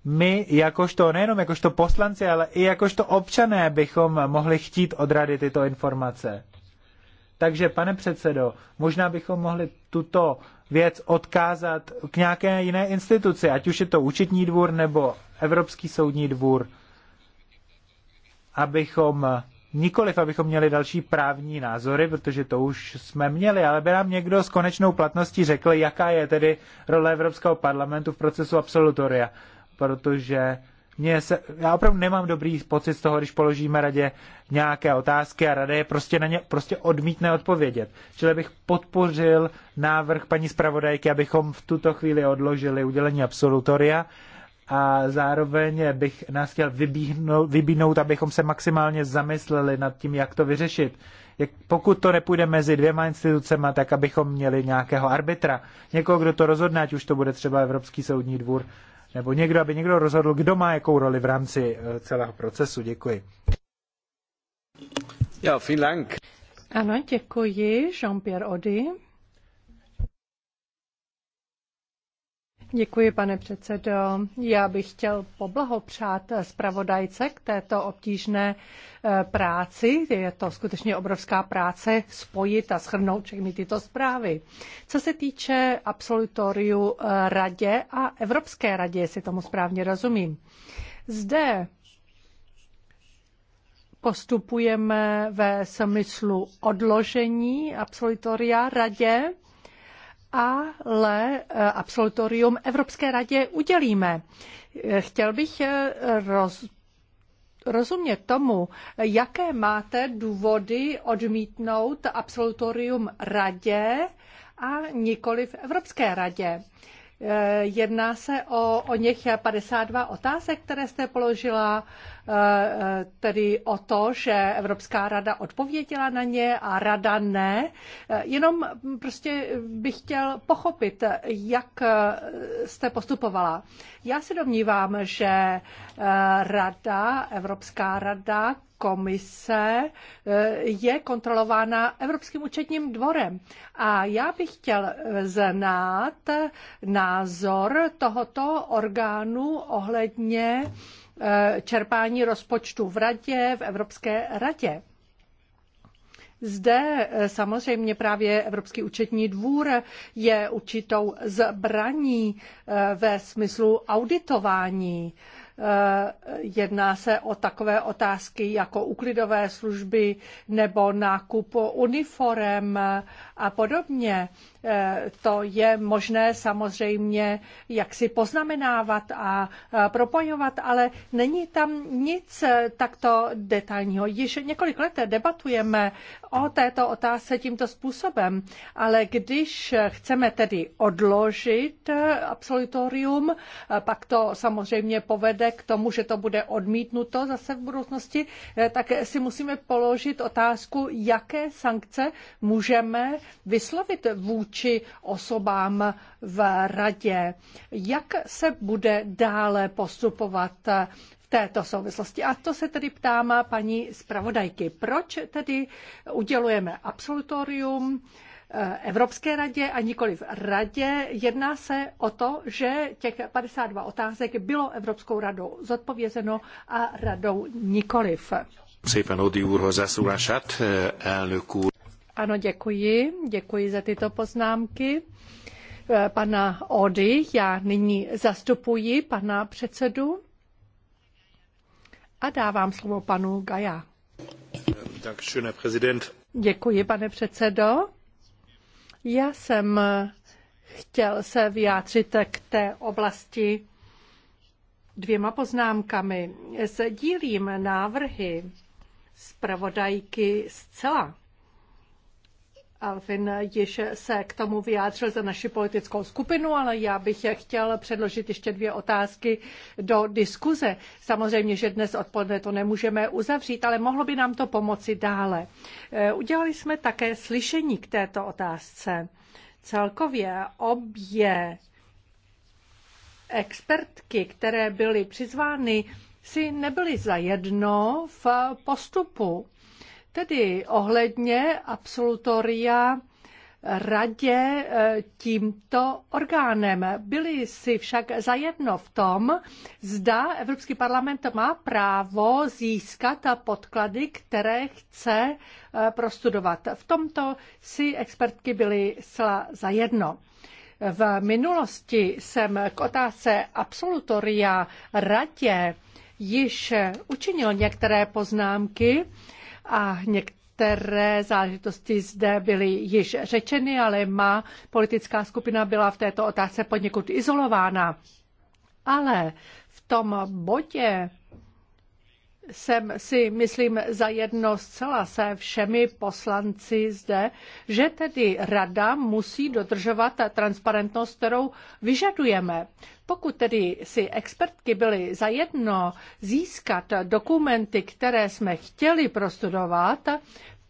B: My, jakožto, nejenom jakožto poslanci, ale i jakožto občané, bychom mohli chtít od rady tyto informace. Takže, pane předsedo, možná bychom mohli tuto věc odkázat k nějaké jiné instituci, ať už je to účetní dvůr nebo Evropský soudní dvůr abychom nikoliv, abychom měli další právní názory, protože to už jsme měli, ale by nám někdo s konečnou platností řekl, jaká je tedy role Evropského parlamentu v procesu absolutoria, protože mě se, já opravdu nemám dobrý pocit z toho, když položíme radě nějaké otázky a rada je prostě na ně prostě odmítne odpovědět. Čili bych podpořil návrh paní zpravodajky, abychom v tuto chvíli odložili udělení absolutoria a zároveň bych nás chtěl vybíhnout, vybíhnout, abychom se maximálně zamysleli nad tím, jak to vyřešit. Jak, pokud to nepůjde mezi dvěma institucemi, tak abychom měli nějakého arbitra, někoho, kdo to rozhodne, ať už to bude třeba Evropský soudní dvůr, nebo někdo, aby někdo rozhodl, kdo má jakou roli v rámci eh, celého procesu. Děkuji. Jo, vielen Dank.
A: Ano, děkuji, Jean-Pierre Ody. Děkuji, pane předsedo. Já bych chtěl poblahopřát zpravodajce k této obtížné e, práci. Je to skutečně obrovská práce spojit a shrnout všechny tyto zprávy. Co se týče absolutoriu e, radě a Evropské radě, jestli tomu správně rozumím. Zde postupujeme ve smyslu odložení absolutoria radě ale eh, absolutorium Evropské radě udělíme. Eh, chtěl bych eh, roz, rozumět tomu, jaké máte důvody odmítnout absolutorium radě a nikoli v Evropské radě. Jedná se o, o něch 52 otázek, které jste položila Eh, eh, tedy o to, že Evropská rada odpověděla na ně a rada ne. Eh, jenom prostě bych chtěl pochopit, jak jste postupovala. Já se domnívám, že rada, Evropská rada, komise je kontrolována Evropským účetním dvorem. A já bych chtěl znát názor tohoto orgánu ohledně Eh, čerpání rozpočtu v radě, v Evropské radě. Zde eh, samozřejmě právě Evropský účetní dvůr je určitou zbraní eh, ve smyslu auditování. Jedná se o takové otázky jako uklidové služby nebo nákup uniform a podobně. Eh, to je možné samozřejmě jak si poznamenávat a propojovat, ale není tam nic eh, takto detailního. Již několik let debatujeme o této otázce tímto způsobem, ale když chceme tedy odložit eh, absolutorium, pak to samozřejmě povede k tomu, že to bude odmítnuto zase v budoucnosti, tak si musíme položit otázku, jaké sankce můžeme vyslovit vůči osobám v radě. Jak se bude dále postupovat v této souvislosti? A to se tedy ptám paní zpravodajky. Proč tedy udělujeme absolutorium? Eh, Evropské radě a nikoli v radě. Jedná se o to, že těch 52 otázek bylo Evropskou radou zodpovězeno a radou nikoliv.
B: Szépen Odi úrhoz elszólását, eh, elnök úr.
A: Ano, děkuji. Děkuji za tyto poznámky eh, pana Ody. Já nyní zastupuji pana předsedu a dávám slovo panu Gaja. Děkuji, pane předsedo. Já jsem chtěl se vyjádřit k té oblasti dvěma poznámkami. Sdílím návrhy zpravodajky zcela Alvin, již se k tomu vyjádřil za naši politickou skupinu, ale já bych chtěl předložit ještě dvě otázky do diskuze. Samozřejmě, že dnes odpoledne to nemůžeme uzavřít, ale mohlo by nám to pomoci dále. Eh, udělali jsme také slyšení k této otázce. Celkově obě expertky, které byly přizvány, si nebyly zajedno v postupu Tedy ohledně absolutoria radě eh, tímto orgánem. Byli si však zajedno v tom, zda Evropský parlament má právo získat podklady, které chce eh, prostudovat. V tomto si expertky byly zcela zajedno. V minulosti jsem k otázce absolutoria radě již učinil některé poznámky, a některé záležitosti zde byly již řečeny, ale má politická skupina byla v této otázce poněkud izolována. Ale v tom bodě jsem si, myslím, za jedno zcela se všemi poslanci zde, že tedy rada musí dodržovat transparentnost, kterou vyžadujeme. Pokud tedy si expertky byly za jedno získat dokumenty, které jsme chtěli prostudovat,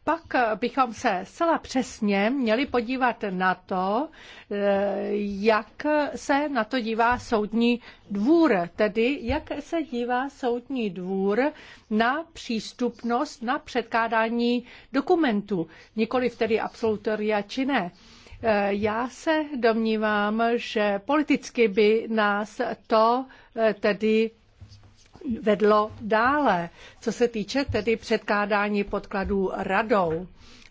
A: pak bychom se zcela přesně měli podívat na to, eh, jak se na to dívá soudní dvůr, tedy jak se dívá soudní dvůr na přístupnost, na předkádání dokumentů, nikoli tedy absolutoria či ne. Eh, já se domnívám, že politicky by nás to eh, tedy vedlo dále, co se týče tedy předkládání podkladů radou.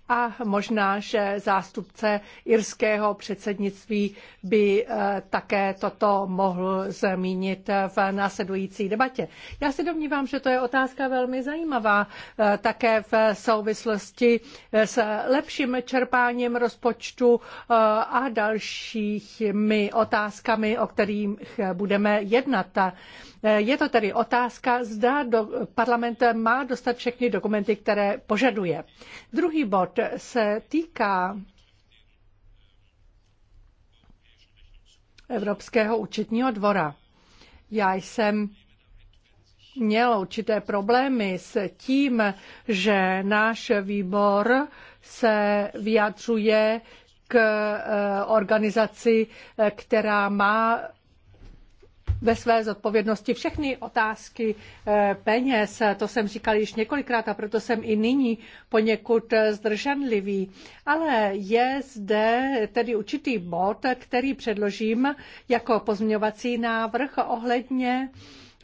A: A možná, že zástupce irského předsednictví by eh, také toto mohl zmínit v následující debatě. Já se domnívám, že to je otázka velmi zajímavá eh, také v souvislosti eh, s lepším čerpáním rozpočtu a dalšími otázkami, o kterých budeme jednat. Eh, je to tedy otázka, zda do, parlament má dostat všechny dokumenty, které požaduje. Druhý bod se týká Evropského účetního dvora. Já jsem měl určité problémy s tím, že náš výbor se vyjadřuje k eh, organizaci, eh, která má ve své zodpovědnosti všechny otázky eh, peněz. To jsem říkal již několikrát a proto jsem i nyní poněkud eh, zdrženlivý. Ale je zde tedy určitý bod, který předložím jako pozměňovací návrh ohledně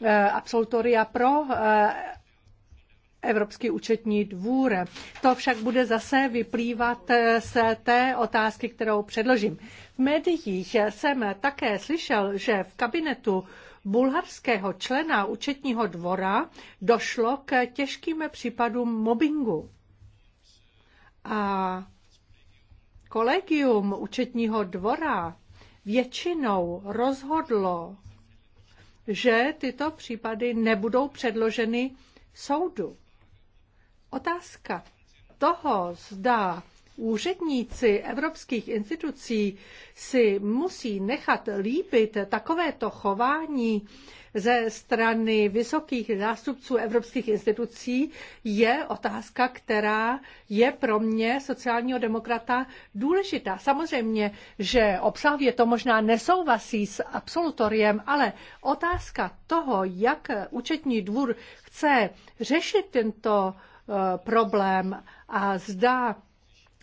A: eh, absolutoria pro Evropský účetní dvůr. To však bude zase vyplývat eh, z té otázky, kterou předložím. V médiích jsem také slyšel, že v kabinetu bulharského člena účetního dvora došlo k těžkým případům mobbingu. A kolegium účetního dvora většinou rozhodlo, že tyto případy nebudou předloženy soudu. Otázka toho, zda úředníci evropských institucí si musí nechat líbit takovéto chování ze strany vysokých zástupců evropských institucí, je otázka, která je pro mě, sociálního demokrata, důležitá. Samozřejmě, že obsahově to možná nesouvisí s absolutoriem, ale otázka toho, jak účetní dvůr chce řešit tento Eh, problém a zda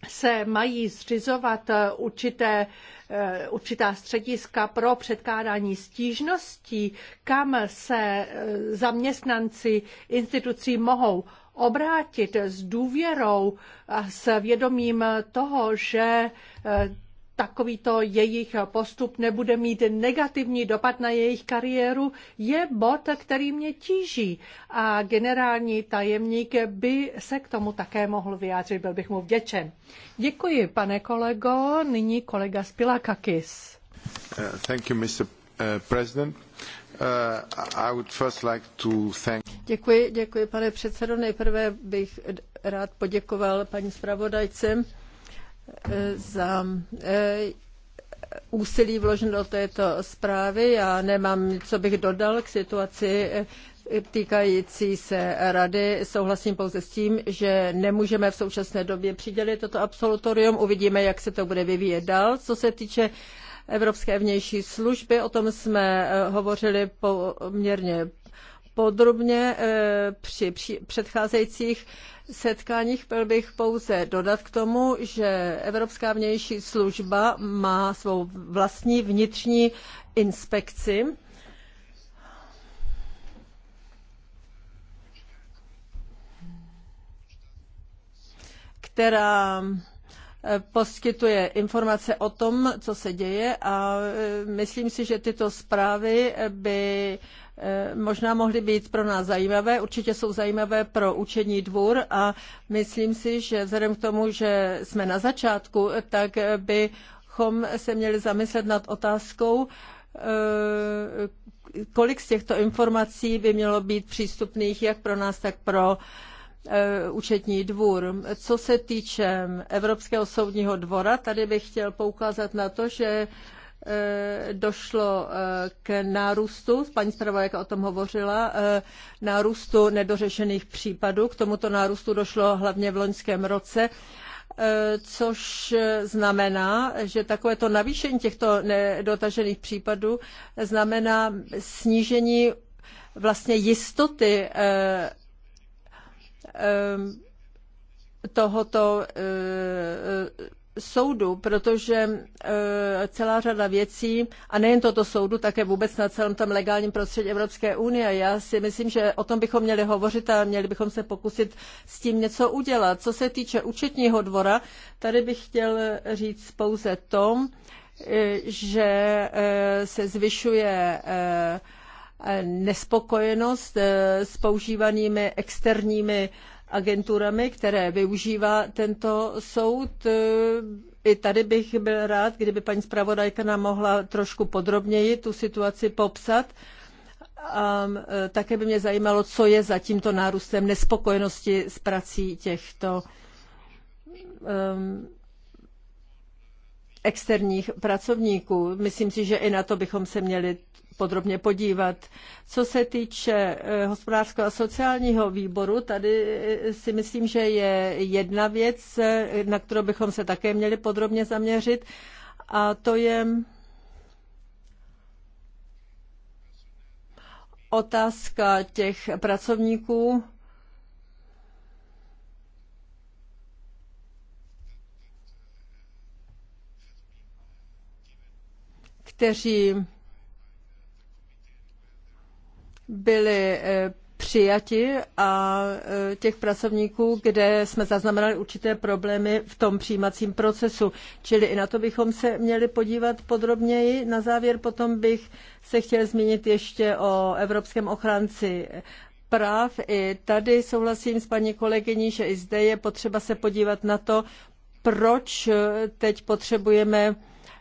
A: se mají zřizovat eh, určité, eh, určitá střediska pro předkládání stížností, kam se zaměstnanci institucí mohou obrátit s důvěrou a s vědomím toho, že takovýto jejich postup nebude mít negativní dopad na jejich kariéru, je bod, který mě tíží. A generální tajemník by se k tomu také mohl vyjádřit, byl bych mu vděčen. Děkuji, pane kolego. Nyní kolega Spilakakis.
B: Uh, thank you, Mr. Uh, president. Uh, I would first like to thank...
C: Děkuji, děkuji, pane předsedo. Nejprve bych rád poděkoval paní zpravodajce za eh, úsilí vloženo do této zprávy. Já nemám, co bych dodal k situaci eh, týkající se rady. Souhlasím pouze s tím, že nemůžeme v současné době přidělit toto absolutorium. Uvidíme, jak se to bude vyvíjet dál. Co se týče Evropské vnější služby, o tom jsme eh, hovořili poměrně podrobně eh, při předcházejících setkáních byl bych pouze dodat k tomu, že Evropská vnější služba má svou vlastní vnitřní inspekci. která eh, poskytuje informace o tom, co se děje a eh, myslím si, že tyto zprávy by Eh, možná mohly být pro nás zajímavé, určitě jsou zajímavé pro učení dvůr a myslím si, že vzhledem k tomu, že jsme na začátku, tak bychom se měli zamyslet nad otázkou, eh, kolik z těchto informací by mělo být přístupných jak pro nás, tak pro eh, účetní dvůr. Co se týče Evropského soudního dvora, tady bych chtěl poukázat na to, že Eh, došlo eh, k nárůstu, paní jak o tom hovořila, eh, nárůstu nedořešených případů. K tomuto nárůstu došlo hlavně v loňském roce což znamená, že takovéto navýšení těchto nedotažených případů znamená snížení vlastně jistoty tohoto soudu, protože e, celá řada věcí, a nejen toto soudu, také vůbec na celém tom legálním prostředí Evropské unie, já si myslím, že o tom bychom měli hovořit a měli bychom se pokusit s tím něco udělat. Co se týče účetního dvora, tady bych chtěl říct pouze to, e, že e, se zvyšuje nespokojenost s používanými externími agenturami, které využívá tento soud. E, I tady bych byl rád, kdyby paní zpravodajka nám mohla trošku podrobněji tu situaci popsat. A e, také by mě zajímalo, co je za tímto nárůstem nespokojenosti s prací těchto um, externích pracovníků. Myslím si, že i na to bychom se měli podrobně podívat. Co se týče eh, hospodářského a sociálního výboru, tady eh, si myslím, že je jedna věc, eh, na kterou bychom se také měli podrobně zaměřit, a to je otázka těch pracovníků, kteří byli eh, přijati a eh, těch pracovníků, kde jsme zaznamenali určité problémy v tom přijímacím procesu. Čili i na to bychom se měli podívat podrobněji. Na závěr potom bych se chtěl zmínit ještě o Evropském ochránci práv. I tady souhlasím s paní kolegyní, že i zde je potřeba se podívat na to, proč eh, teď potřebujeme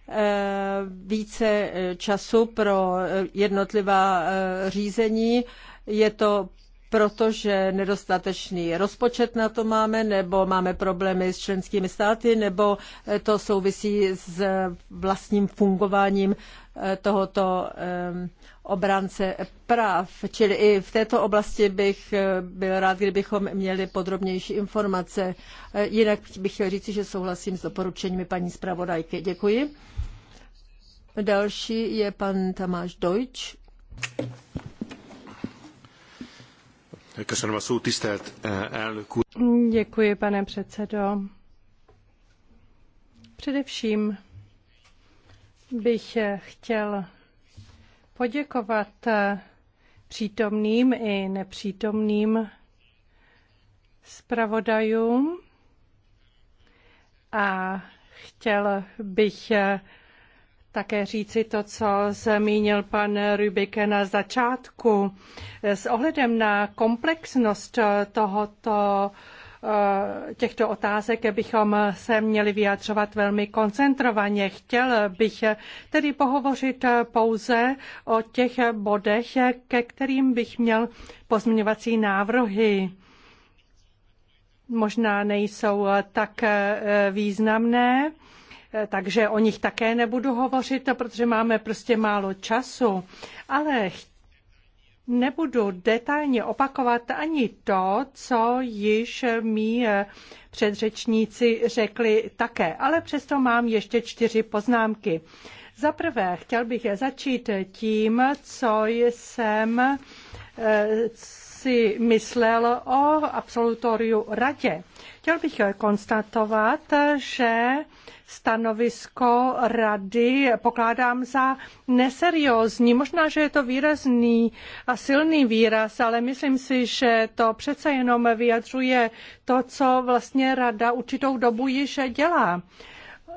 C: Eh, více eh, času pro eh, jednotlivá řízení. Je to protože nedostatečný rozpočet na to máme, nebo máme problémy s členskými státy, nebo to souvisí s vlastním fungováním tohoto obránce práv. Čili i v této oblasti bych eh, byl rád, kdybychom měli podrobnější informace. Eh, jinak bych chtěl říci, že souhlasím s doporučeními paní zpravodajky. Děkuji. Další je pan Tamáš Deutsch.
B: Eh,
A: Děkuji, pane předsedo. Především bych chtěl poděkovat přítomným i nepřítomným zpravodajům a chtěl bych také říci to, co zmínil pan Rubik na začátku. S ohledem na komplexnost tohoto Eh, těchto otázek bychom se měli vyjadřovat velmi koncentrovaně. Chtěl bych tedy pohovořit pouze o těch bodech, ke kterým bych měl pozměňovací návrhy možná nejsou tak eh, významné, eh, takže o nich také nebudu hovořit, protože máme prostě málo času. Ale Nebudu detailně opakovat ani to, co již mi eh, předřečníci řekli také, ale přesto mám ještě čtyři poznámky. Za prvé, chtěl bych začít tím, co jsem eh, si myslel o absolutoriu radě. Chtěl bych eh, konstatovat, eh, že stanovisko rady pokládám za neseriózní. Možná, že je to výrazný a silný výraz, ale myslím si, že to přece jenom vyjadřuje to, co vlastně rada určitou dobu již dělá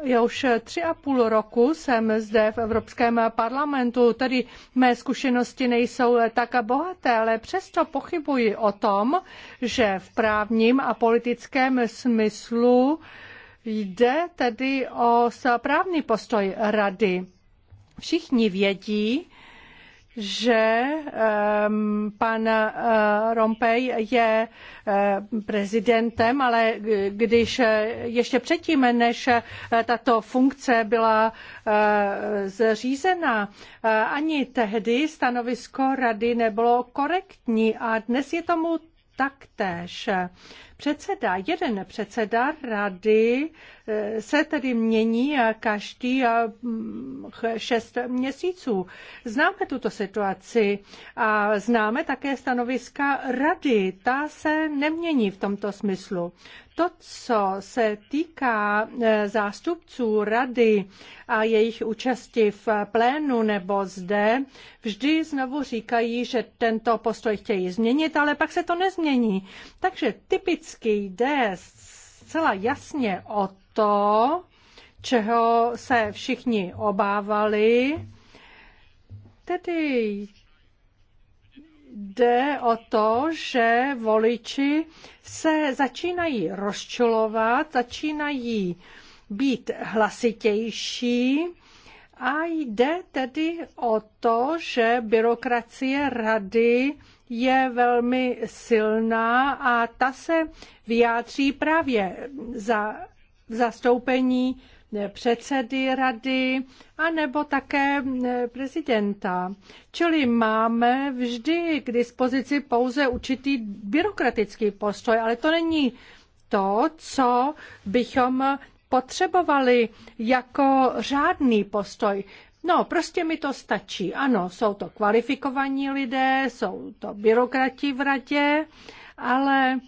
A: já už tři a půl roku jsem zde v Evropském parlamentu, tedy mé zkušenosti nejsou tak bohaté, ale přesto pochybuji o tom, že v právním a politickém smyslu jde tedy o správný postoj rady. Všichni vědí, že ehm, pan eh, Rompej je eh, prezidentem, ale když eh, ještě předtím, než tato funkce byla zřízena, ani tehdy stanovisko rady nebylo korektní a dnes je tomu taktéž. Předseda, jeden předseda rady se tedy mění každý mm, šest měsíců. Známe tuto situaci a známe také stanoviska rady. Ta se nemění v tomto smyslu. To, co se týká e, zástupců rady a jejich účasti v plénu nebo zde, vždy znovu říkají, že tento postoj chtějí změnit, ale pak se to nezmění. Takže typicky jde zcela jasně o to, čeho se všichni obávali, tedy jde o to, že voliči se začínají rozčulovat, začínají být hlasitější a jde tedy o to, že byrokracie rady je velmi silná a ta se vyjádří právě za zastoupení eh, předsedy rady a nebo také eh, prezidenta. Čili máme vždy k dispozici pouze určitý byrokratický postoj, ale to není to, co bychom potřebovali jako řádný postoj. No, prostě mi to stačí. Ano, jsou to kvalifikovaní lidé, jsou to byrokrati v radě, ale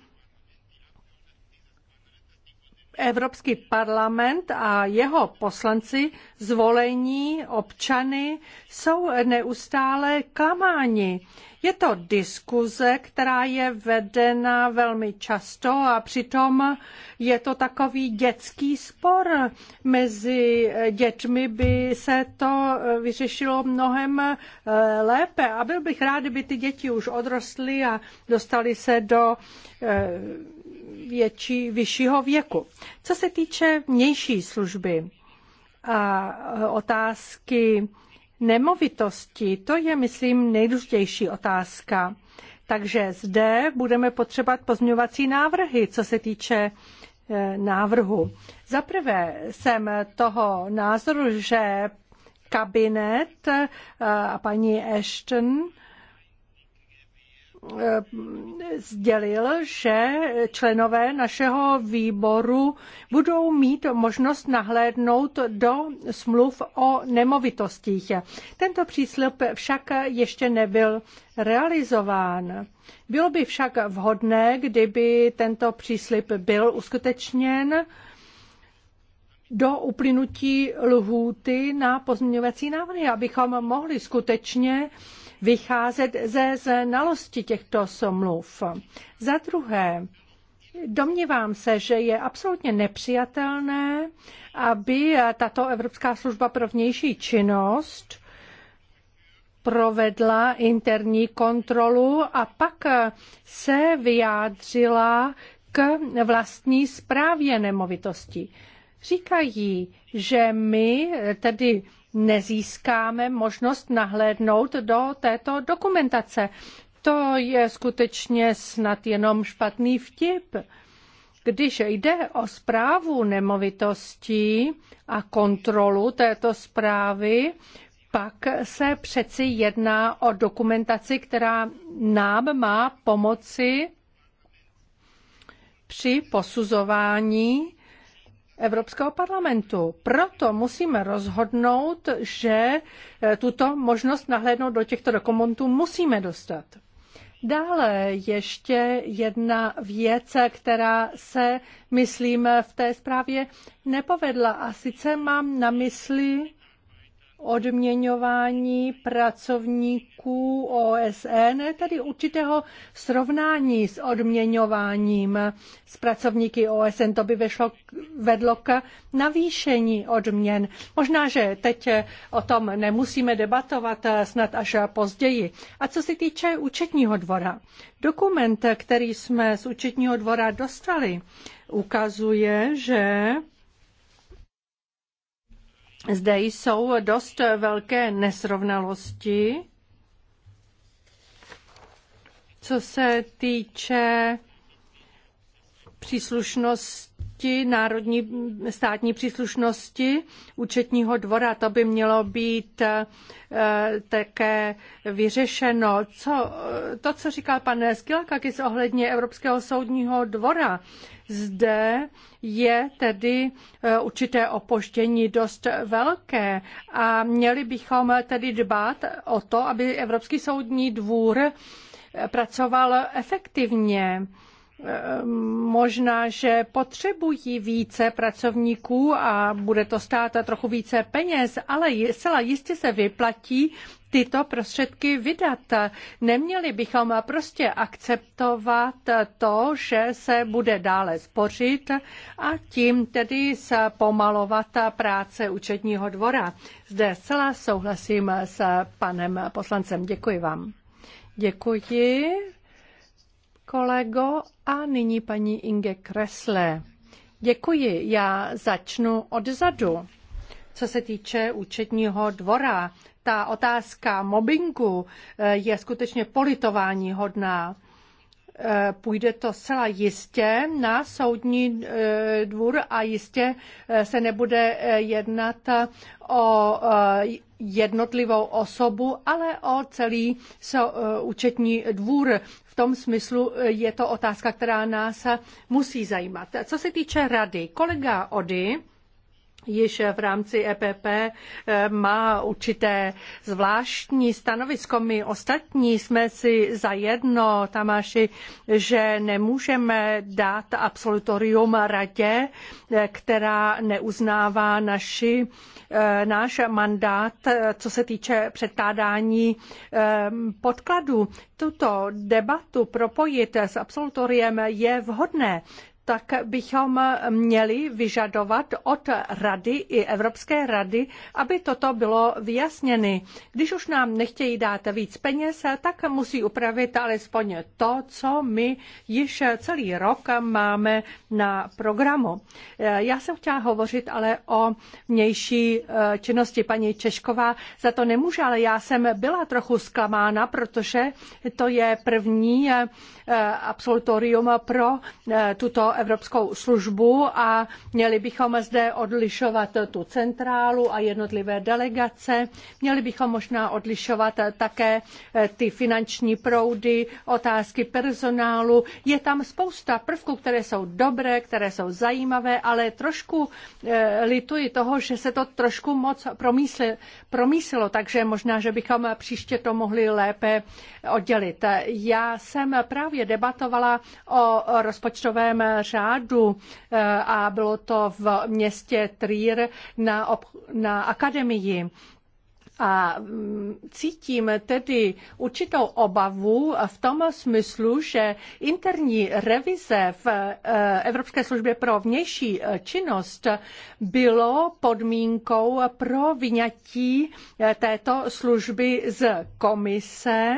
A: Evropský parlament a jeho poslanci, zvolení občany, jsou neustále klamáni. Je to diskuze, která je vedena velmi často a přitom je to takový dětský spor. Mezi dětmi by se to vyřešilo mnohem eh, lépe a byl bych rád, kdyby ty děti už odrostly a dostali se do eh, větší, vyššího věku. Co se týče vnější služby a e, otázky nemovitosti, to je, myslím, nejdůležitější otázka. Takže zde budeme potřebovat pozměňovací návrhy, co se týče e, návrhu. zaprvé jsem toho názoru, že kabinet e, a paní Ashton Eh, sdělil, že členové našeho výboru budou mít možnost nahlédnout do smluv o nemovitostích. Tento příslip však ještě nebyl realizován. Bylo by však vhodné, kdyby tento příslip byl uskutečněn do uplynutí lhůty na pozměňovací návrhy, abychom mohli skutečně uh, vycházet ze znalosti těchto smluv. Za druhé, Domnívám se, že je absolutně nepřijatelné, aby tato Evropská služba pro vnější činnost provedla interní kontrolu a pak se vyjádřila k vlastní správě nemovitosti. Říkají, že my tedy nezískáme možnost nahlédnout do této dokumentace. To je skutečně snad jenom špatný vtip. Když jde o zprávu nemovitostí a kontrolu této zprávy, pak se přeci jedná o dokumentaci, která nám má pomoci při posuzování Evropského parlamentu. Proto musíme rozhodnout, že eh, tuto možnost nahlédnout do těchto dokumentů musíme dostat. Dále ještě jedna věc, která se, myslím, v té zprávě nepovedla. A sice mám na mysli odměňování pracovníků OSN, tedy určitého srovnání s odměňováním s pracovníky OSN. To by vešlo, vedlo k navýšení odměn. Možná, že teď o tom nemusíme debatovat, eh, snad až později. A co se týče účetního dvora, dokument, který jsme z účetního dvora dostali, ukazuje, že zde jsou dost velké nesrovnalosti, co se týče příslušnosti, národní státní příslušnosti účetního dvora. To by mělo být eh, také vyřešeno. Co, to, co říkal pan Skilakakis ohledně Evropského soudního dvora, zde je tedy eh, určité opoždění dost velké a měli bychom tedy dbát o to, aby Evropský soudní dvůr eh, pracoval efektivně možná, že potřebují více pracovníků a bude to stát a trochu více peněz, ale zcela jistě se vyplatí tyto prostředky vydat. Neměli bychom prostě akceptovat to, že se bude dále spořit a tím tedy se pomalovat práce účetního dvora. Zde zcela souhlasím s panem poslancem. Děkuji vám. Děkuji kolego, a nyní paní Inge Kresle. Děkuji, já začnu odzadu. Co se týče účetního dvora, ta otázka mobbingu eh, je skutečně politování hodná. Eh, půjde to zcela jistě na soudní eh, dvůr a jistě se nebude jednat o jednotlivou osobu, ale o celý eh, účetní dvůr. V tom smyslu eh, je to otázka, která nás eh, musí zajímat. Co se týče rady, kolega Ody již v rámci EPP eh, má určité zvláštní stanovisko. My ostatní jsme si za jedno, Tamáši, že nemůžeme dát absolutorium radě, eh, která neuznává naši, eh, náš mandát, co se týče předkládání podkladů. Tuto debatu propojit s absolutoriem je vhodné tak bychom měli vyžadovat od Rady i Evropské rady, aby toto bylo vyjasněny. Když už nám nechtějí dát víc peněz, tak musí upravit alespoň to, co my již celý rok máme na programu. Já jsem chtěla hovořit ale o vnější eh, činnosti paní Češková. Za to nemůže, ale já jsem byla trochu zklamána, protože to je první eh, absolutorium pro eh, tuto Evropskou službu a měli bychom zde odlišovat tu centrálu a jednotlivé delegace. Měli bychom možná odlišovat také eh, ty finanční proudy, otázky personálu. Je tam spousta prvků, které jsou dobré, které jsou zajímavé, ale trošku eh, lituji toho, že se to trošku moc promísilo, takže možná, že bychom příště to mohli lépe oddělit. Já jsem právě debatovala o rozpočtovém řádu eh, a bylo to v městě Trier na, na akademii. A mm, cítím tedy určitou obavu v tom smyslu, že interní revize v eh, Evropské službě pro vnější eh, činnost bylo podmínkou pro vyňatí této služby z komise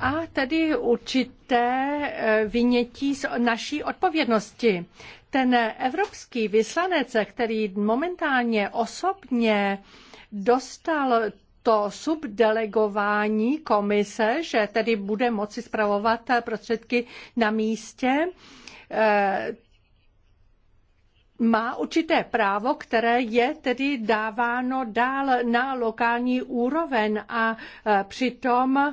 A: a tedy určité e, vynětí z naší odpovědnosti. Ten evropský vyslanec, který momentálně osobně dostal to subdelegování komise, že tedy bude moci zpravovat prostředky na místě, e, má určité právo, které je tedy dáváno dál na lokální úroveň a e, přitom e,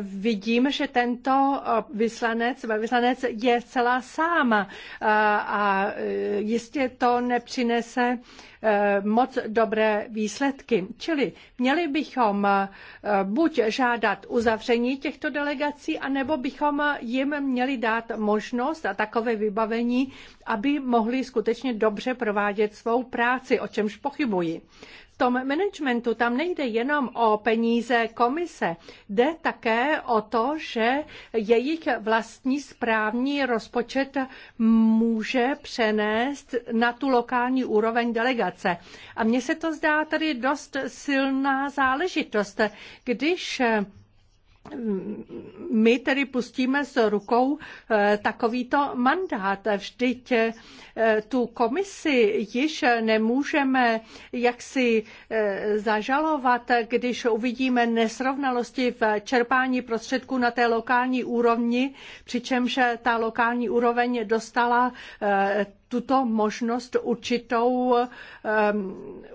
A: vidím, že tento e, vyslanec, vyslanec je celá sám a jistě to nepřinese Eh, moc dobré výsledky. Čili měli bychom eh, buď žádat uzavření těchto delegací, anebo bychom jim měli dát možnost a takové vybavení, aby mohli skutečně dobře provádět svou práci, o čemž pochybuji tom managementu tam nejde jenom o peníze komise, jde také o to, že jejich vlastní správní rozpočet může přenést na tu lokální úroveň delegace. A mně se to zdá tady dost silná záležitost, když my tedy pustíme s rukou eh, takovýto mandát. Vždyť eh, tu komisi již nemůžeme jaksi eh, zažalovat, když uvidíme nesrovnalosti v čerpání prostředků na té lokální úrovni, přičemž ta lokální úroveň dostala tuto možnost určitou,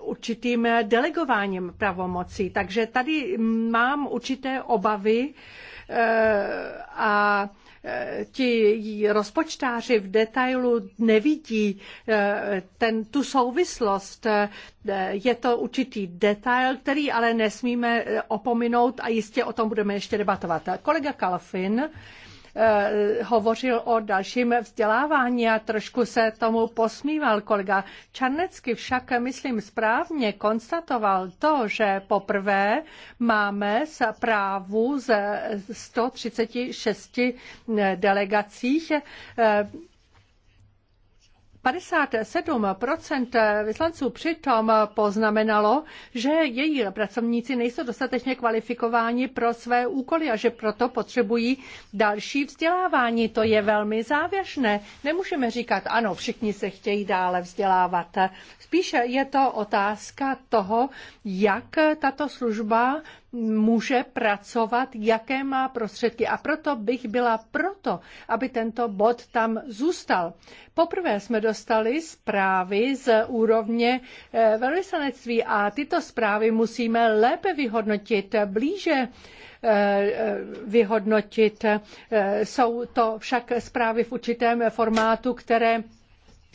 A: určitým delegováním pravomocí. Takže tady mám určité obavy eh, a eh, ti rozpočtáři v detailu nevidí eh, ten, tu souvislost. Je to určitý detail, který ale nesmíme opominout a jistě o tom budeme ještě debatovat. Kolega Kalfin Eh, hovořil o dalším vzdělávání a trošku se tomu posmíval kolega Čarnecky, však myslím správně konstatoval to, že poprvé máme zprávu ze 136 delegacích eh, 57 vyslanců přitom poznamenalo, že její pracovníci nejsou dostatečně kvalifikováni pro své úkoly a že proto potřebují další vzdělávání. To je velmi závěšné. Nemůžeme říkat, ano, všichni se chtějí dále vzdělávat. Spíše je to otázka toho, jak tato služba může pracovat, jaké má prostředky. A proto bych byla proto, aby tento bod tam zůstal. Poprvé jsme dostali zprávy z úrovně eh, velvyslanectví a tyto zprávy musíme lépe vyhodnotit, blíže eh, eh, vyhodnotit. Jsou to však zprávy v určitém formátu, které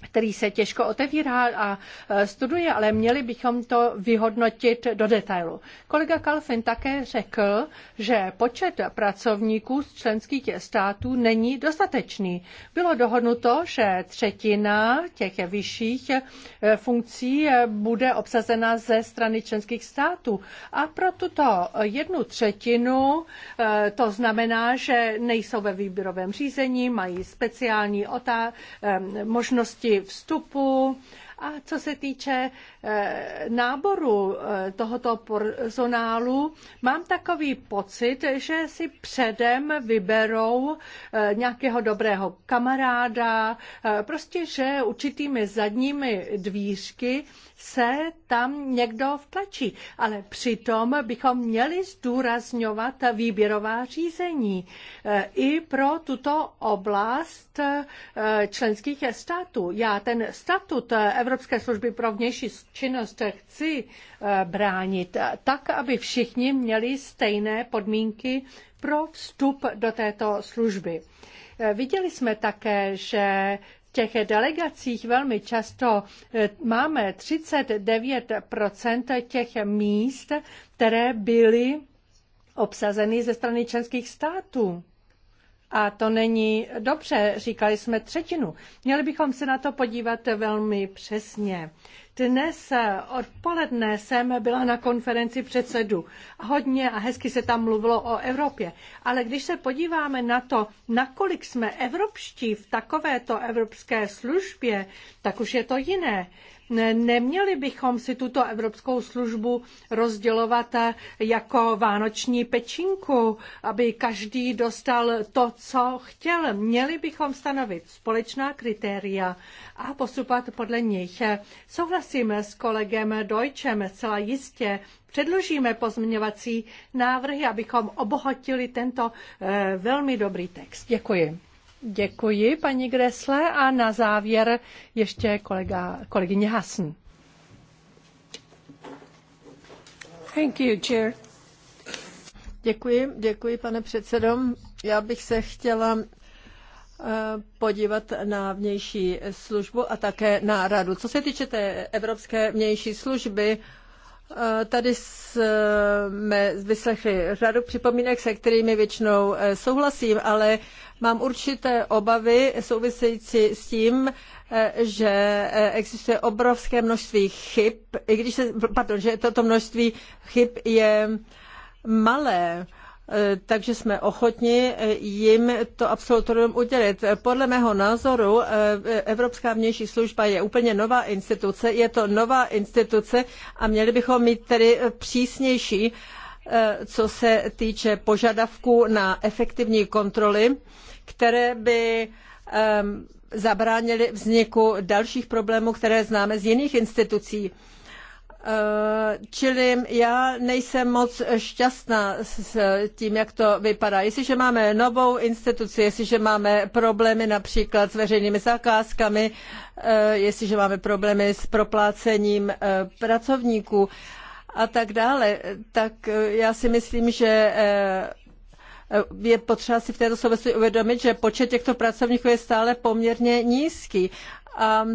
A: který se těžko otevírá a e, studuje, ale měli bychom to vyhodnotit do detailu. Kolega Kalfin také řekl, že počet pracovníků z členských států není dostatečný. Bylo dohodnuto, že třetina těch vyšších e, funkcí e, bude obsazena ze strany členských států. A pro tuto jednu třetinu to znamená, že nejsou ve výběrovém řízení, mají speciální otá- možnosti vstupu a co se týče eh, náboru eh, tohoto personálu, mám takový pocit, že si předem vyberou eh, nějakého dobrého kamaráda, prostě, že určitými zadními dvířky se tam někdo vtlačí. Ale přitom bychom měli zdůrazňovat výběrová řízení i pro tuto oblast členských států. Já ten statut Evropské Evropské služby pro vnější činnost chci eh, bránit tak, aby všichni měli stejné podmínky pro vstup do této služby. Eh, viděli jsme také, že těch delegacích velmi často eh, máme 39 těch míst, které byly obsazeny ze strany členských států. A to není dobře, říkali jsme třetinu. Měli bychom se na to podívat velmi přesně. Dnes odpoledne jsem byla na konferenci předsedu. Hodně a hezky se tam mluvilo o Evropě. Ale když se podíváme na to, nakolik jsme evropští v takovéto evropské službě, tak už je to jiné. Neměli bychom si tuto evropskou službu rozdělovat eh, jako vánoční pečinku, aby každý dostal to, co chtěl. Měli bychom stanovit společná kritéria a postupovat podle nich. Eh, souhlasím s kolegem Deutschem. celá jistě, předložíme pozměňovací návrhy, abychom obohatili tento eh, velmi dobrý text. Děkuji. Děkuji, paní Gresle. A na závěr ještě kolega, kolegyně Hasn. Thank you, chair.
C: Děkuji, děkuji, pane předsedo. Já bych se chtěla eh, podívat na vnější službu a také na radu. Co se týče té evropské vnější služby, eh, Tady jsme vyslechli řadu připomínek, se kterými většinou eh, souhlasím, ale Mám určité obavy související s tím, eh, že eh, existuje obrovské množství chyb, i když se, pardon, že toto množství chyb je malé, eh, takže jsme ochotni jim to absolutorium udělit. Podle mého názoru Evropská vnější služba je úplně nová instituce, je to nová instituce a měli bychom mít tedy přísnější co se týče požadavků na efektivní kontroly které by zabránily vzniku dalších problémů, které známe z jiných institucí. Eh, čili já nejsem moc šťastná s tím, jak to vypadá. Jestliže máme novou instituci, jestliže máme problémy například s veřejnými zakázkami, eh, jestliže máme problémy s proplácením eh, pracovníků a tak dále, tak já si myslím, že Eh, je potřeba si v této souvislosti uvědomit, že počet těchto pracovníků je stále poměrně nízký. A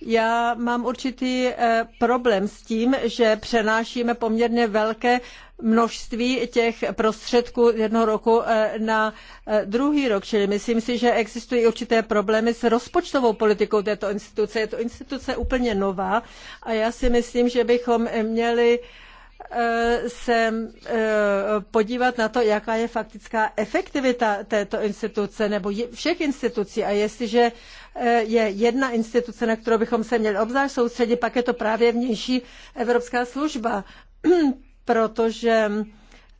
C: já mám určitý eh, problém s tím, že přenášíme poměrně velké množství těch prostředků jednoho roku eh, na druhý rok. Čili myslím si, že existují určité problémy s rozpočtovou politikou této instituce. Je to instituce úplně nová a já si myslím, že bychom měli uh, Eh, se eh, podívat na to, jaká je faktická efektivita této instituce nebo všech institucí. A jestliže eh, je jedna instituce, na kterou bychom se měli obzvlášť soustředit, pak je to právě vnější Evropská služba, protože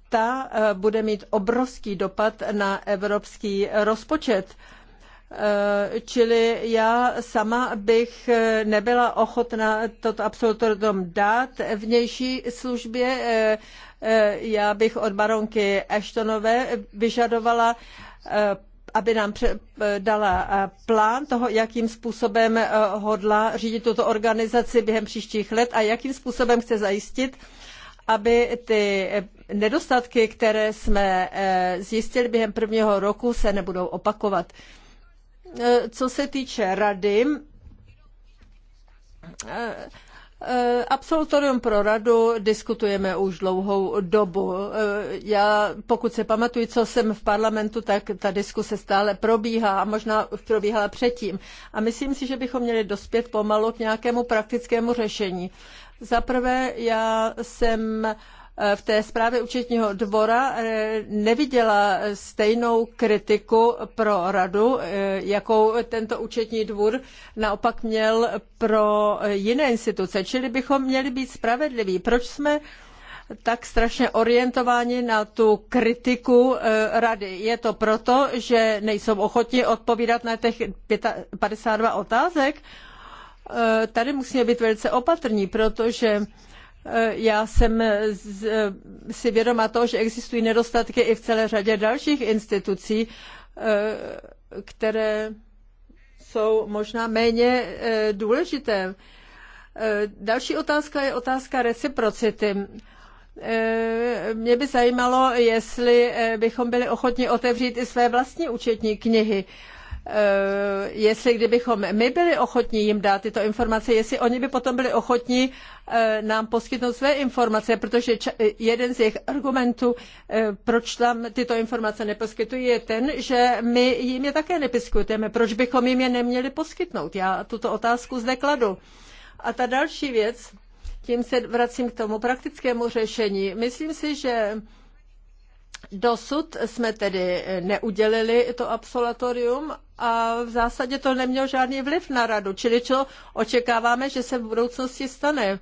C: ta bude mít obrovský dopad na evropský rozpočet Eh, čili já sama bych eh, nebyla ochotna toto absolutorium dát vnější službě. Eh, já bych od baronky Eštonové vyžadovala aby nám dala plán toho, jakým způsobem hodla řídit tuto organizaci během příštích let a jakým způsobem chce zajistit, aby ty nedostatky, které jsme zjistili během prvního roku, se nebudou opakovat. E, co se týče rady, e, e, Absolutorium pro radu diskutujeme už dlouhou dobu. Já, pokud se pamatuju, co jsem v parlamentu, tak ta diskuse stále probíhá a možná probíhala předtím. A myslím si, že bychom měli dospět pomalu k nějakému praktickému řešení. Zaprvé, já jsem uh, Eh, v té zprávě účetního dvora eh, neviděla stejnou kritiku pro radu, eh, jakou tento účetní dvůr naopak měl pro jiné instituce. Čili bychom měli být spravedliví. Proč jsme tak strašně orientováni na tu kritiku rady. Je to proto, že nejsou ochotni odpovídat na těch 52 otázek? Tady musíme být velice opatrní, protože já jsem si vědoma toho, že existují nedostatky i v celé řadě dalších institucí, eh, které jsou možná méně eh, důležité. Eh, další otázka je otázka reciprocity. Mě by zajímalo, jestli bychom byli ochotni otevřít i své vlastní účetní knihy. Eh, jestli kdybychom my byli ochotní jim dát tyto informace, jestli oni by potom byli ochotní eh, nám poskytnout své informace, protože jeden z jejich argumentů, eh, proč tam tyto informace neposkytují, je ten, že my jim je také nepiskutujeme. Proč bychom jim je neměli poskytnout? Já tuto otázku zde kladu. A ta další věc, tím se vracím k tomu praktickému řešení. Myslím si, že Dosud jsme tedy eh, neudělili to absolatorium a v zásadě to nemělo žádný vliv na radu, čili co očekáváme, že se v budoucnosti stane. Eh,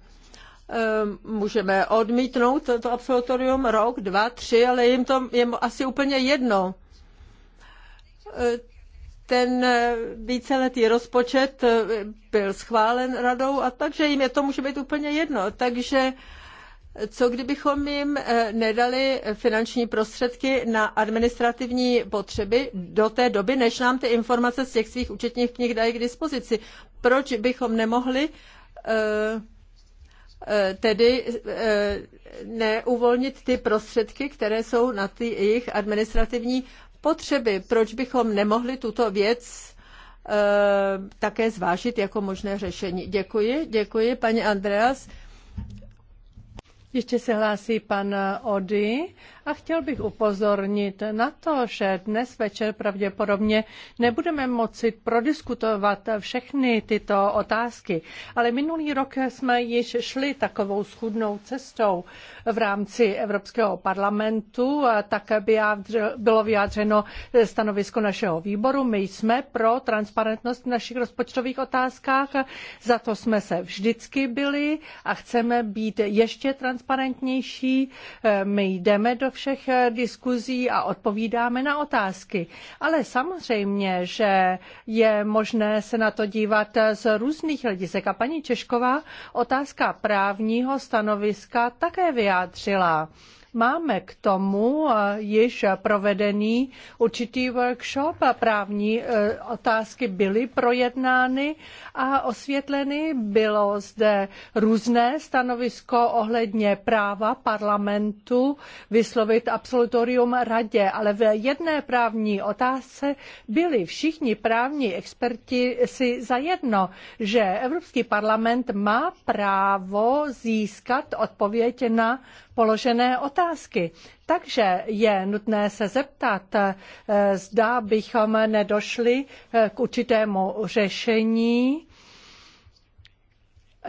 C: můžeme odmítnout to absolutorium rok, dva, tři, ale jim to je asi úplně jedno. Eh, ten víceletý rozpočet byl schválen radou a takže jim je to může být úplně jedno. Takže co kdybychom jim eh, nedali finanční prostředky na administrativní potřeby do té doby, než nám ty informace z těch svých účetních knih dají k dispozici? Proč bychom nemohli eh, eh, tedy neuvolnit ty prostředky, které jsou na ty jejich administrativní potřeby? Proč bychom nemohli tuto věc také zvážit jako možné řešení? Děkuji, děkuji,
A: paní Andreas. Ještě se hlásí pan Ody a chtěl bych upozornit na to, že dnes večer pravděpodobně nebudeme moci prodiskutovat všechny tyto otázky, ale minulý rok jsme již šli takovou schudnou cestou v rámci Evropského parlamentu, tak bylo vyjádřeno stanovisko našeho výboru. My jsme pro transparentnost v našich rozpočtových otázkách, za to jsme se vždycky byli a chceme být ještě transparentní transparentnější, eh, my jdeme do všech eh, diskuzí a odpovídáme na otázky. Ale samozřejmě, že je možné se na to dívat eh, z různých hledisek. A paní Češková otázka právního stanoviska také vyjádřila. Máme k tomu eh, již provedený určitý workshop a právní eh, otázky byly projednány a osvětleny. Bylo zde různé stanovisko ohledně práva parlamentu vyslovit absolutorium radě, ale v jedné právní otázce byli všichni právní experti si zajedno, že Evropský parlament má právo získat odpověď na položené otázky. Takže je nutné se zeptat, eh, zda bychom nedošli eh, k určitému řešení,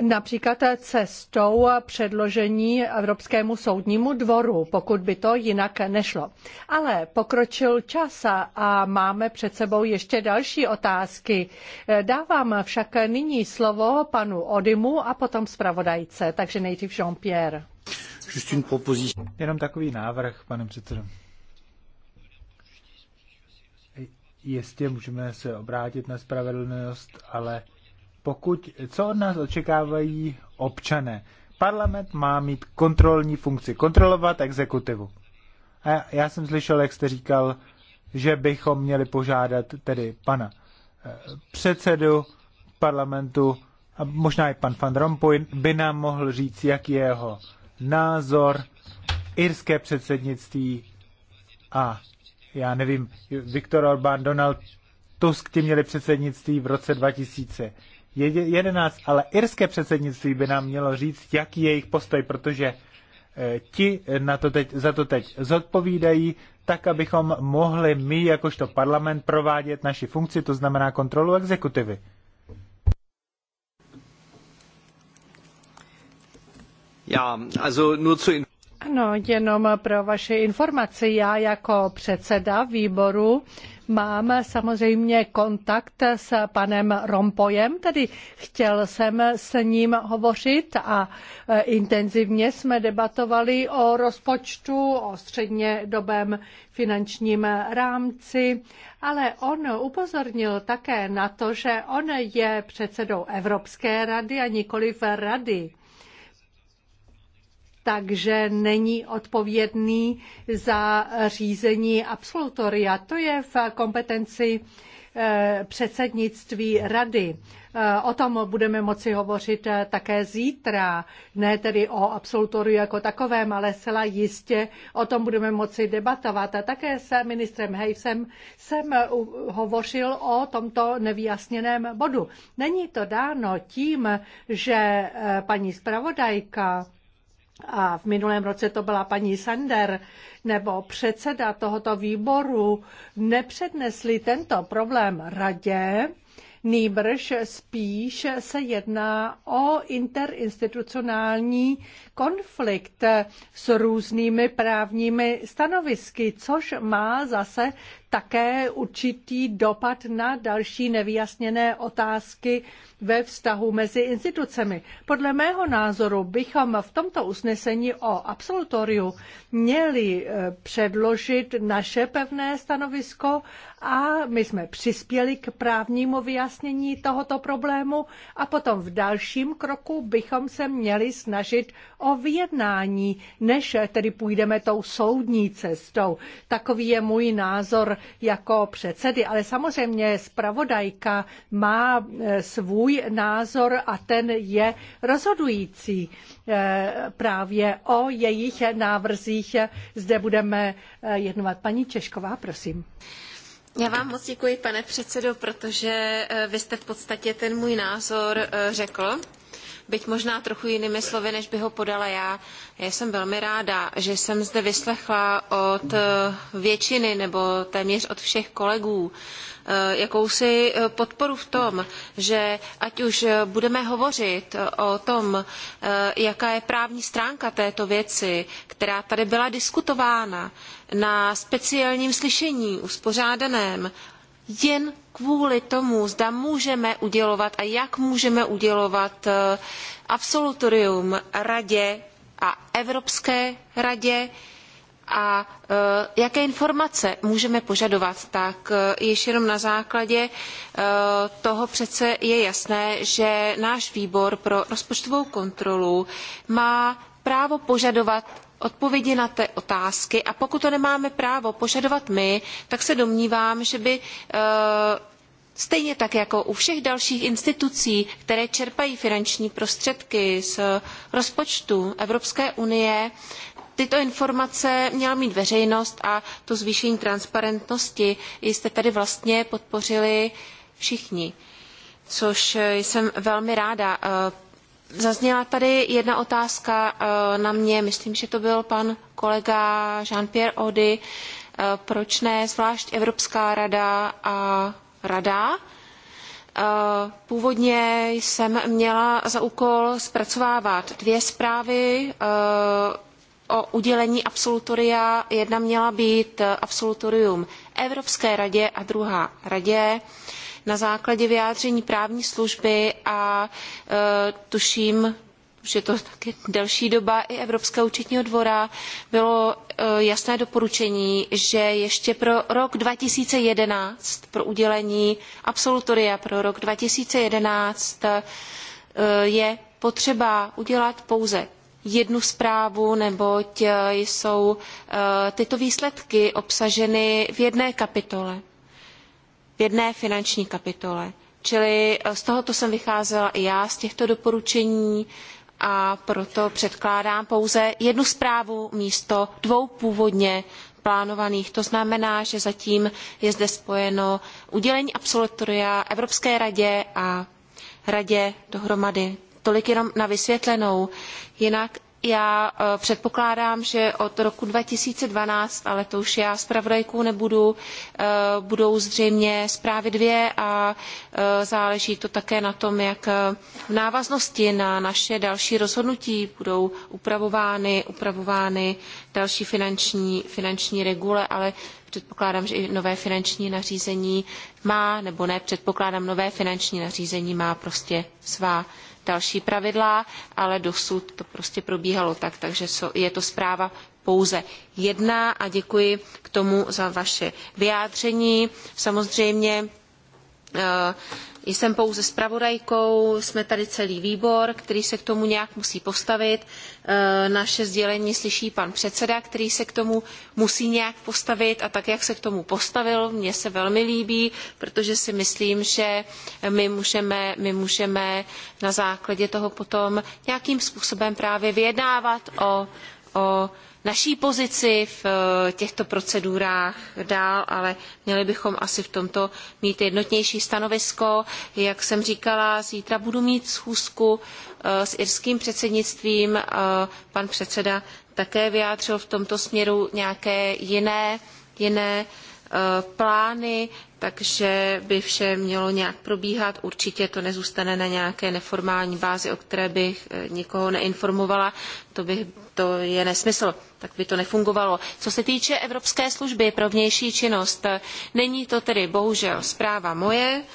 A: Například eh, cestou předložení Evropskému soudnímu dvoru, pokud by to jinak nešlo. Ale pokročil čas a máme před sebou ještě další otázky. Dávám však nyní slovo panu Odimu a potom zpravodajce, takže nejdřív Jean-Pierre.
B: Jenom takový návrh, pane předsedo. Jistě můžeme se obrátit na spravedlnost, ale pokud, co od nás očekávají občané? Parlament má mít kontrolní funkci, kontrolovat exekutivu. A já, já jsem slyšel, jak jste říkal, že bychom měli požádat tedy pana eh, předsedu parlamentu, a možná i pan Van Rompuy by nám mohl říct, jaký je jeho názor irské předsednictví a já nevím, Viktor Orbán, Donald Tusk, ti měli předsednictví v roce 2011, ale irské předsednictví by nám mělo říct, jaký je jejich postoj, protože eh, ti na to teď, za to teď zodpovídají, tak abychom mohli my, jakožto parlament, provádět naši funkci, to znamená kontrolu exekutivy.
A: Já, also nur zu ano, jenom pro vaše informaci, já jako předseda výboru mám samozřejmě kontakt s panem Rompojem, tedy chtěl jsem s ním hovořit a e, intenzivně jsme debatovali o rozpočtu, o střednědobém finančním rámci, ale on upozornil také na to, že on je předsedou Evropské rady a nikoliv rady takže není odpovědný za řízení absolutoria. To je v kompetenci eh, předsednictví rady. Eh, o tom budeme moci hovořit eh, také zítra, ne tedy o absolutoru jako takovém, ale zcela jistě o tom budeme moci debatovat. A také s ministrem Hejsem jsem hovořil o tomto nevyjasněném bodu. Není to dáno tím, že paní zpravodajka a v minulém roce to byla paní Sander, nebo předseda tohoto výboru, nepřednesli tento problém radě, Nýbrž spíš se jedná o interinstitucionální konflikt s různými právními stanovisky, což má zase také určitý dopad na další nevyjasněné otázky ve vztahu mezi institucemi. Podle mého názoru bychom v tomto usnesení o absolutoriu měli e, předložit naše pevné stanovisko a my jsme přispěli k právnímu vyjasnění tohoto problému a potom v dalším kroku bychom se měli snažit o vyjednání, než tedy půjdeme tou soudní cestou. Takový je můj názor jako předsedy, ale samozřejmě zpravodajka má e, svůj názor a ten je rozhodující e, právě o jejich návrzích. Zde budeme e, jednovat. Paní Češková, prosím.
D: Já vám moc děkuji, pane předsedo, protože vy jste v podstatě ten můj názor řekl byť možná trochu jinými slovy, než by ho podala já. Já jsem velmi ráda, že jsem zde vyslechla od eh, většiny nebo téměř od všech kolegů eh, jakousi eh, podporu v tom, že ať už budeme hovořit o tom, jaká je právní stránka této věci, která tady byla diskutována na speciálním slyšení uspořádaném jen kvůli tomu, zda můžeme udělovat a jak můžeme udělovat eh, absolutorium radě a Evropské radě a eh, jaké informace můžeme požadovat, tak eh, již jenom na základě toho přece je jasné, že náš výbor pro rozpočtovou kontrolu má právo požadovat odpovědi na ty otázky a pokud to nemáme právo požadovat my, tak se domnívám, že by eh, Stejně tak jako u všech dalších institucí, které čerpají finanční prostředky z rozpočtu Evropské unie, tyto informace měla mít veřejnost a to zvýšení transparentnosti jste tady vlastně podpořili všichni, což jsem velmi ráda. Eh, Zazněla tady jedna otázka eh, na mě, myslím, že to byl pan kolega Jean-Pierre Ody, eh, proč ne zvlášť Evropská rada a rada. Eh, původně jsem měla za úkol zpracovávat dvě zprávy o udělení absolutoria. Jedna měla být absolutorium Evropské radě a druhá radě na základě vyjádření právní služby a e, tuším už je to taky delší doba, i Evropského účetního dvora bylo e, jasné doporučení, že ještě pro rok 2011, pro udělení absolutoria pro rok 2011 e, je potřeba udělat pouze jednu zprávu, neboť jsou tyto výsledky obsaženy v jedné kapitole v jedné finanční kapitole. Čili eh, z tohoto jsem vycházela i já, z těchto doporučení a proto předkládám pouze jednu zprávu místo dvou původně plánovaných. To znamená, že zatím je zde spojeno udělení absolutoria Evropské radě a radě dohromady. Tolik jenom na vysvětlenou. Jinak já eh, předpokládám, že od roku 2012, ale to už já zpravodajkou nebudu, eh, budou zřejmě zprávy dvě a eh, záleží to také na tom, jak v návaznosti na naše další rozhodnutí budou upravovány, upravovány další finanční, finanční regule, ale předpokládám, že i nové finanční nařízení má, nebo ne, předpokládám, nové finanční nařízení má prostě svá další pravidla, ale dosud to prostě probíhalo tak, takže je to zpráva pouze jedna a děkuji k tomu za vaše vyjádření. Samozřejmě eh, jsem pouze zpravodajkou, jsme tady celý výbor, který se k tomu nějak musí postavit. E, naše sdělení slyší pan předseda, který se k tomu musí nějak postavit a tak, jak se k tomu postavil, mně se velmi líbí, protože si myslím, že my můžeme, my můžeme na základě toho potom nějakým způsobem právě vyjednávat o, o naší pozici v eh, těchto procedurách dál, ale měli bychom asi v tomto mít jednotnější stanovisko. Jak jsem říkala, zítra budu mít schůzku eh, s irským předsednictvím. Eh, pan předseda také vyjádřil v tomto směru nějaké jiné, jiné Eh, plány, takže by vše mělo nějak probíhat. Určitě to nezůstane na nějaké neformální bázi, o které bych eh, nikoho neinformovala. To, bych, to je nesmysl, tak by to nefungovalo. Co se týče Evropské služby pro vnější činnost, eh, není to tedy bohužel zpráva moje. Uh,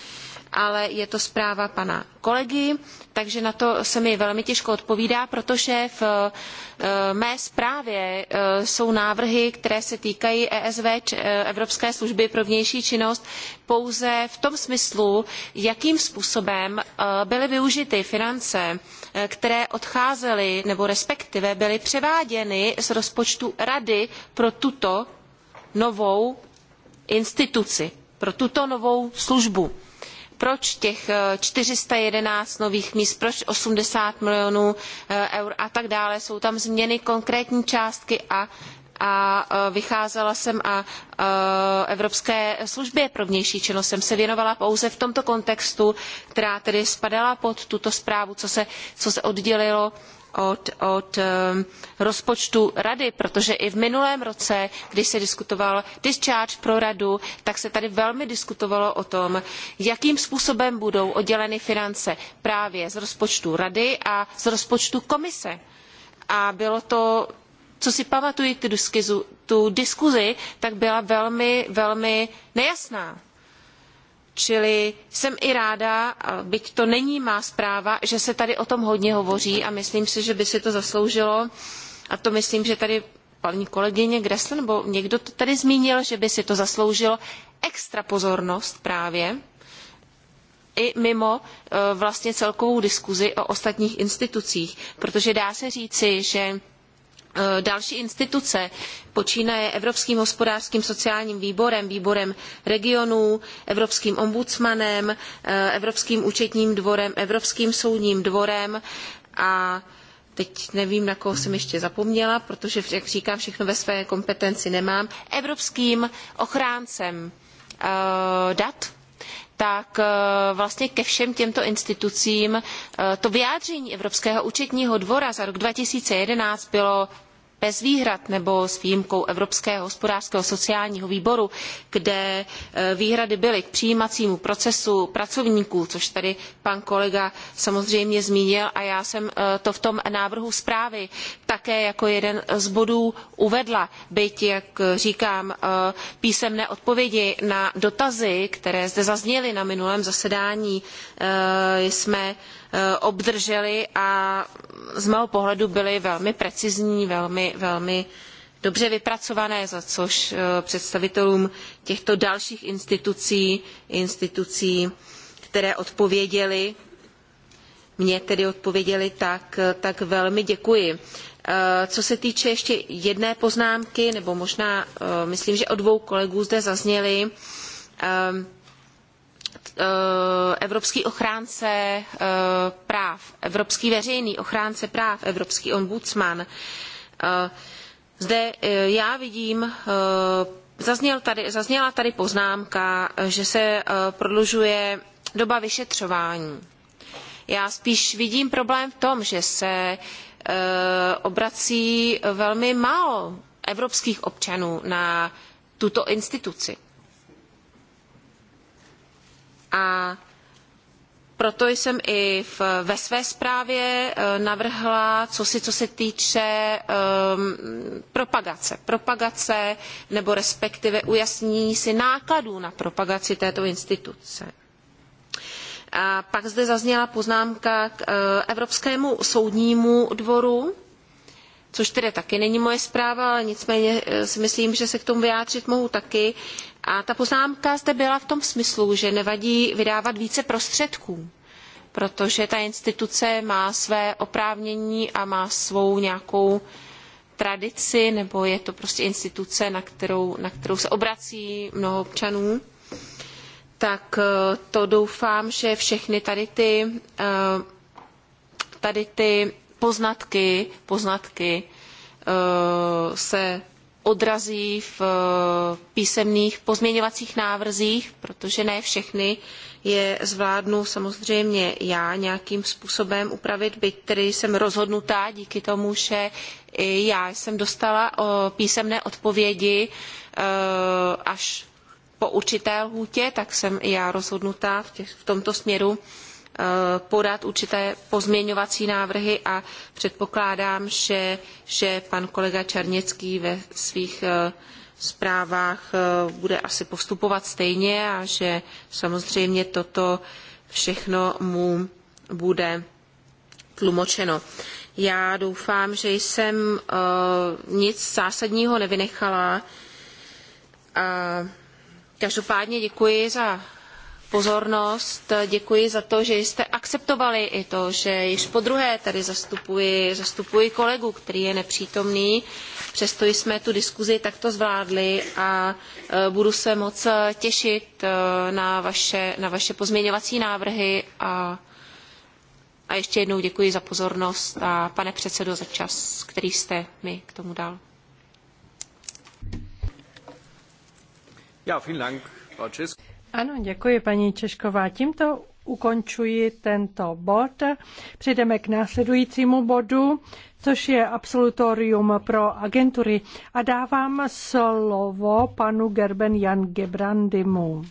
D: ale je to zpráva pana kolegy, takže na to se mi velmi těžko odpovídá, protože v eh, mé zprávě eh, jsou návrhy, které se týkají ESV, eh, Evropské služby pro vnější činnost, pouze v tom smyslu, jakým způsobem byly využity finance, které odcházely nebo respektive byly převáděny z rozpočtu Rady pro tuto novou instituci, pro tuto novou službu proč těch 411 eh, nových míst, proč 80 milionů eh, eur a tak dále. Jsou tam změny konkrétní částky a a eh, vycházela jsem a Evropské službě pro vnější činnost jsem se věnovala pouze v tomto kontextu, která tedy spadala pod tuto zprávu, co se, co se oddělilo od, ehm, rozpočtu rady, protože i v minulém roce, když se diskutoval discharge pro radu, tak se tady velmi diskutovalo o tom, jakým způsobem budou odděleny finance právě z rozpočtu rady a z rozpočtu komise. A bylo to co si pamatuji tu tu diskuzi, tak byla velmi, velmi nejasná. Čili jsem i ráda, byť to není má zpráva, že se tady o tom hodně hovoří a myslím si, že by si to zasloužilo. A to myslím, že tady paní kolegyně Gressle nebo někdo to tady zmínil, že by si to zasloužilo extra pozornost právě i mimo e, vlastně celkovou diskuzi o ostatních institucích, protože dá se říci, že Eh, další instituce, počínaje Evropským hospodářským sociálním výborem, výborem regionů, Evropským ombudsmanem, eh, Evropským účetním dvorem, Evropským soudním dvorem a teď nevím, na koho jsem ještě zapomněla, protože, jak říkám, všechno ve své kompetenci nemám, Evropským ochráncem eh, dat tak eh, vlastně ke všem těmto institucím eh, to vyjádření Evropského účetního dvora za rok 2011 bylo bez výhrad nebo s výjimkou Evropského hospodářského sociálního výboru, kde e, výhrady byly k přijímacímu procesu pracovníků, což tady pan kolega samozřejmě zmínil a já jsem e, to v tom návrhu zprávy také jako jeden z bodů uvedla, byť, jak říkám, e, písemné odpovědi na dotazy, které zde zazněly na minulém zasedání, jsme Eh, obdrželi a z mého pohledu byly velmi precizní, velmi, velmi dobře vypracované, za což eh, představitelům těchto dalších institucí, institucí, které odpověděly, mě tedy odpověděli, tak, eh, tak velmi děkuji. Co se týče ještě jedné poznámky, nebo možná myslím, že od dvou kolegů zde zazněly, Eh, evropský ochránce eh, práv, evropský veřejný ochránce práv, evropský ombudsman. Eh, zde já vidím Zazněl tady, zazněla tady poznámka, že se prodlužuje doba vyšetřování. Já spíš vidím problém v tom, že se obrací velmi málo evropských občanů na tuto instituci. A proto jsem i v, ve své zprávě eh, navrhla, co, si, co se týče um, propagace. Propagace nebo respektive ujasnění si nákladů na propagaci této instituce. A pak zde zazněla poznámka k eh, Evropskému soudnímu dvoru, což tedy taky není moje zpráva, ale nicméně eh, si myslím, že se k tomu vyjádřit mohu taky. Uh, a ta poznámka zde byla v tom smyslu, že nevadí vydávat více prostředků, protože ta instituce má své oprávnění a má svou nějakou tradici, nebo je to prostě instituce, na kterou, na kterou se obrací mnoho občanů tak eh, to doufám, že všechny tady ty, eh, tady ty poznatky, poznatky eh, se odrazí v eh, písemných pozměňovacích návrzích, protože ne všechny je zvládnu samozřejmě já nějakým způsobem upravit, byť tedy jsem rozhodnutá díky tomu, že i já jsem dostala písemné odpovědi eh, až po určité lhůtě, tak jsem i já rozhodnutá v, těch, v tomto směru Eh, podat určité pozměňovací návrhy a předpokládám, že, že pan kolega Černický ve svých eh, zprávách eh, bude asi postupovat stejně a že samozřejmě toto všechno mu bude tlumočeno. Já doufám, že jsem nic zásadního nevynechala. každopádně děkuji za pozornost. Děkuji za to, že jste akceptovali i to, že již po druhé tady zastupuji, zastupuji kolegu, který je nepřítomný. Přesto jsme tu diskuzi takto zvládli a e, budu se moc těšit e, na vaše, na vaše pozměňovací návrhy a a ještě jednou děkuji za pozornost a pane předsedo za čas, který jste mi k tomu dal.
A: Ja, vielen Dank, Frau
D: ano, děkuji paní Češková.
A: Tímto ukončuji tento bod. Přejdeme k následujícímu bodu, což je absolutorium pro agentury. A dávám slovo panu Gerben Jan Gebrandimu.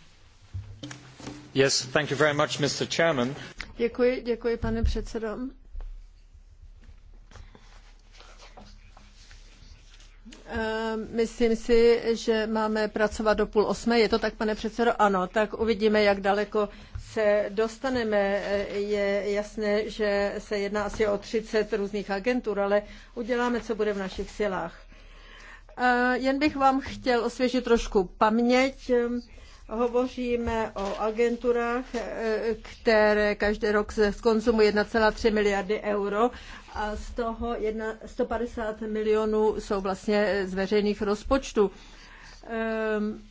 A: Yes,
C: thank you very much, Mr. Chairman. Děkuji, děkuji, pane předsedo. Eh, myslím si, že máme pracovat do půl osmé. Je to tak, pane předsedo? Ano, tak uvidíme, jak daleko se dostaneme. Eh, je jasné, že se jedná asi o 30 různých agentur, ale uděláme, co bude v našich silách. Eh, jen bych vám chtěl osvěžit trošku paměť. Hovoříme o agenturách, které každý rok skonzumují 1,3 miliardy euro a z toho 150 milionů jsou vlastně z veřejných rozpočtů. Ehm,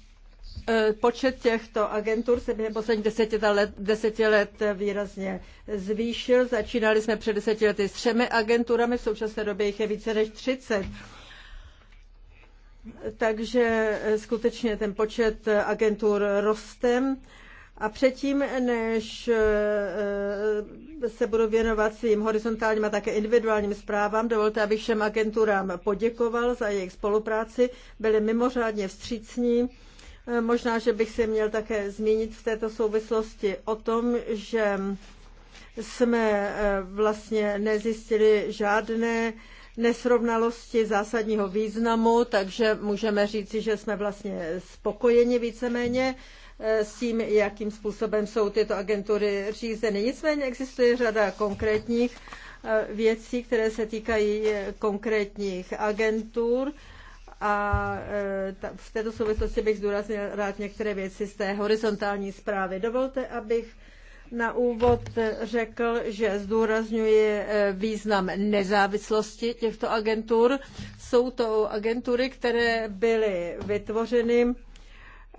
C: e, počet těchto agentur se během posledních deseti let, deseti let výrazně zvýšil. Začínali jsme před deseti lety s třemi agenturami, v současné době jich je více než 30. Takže e, skutečně ten počet agentur roste. A předtím, než eh, se budu věnovat svým horizontálním a také individuálním zprávám, dovolte, abych všem agenturám poděkoval za jejich spolupráci. Byli mimořádně vstřícní. Eh, možná, že bych se měl také zmínit v této souvislosti o tom, že jsme eh, vlastně nezjistili žádné nesrovnalosti zásadního významu, takže můžeme říci, že jsme vlastně spokojeni víceméně s tím, jakým způsobem jsou tyto agentury řízeny. Nicméně existuje řada konkrétních eh, věcí, které se týkají eh, konkrétních agentur a eh, v této souvislosti bych zdůraznil rád některé věci z té horizontální zprávy. Dovolte, abych na úvod řekl, že zdůrazňuje význam nezávislosti těchto agentur. Jsou to agentury, které byly vytvořeny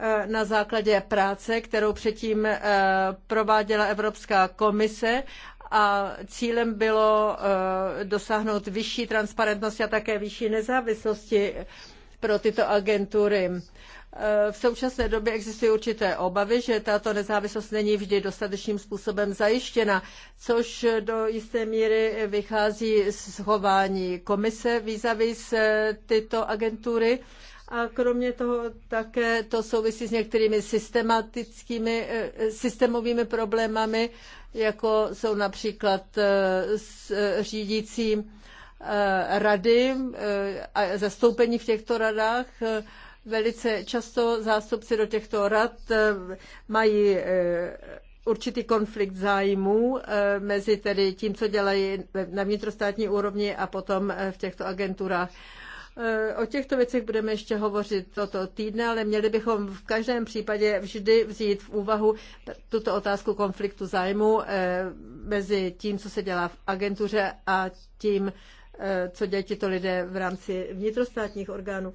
C: Eh, na základě práce, kterou předtím eh, prováděla Evropská komise a cílem bylo eh, dosáhnout vyšší transparentnosti a také vyšší nezávislosti pro tyto agentury. V současné době existují určité obavy, že tato nezávislost není vždy dostatečným způsobem zajištěna, což do jisté míry vychází z chování komise vis tyto agentury. A kromě toho také to souvisí s některými systematickými, eh, systémovými problémy, jako jsou například eh, s eh, řídící rady a zastoupení v těchto radách. Velice často zástupci do těchto rad mají určitý konflikt zájmů mezi tedy tím, co dělají na vnitrostátní úrovni a potom v těchto agenturách. O těchto věcech budeme ještě hovořit toto týdne, ale měli bychom v každém případě vždy vzít v úvahu tuto otázku konfliktu zájmu eh, mezi tím, co se dělá v agentuře a tím, eh, co dělají tito lidé v rámci vnitrostátních orgánů.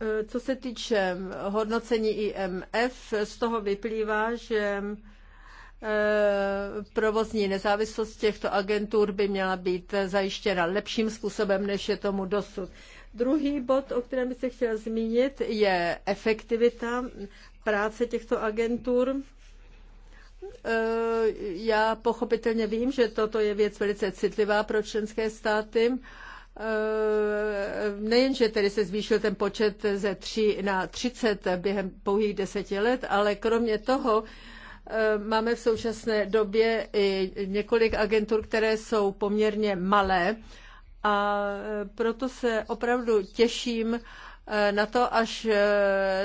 C: Eh, co se týče hodnocení IMF, z toho vyplývá, že Eh, provozní nezávislost těchto agentur by měla být zajištěna lepším způsobem, než je tomu dosud. Druhý bod, o kterém bych se chtěla zmínit, je efektivita práce těchto agentur. Eh, já pochopitelně vím, že toto je věc velice citlivá pro členské státy. Eh, nejenže tedy se zvýšil ten počet ze 3 na 30 během pouhých deseti let, ale kromě toho Eh, máme v současné době i několik agentur, které jsou poměrně malé a eh, proto se opravdu těším eh, na to, až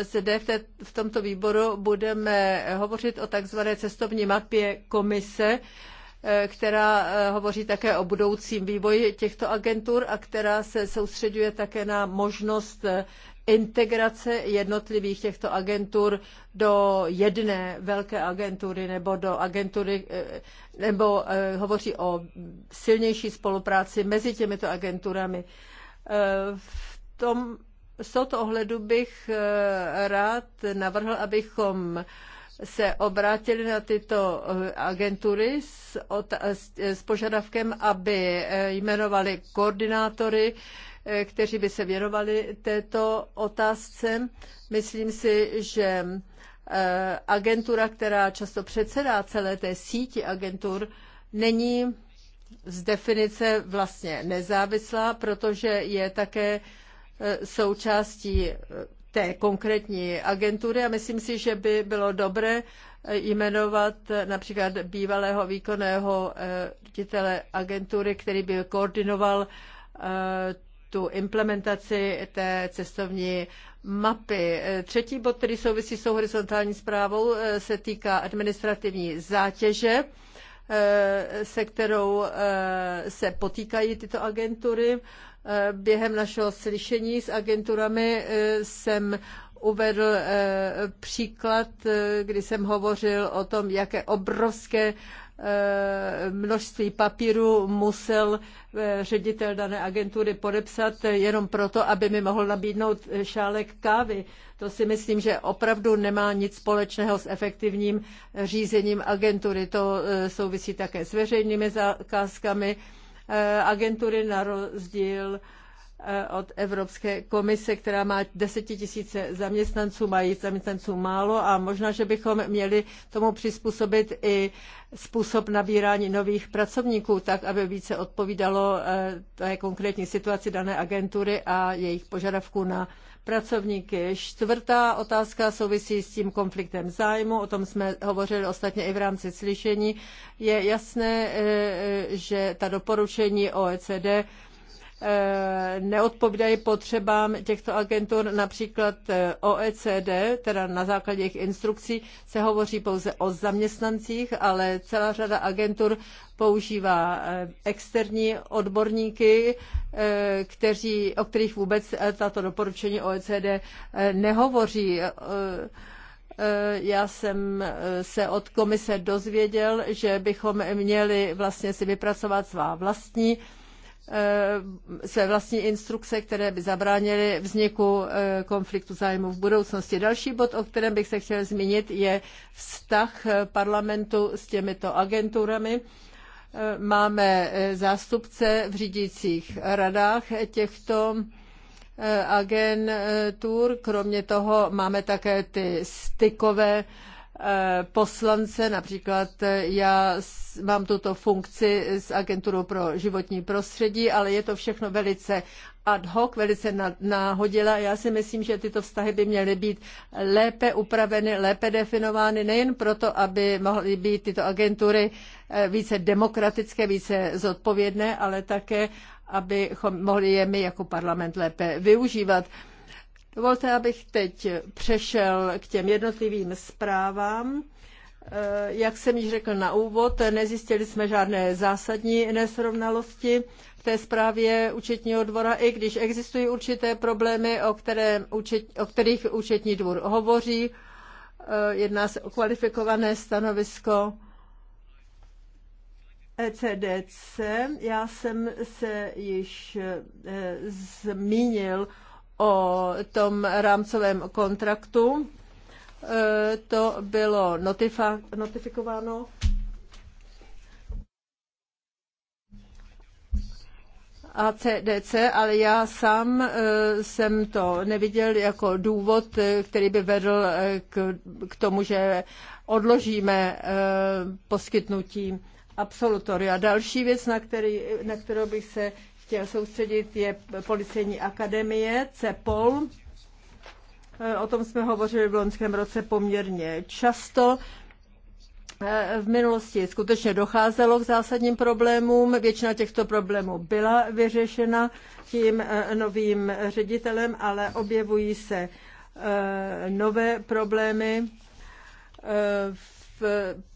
C: zde v, té, v tomto výboru budeme hovořit o takzvané cestovní mapě komise, která hovoří také o budoucím vývoji těchto agentur a která se soustředuje také na možnost integrace jednotlivých těchto agentur do jedné velké agentury nebo do agentury, eh, nebo eh, hovoří o silnější spolupráci mezi těmito agenturami. Eh, v tom z tohoto ohledu bych rád navrhl, abychom se obrátili na tyto agentury s, s, s požadavkem, aby jmenovali koordinátory Eh, kteří by se věnovali této otázce. Myslím si, že eh, agentura, která často předsedá celé té síti agentur, není z definice vlastně nezávislá, protože je také eh, součástí té konkrétní agentury a myslím si, že by bylo dobré jmenovat například bývalého výkonného ředitele agentury, který by koordinoval tu implementaci té cestovní mapy. Třetí bod, který souvisí s tou horizontální zprávou, eh, se týká administrativní zátěže, eh, se kterou eh, se potýkají tyto agentury. Během našeho slyšení s agenturami jsem uvedl příklad, kdy jsem hovořil o tom, jaké obrovské Eh, množství papíru musel eh, ředitel dané agentury podepsat jenom proto, aby mi mohl nabídnout eh, šálek kávy. To si myslím, že opravdu nemá nic společného s efektivním řízením agentury. To souvisí také s veřejnými zakázkami. Agentury na rozdíl Eh, od Evropské komise, která má desetitisíce zaměstnanců, mají zaměstnanců málo a možná, že bychom měli tomu přizpůsobit i způsob nabírání nových pracovníků, tak, aby více odpovídalo eh, té konkrétní situaci dané agentury a jejich požadavků na pracovníky. Čtvrtá otázka souvisí s tím konfliktem zájmu, o tom jsme hovořili ostatně i v rámci slyšení. Je jasné, eh, že ta doporučení OECD Eh, neodpovídají potřebám těchto agentur, například eh, OECD, teda na základě jejich instrukcí se hovoří pouze o zaměstnancích, ale celá řada agentur používá eh, externí odborníky, kteří, o kterých vůbec tato doporučení OECD nehovoří. Já jsem se od komise dozvěděl, že bychom měli vlastně si vypracovat svá vlastní Eh, se vlastní instrukce, které by zabránily vzniku eh, konfliktu zájmu v budoucnosti. Další bod, o kterém bych se chtěl zmínit, je vztah eh, parlamentu s těmito agenturami. Máme zástupce v řídících radách těchto agentur. Kromě toho máme také ty stykové Eh, poslance, například eh, já mám tuto funkci s agenturou pro životní prostředí, ale je to všechno velice ad hoc, velice náhodila. Já si myslím, že tyto vztahy by měly být lépe upraveny, lépe definovány, nejen proto, aby mohly být tyto agentury eh, více demokratické, více zodpovědné, ale také, abychom mohli je my jako parlament lépe využívat. Dovolte, abych teď přešel k těm jednotlivým zprávám. Eh, jak jsem již řekl na úvod, nezjistili jsme žádné zásadní nesrovnalosti v té zprávě účetního dvora, i když existují určité problémy, o, které, o kterých účetní dvůr hovoří. Eh, jedná se o kvalifikované stanovisko ECDC. Já jsem se již eh, zmínil o tom rámcovém kontraktu. E, to bylo notifikováno. ACDC, ale já sám e, jsem to neviděl jako důvod, e, který by vedl k, k tomu, že odložíme poskytnutí absolutoria. Další věc, na, který, na kterou bych se chtěl soustředit, je Policejní akademie, CEPOL. E, o tom jsme hovořili v loňském roce poměrně často. E, v minulosti skutečně docházelo k zásadním problémům. Většina těchto problémů byla vyřešena tím e, novým ředitelem, ale objevují se nové problémy v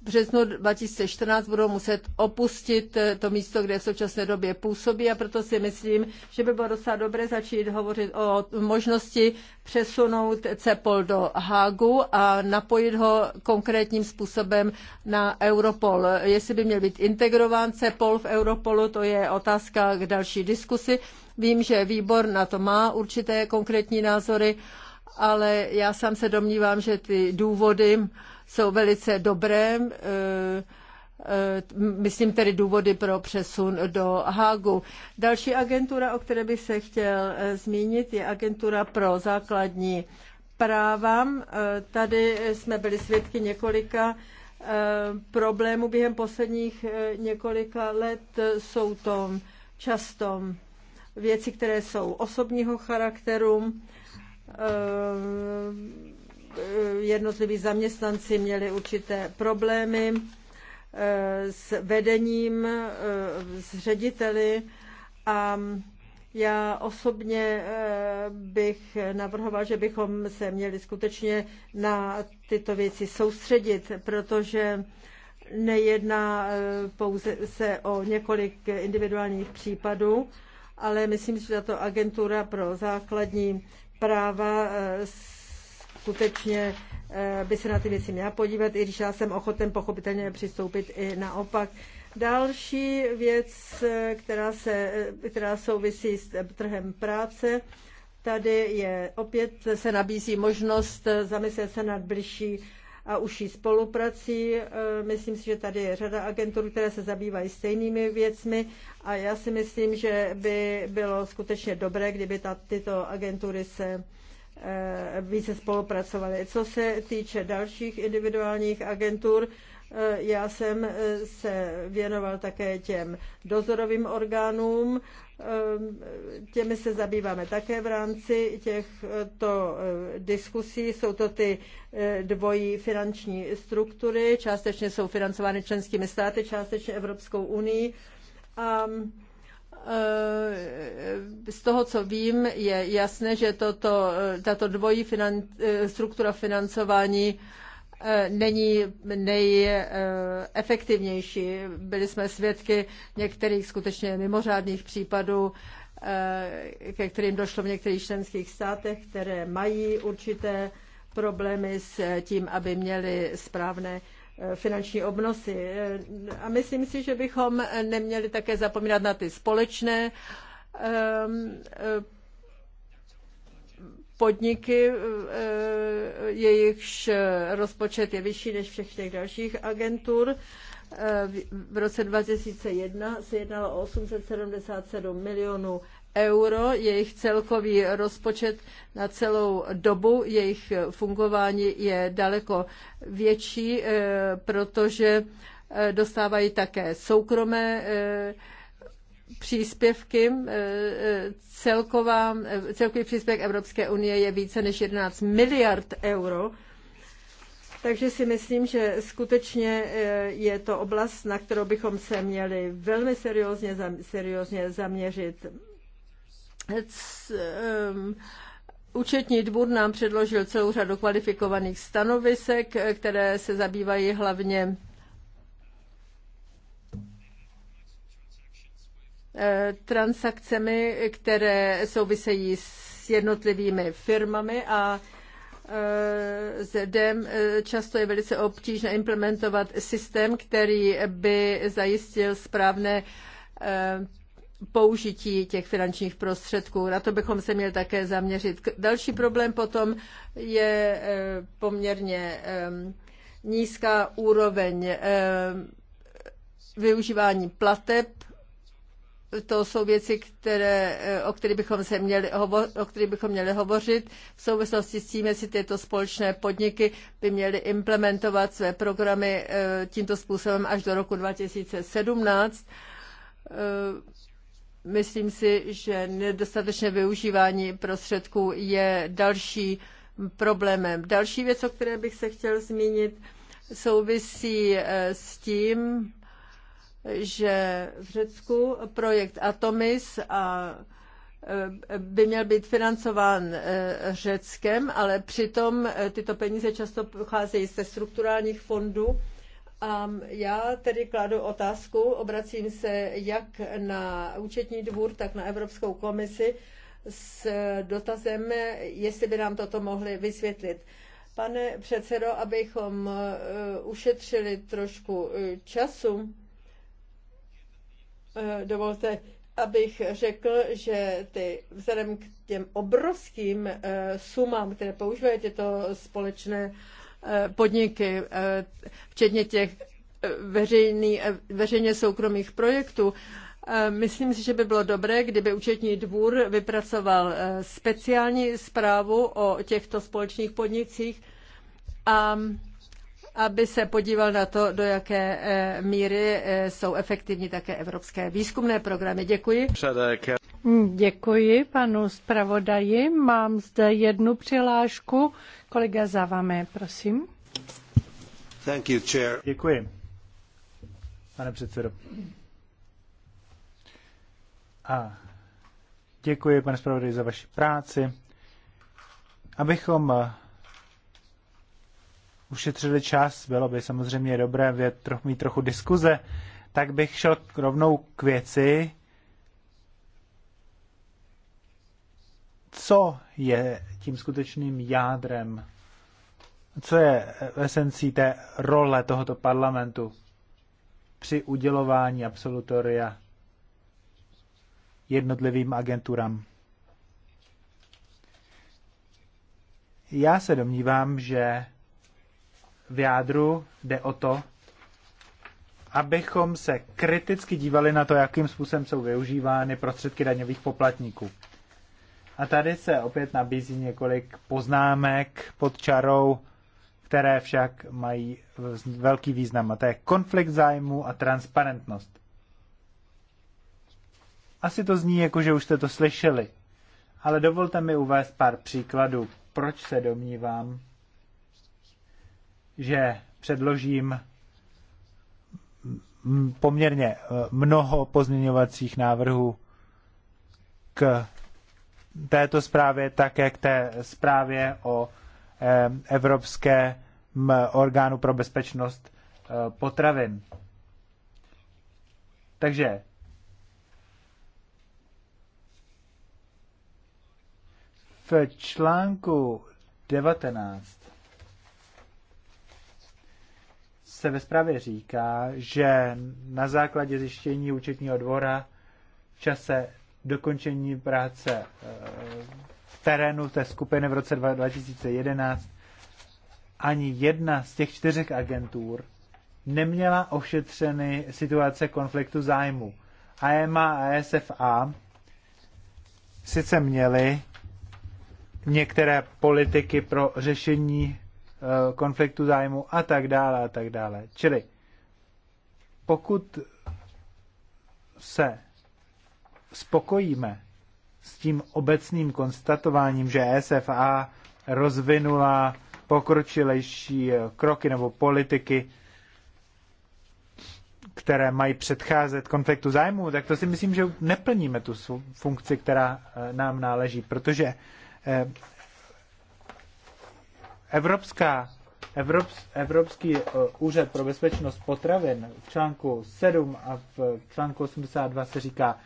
C: březnu 2014 budou muset opustit eh, to místo, kde v současné době působí a proto si myslím, že by bylo docela dobré začít hovořit o možnosti přesunout CEPOL do Hágu a napojit ho konkrétním způsobem na Europol. Jestli by měl být integrován CEPOL v Europolu, to je otázka k další diskusi. Vím, že výbor na to má určité konkrétní názory, ale já sám se domnívám, že ty důvody, jsou velice dobré. Eh, eh, myslím tedy důvody pro přesun do Hágu. Další agentura, o které bych se chtěl eh, zmínit, je agentura pro základní práva. Tady jsme byli svědky několika problémů během posledních několika let. Jsou to často věci, které jsou osobního charakteru Eh, jednotliví zaměstnanci měli určité problémy eh, s vedením, eh, s řediteli a já osobně bych navrhoval, že bychom se měli skutečně na tyto věci soustředit, protože nejedná pouze se o několik individuálních případů, ale myslím, že tato agentura pro základní práva skutečně eh, by se na ty věci měla podívat, i když já jsem ochoten pochopitelně přistoupit i naopak. Další věc, eh, která, se, eh, která souvisí s trhem práce, tady je opět se nabízí možnost zamyslet se nad bližší a užší spoluprací. Myslím si, že tady je řada agentur, které se zabývají stejnými věcmi a já si myslím, že by bylo skutečně dobré, kdyby ta, tyto agentury se Eh, více spolupracovali. Co se týče dalších individuálních agentur, eh, já jsem eh, se věnoval také těm dozorovým orgánům, těmi se zabýváme také v rámci těchto diskusí. Jsou to ty dvojí finanční struktury, částečně jsou financovány členskými státy, částečně Evropskou unii. A Eh, z toho, co vím, je jasné, že toto, eh, tato dvojí finan, eh, struktura financování není nejefektivnější. Byli jsme svědky některých skutečně mimořádných případů, ke kterým došlo v některých členských státech, které mají určité problémy s tím, aby měli správné finanční obnosy. A myslím si, že bychom neměli také zapomínat na ty společné ehm, eh, podniky, eh, jejichž rozpočet je vyšší než všech těch dalších agentur. Eh, v roce 2001 se jednalo o 877 milionů euro, jejich celkový rozpočet na celou dobu, jejich fungování je daleko větší, eh, protože eh, dostávají také soukromé eh, příspěvky. Celková, celkový příspěvek Evropské unie je více než 11 miliard euro. Takže si myslím, že skutečně je to oblast, na kterou bychom se měli velmi seriózně, seriózně zaměřit. Účetní dvůr nám předložil celou řadu kvalifikovaných stanovisek, které se zabývají hlavně eh, transakcemi, které souvisejí s jednotlivými firmami a eh, zde eh, často je velice obtížné implementovat systém, který by zajistil správné použití těch finančních prostředků. Na to bychom se měli také zaměřit. Další problém potom je eh, poměrně eh, nízká úroveň eh, využívání plateb. To jsou věci, které, o, kterých bychom se měli o kterých bychom měli hovořit v souvislosti s tím, jestli tyto společné podniky by měly implementovat své programy tímto způsobem až do roku 2017 Myslím si, že nedostatečné využívání prostředků je další problémem. Další věc, o které bych se chtěl zmínit, souvisí eh, s tím, že v Řecku projekt Atomis a eh, by měl být financován eh, Řeckem, ale přitom tyto peníze často pocházejí ze strukturálních fondů a já tedy kladu otázku, obracím se jak na účetní dvůr, tak na Evropskou komisi s dotazem, jestli by nám toto mohli vysvětlit. Pane předsedo, abychom e, ušetřili trošku e, času, e, dovolte, abych řekl, že ty, vzhledem k těm obrovským sumám, které používají tyto společné Eh, podniky, eh, včetně těch eh, veřejný, veřejně soukromých projektů. Myslím si, že by bylo dobré, kdyby účetní dvůr vypracoval speciální zprávu o těchto společných podnicích a aby se podíval na to, do jaké míry jsou efektivní
A: také evropské výzkumné programy. Děkuji. Děkuji panu zpravodaji. Mám zde jednu přihlášku. Kolega Zavame, prosím.
B: Thank you, chair. Děkuji, pane předsedo. A děkuji, pane zpravodaji, za vaši práci. Abychom eh, ušetřili čas, bylo by samozřejmě dobré mít trochu diskuze, tak bych šel rovnou k věci co je tím skutečným jádrem, co je esencí té role tohoto parlamentu při udělování absolutoria jednotlivým agenturám. Já se domnívám, že v jádru jde o to, abychom se kriticky dívali na to, jakým způsobem jsou využívány prostředky daňových poplatníků. A tady se opět nabízí několik poznámek pod čarou, které však mají velký význam. A to je konflikt zájmu a transparentnost. Asi to zní jako, že už jste to slyšeli, ale dovolte mi uvést pár příkladů, proč se domnívám, že předložím poměrně eh, mnoho pozměňovacích návrhů k této zprávě, také k té zprávě o Evropském orgánu pro bezpečnost e, potravin. Takže v článku 19 se ve zprávě říká, že na základě zjištění účetního dvora v čase dokončení práce eh, v terénu té skupiny v roce 2011 ani jedna z těch čtyřech agentur neměla ošetřeny situace konfliktu zájmu. AMA a SFA e e sice měly některé politiky pro řešení eh, konfliktu zájmu a tak dále a tak dále. Čili pokud se spokojíme s tím obecným konstatováním, že SFA rozvinula pokročilejší eh, kroky nebo politiky, které mají předcházet konfliktu zájmu, tak to si myslím, že neplníme tu funkci, která eh, nám náleží, protože eh, Evropská, Evrops, Evropský úřad pro bezpečnost potravin v článku 7 a v článku 82 se říká,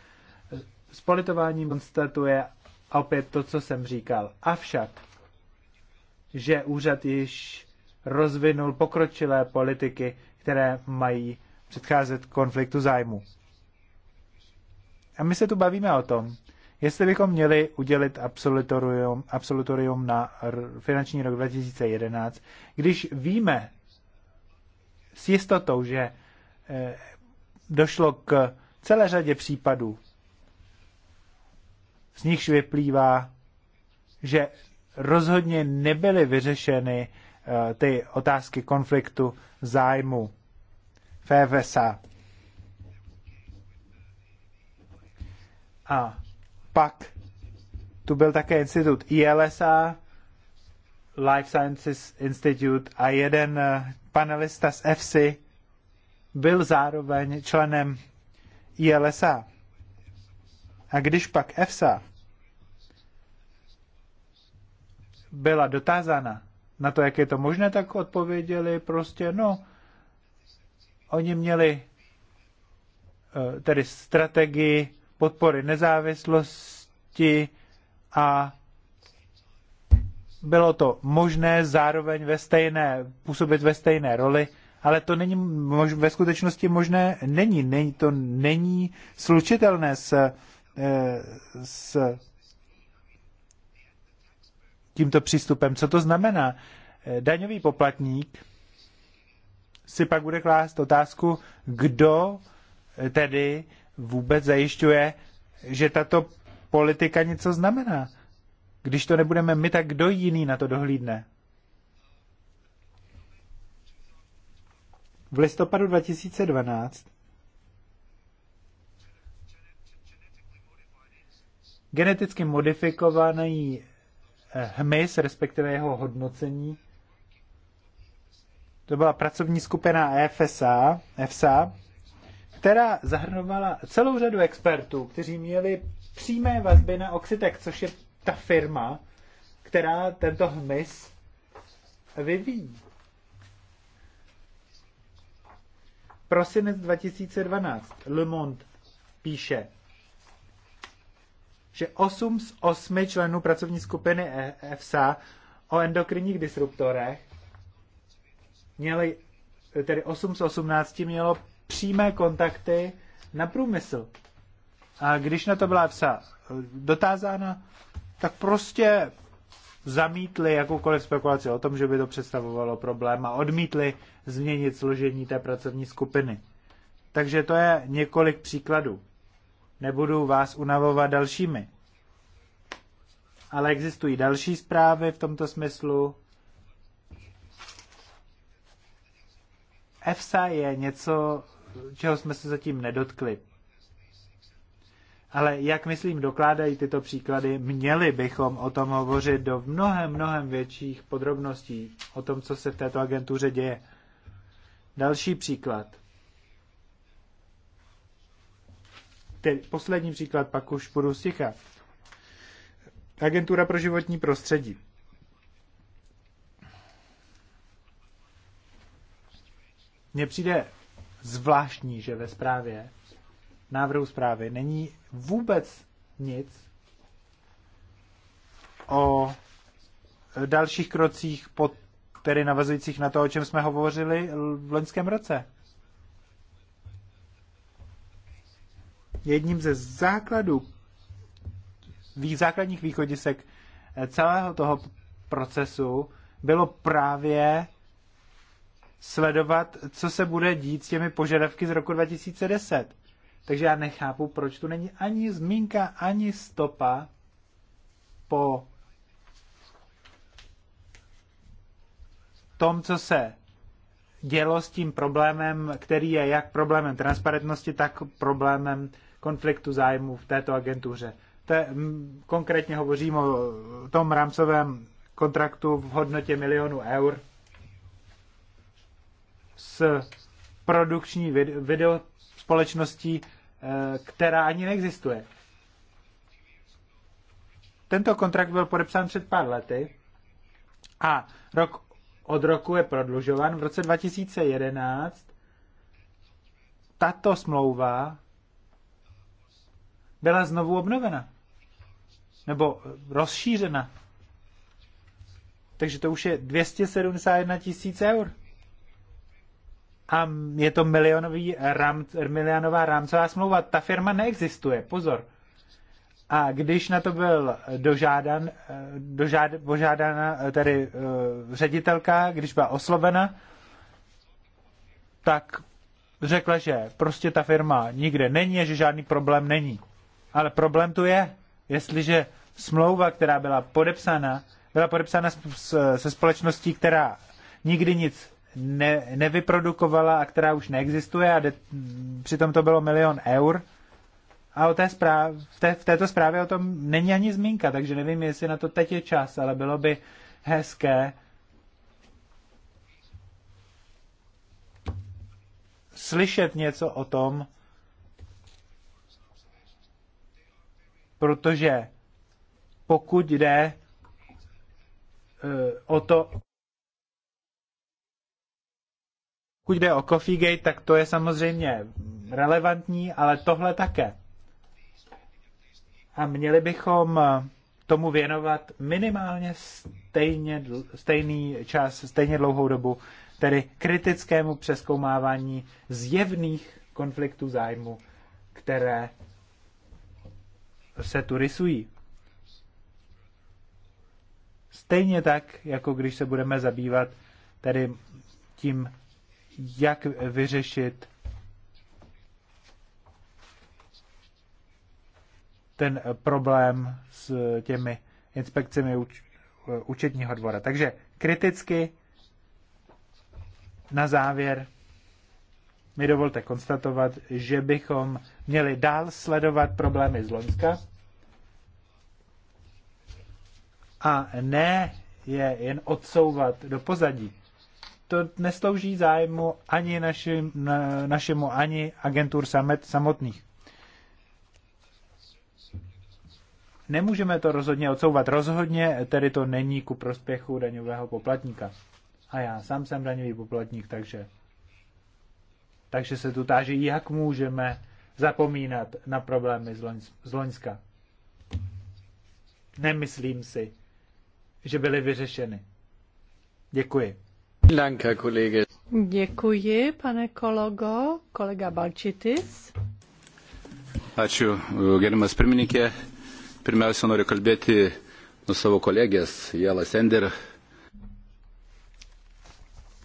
B: s politováním konstatuje opět to, co jsem říkal. Avšak, že úřad již rozvinul pokročilé politiky, které mají předcházet konfliktu zájmu. A my se tu bavíme o tom, jestli bychom měli udělit absolutorium, absolutorium na finanční rok 2011, když víme s jistotou, že eh, došlo k celé řadě případů z nichž vyplývá, že rozhodně nebyly vyřešeny eh, ty otázky konfliktu zájmu FVSA. A pak tu byl také institut ILSA, Life Sciences Institute a jeden eh, panelista z EFSI byl zároveň členem ILSA. A když pak EFSA byla dotázána na to, jak je to možné, tak odpověděli prostě, no, oni měli eh, tedy strategii podpory nezávislosti a bylo to možné zároveň ve stejné, působit ve stejné roli, ale to není mož, ve skutečnosti možné, není, není to není slučitelné s s tímto přístupem. Co to znamená? Eh, daňový poplatník si pak bude klást otázku, kdo eh, tedy vůbec zajišťuje, že tato politika něco znamená. Když to nebudeme my, tak kdo jiný na to dohlídne? V listopadu 2012 geneticky modifikovaný eh, hmyz, respektive jeho hodnocení. To byla pracovní skupina EFSA, EFSA, která zahrnovala celou řadu expertů, kteří měli přímé vazby na Oxitec, což je ta firma, která tento hmyz vyvíjí. Prosinec 2012. Le Monde píše, že 8 z 8 členů pracovní skupiny e- EFSA o endokrinních disruptorech měli, tedy 8 z 18 mělo přímé kontakty na průmysl. A když na to byla EFSA eh, dotázána, tak prostě zamítli jakoukoliv spekulaci o tom, že by to představovalo problém a odmítli změnit složení té pracovní skupiny. Takže to je několik příkladů nebudu vás unavovat dalšími. Ale existují další zprávy v tomto smyslu. EFSA je něco, čeho jsme se zatím nedotkli. Ale jak myslím dokládají tyto příklady, měli bychom o tom hovořit do mnohem, mnohem větších podrobností o tom, co se v této agentuře děje. Další příklad. ten poslední příklad, pak už budu sticha. Agentura pro životní prostředí. Mně přijde zvláštní, že ve zprávě, návrhu zprávy, není vůbec nic o dalších krocích, pod, tedy navazujících na to, o čem jsme hovořili v loňském roce. jedním ze základů, základních východisek eh, celého toho procesu bylo právě sledovat, co se bude dít s těmi požadavky z roku 2010. Takže já nechápu, proč tu není ani zmínka, ani stopa po tom, co se dělo s tím problémem, který je jak problémem transparentnosti, tak problémem konfliktu zájmů v této agentuře. Te, konkrétně hovořím o tom rámcovém kontraktu v hodnotě milionu eur s produkční video, video společností, e, která ani neexistuje. Tento kontrakt byl podepsán před pár lety a rok od roku je prodlužovan. V roce 2011 tato smlouva byla znovu obnovena. Nebo rozšířena. Takže to už je 271 tisíc eur. A je to milionový rám, milionová rámcová smlouva. Ta firma neexistuje, pozor. A když na to byl dožádan, dožád, požádána tedy uh, ředitelka, když byla oslovena, tak řekla, že prostě ta firma nikde není a že žádný problém není. Ale problém tu je, jestliže smlouva, která byla podepsána, byla podepsána se společností, která nikdy nic ne, nevyprodukovala a která už neexistuje a de, přitom to bylo milion eur. A o té zpráv, v, té, v této zprávě o tom není ani zmínka, takže nevím, jestli na to teď je čas, ale bylo by hezké slyšet něco o tom, protože pokud jde e, o to, pokud jde o Coffee Gate, tak to je samozřejmě relevantní, ale tohle také. A měli bychom tomu věnovat minimálně stejně, stejný čas, stejně dlouhou dobu, tedy kritickému přeskoumávání zjevných konfliktů zájmu, které se tu rysují. Stejně tak, jako když se budeme zabývat tedy tím, jak vyřešit ten problém s těmi inspekcemi účetního dvora. Takže kriticky na závěr mi dovolte konstatovat, že bychom měli dál sledovat problémy z Loňska a ne je jen odsouvat do pozadí. To neslouží zájmu ani našim, našemu, ani agentur samet, samotných. Nemůžeme to rozhodně odsouvat. Rozhodně tedy to není ku prospěchu daňového poplatníka. A já sám jsem daňový poplatník, takže takže se tu táží, jak můžeme zapomínat na problémy z Loňska. Nemyslím si, že byly vyřešeny. Děkuji.
A: Danke, kolege. Děkuji, pane kolego. Kolega Balčitis.
B: Ačiū, gerimas pirmininkė. Pirmiausia, noriu kalbėti nuo savo kolegės Jela Sender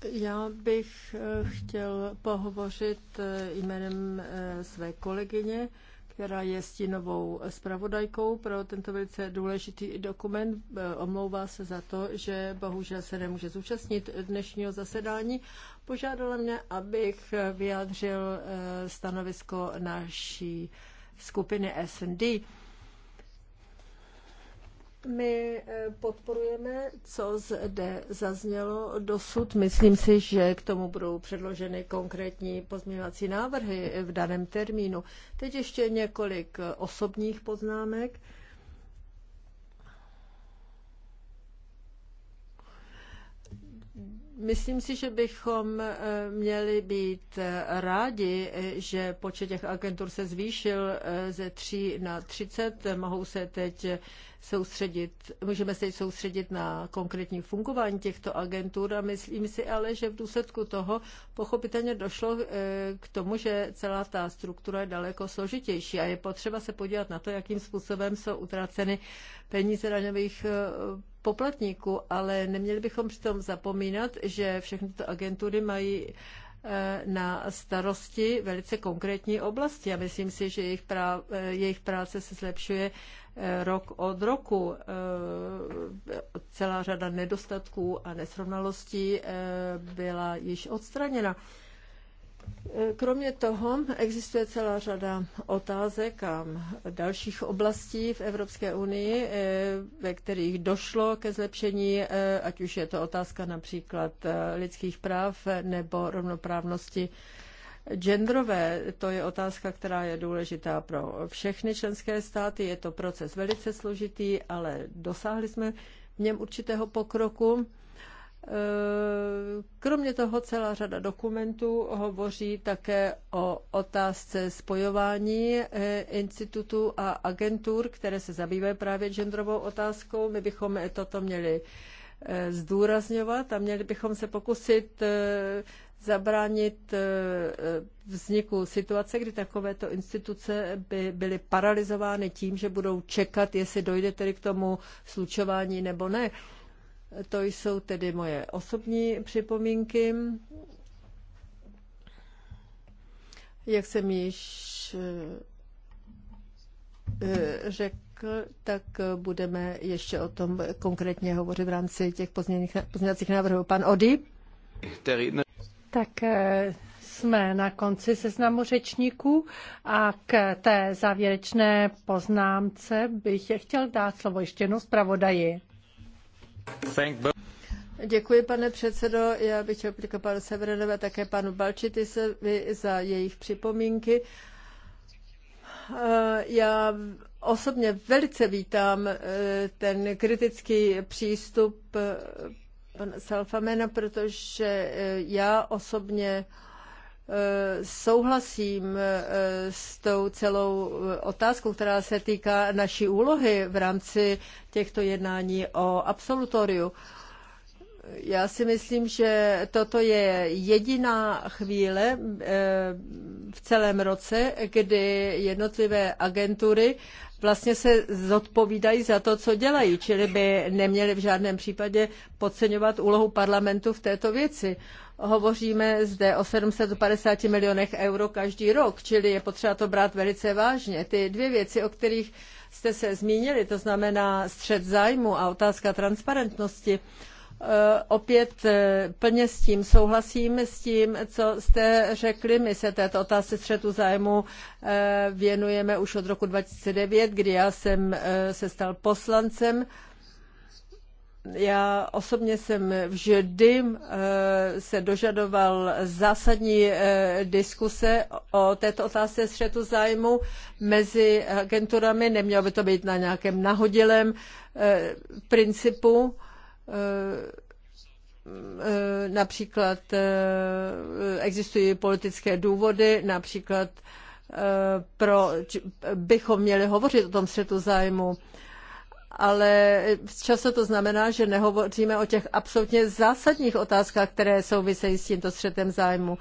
C: já bych eh, chtěl pohovořit eh, jménem eh, své kolegyně, která je stínovou zpravodajkou pro tento velice důležitý dokument. Omlouvá se za to, že bohužel se nemůže zúčastnit dnešního zasedání. Požádala mě, abych vyjádřil stanovisko naší skupiny SND. My eh, podporujeme, co zde zaznělo dosud. Myslím si, že k tomu budou předloženy konkrétní pozměňovací návrhy v daném termínu. Teď ještě několik osobních poznámek. Myslím si, že bychom eh, měli být eh, rádi, že počet těch agentur se zvýšil ze 3 na 30. Mohou se teď soustředit, můžeme se soustředit na konkrétní fungování těchto agentur a myslím si ale, že v důsledku toho pochopitelně došlo eh, k tomu, že celá ta struktura je daleko složitější a je potřeba se podívat na to, jakým způsobem jsou utraceny peníze daňových eh, poplatníků, ale neměli bychom přitom zapomínat, že všechny tyto agentury mají eh, na starosti velice konkrétní oblasti a myslím si, že jejich, prá- jejich práce se zlepšuje rok od roku. Eh, celá řada nedostatků a nesrovnalostí eh, byla již odstraněna. Eh, kromě toho existuje celá řada otázek a dalších oblastí v Evropské unii, ve kterých došlo ke zlepšení, ať už je to otázka například lidských práv nebo rovnoprávnosti genderové, to je otázka, která je důležitá pro všechny členské státy. Je to proces velice složitý, ale dosáhli jsme v něm určitého pokroku. E, kromě toho celá řada dokumentů hovoří také o otázce spojování e, institutů a agentur, které se zabývají právě genderovou otázkou. My bychom toto měli e, zdůrazňovat a měli bychom se pokusit zabránit eh, eh, vzniku situace, kdy takovéto instituce by byly paralizovány tím, že budou čekat, jestli dojde tedy k tomu slučování nebo ne. To jsou tedy moje osobní připomínky. Jak jsem již eh, řekl, tak budeme ještě o tom konkrétně hovořit v rámci těch pozměňovacích návrhů. Pan Ody?
A: Tak eh, jsme na konci seznamu řečníků a k té závěrečné poznámce bych je chtěl dát slovo ještě jednou zpravodaji.
C: Děkuji, pane předsedo. Já bych chtěl poděkovat panu Severinovi a také panu Balčitisovi za jejich připomínky. Eh, já osobně velice vítám eh, ten kritický přístup pana Salfamena, protože eh, já osobně eh, souhlasím eh, s tou celou otázkou, která se týká naší úlohy v rámci těchto jednání o absolutoriu já si myslím, že toto je jediná chvíle eh, v celém roce, kdy jednotlivé agentury vlastně se zodpovídají za to, co dělají, čili by neměli v žádném případě podceňovat úlohu parlamentu v této věci. Hovoříme zde o 750 milionech euro každý rok, čili je potřeba to brát velice vážně. Ty dvě věci, o kterých jste se zmínili, to znamená střed zájmu a otázka transparentnosti, Eh, opět eh, plně s tím souhlasím, s tím, co jste řekli. My se této otázce střetu zájmu eh, věnujeme už od roku 2009, kdy já jsem se stal poslancem. Já osobně jsem vždy se dožadoval zásadní diskuse o této otázce střetu zájmu mezi agenturami. Nemělo by to být na nějakém nahodilém principu Eh, eh, například eh, existují politické důvody, například pro, bychom měli hovořit o tom střetu zájmu, ale často to znamená, že nehovoříme o těch absolutně zásadních otázkách, které souvisejí s tímto střetem zájmu.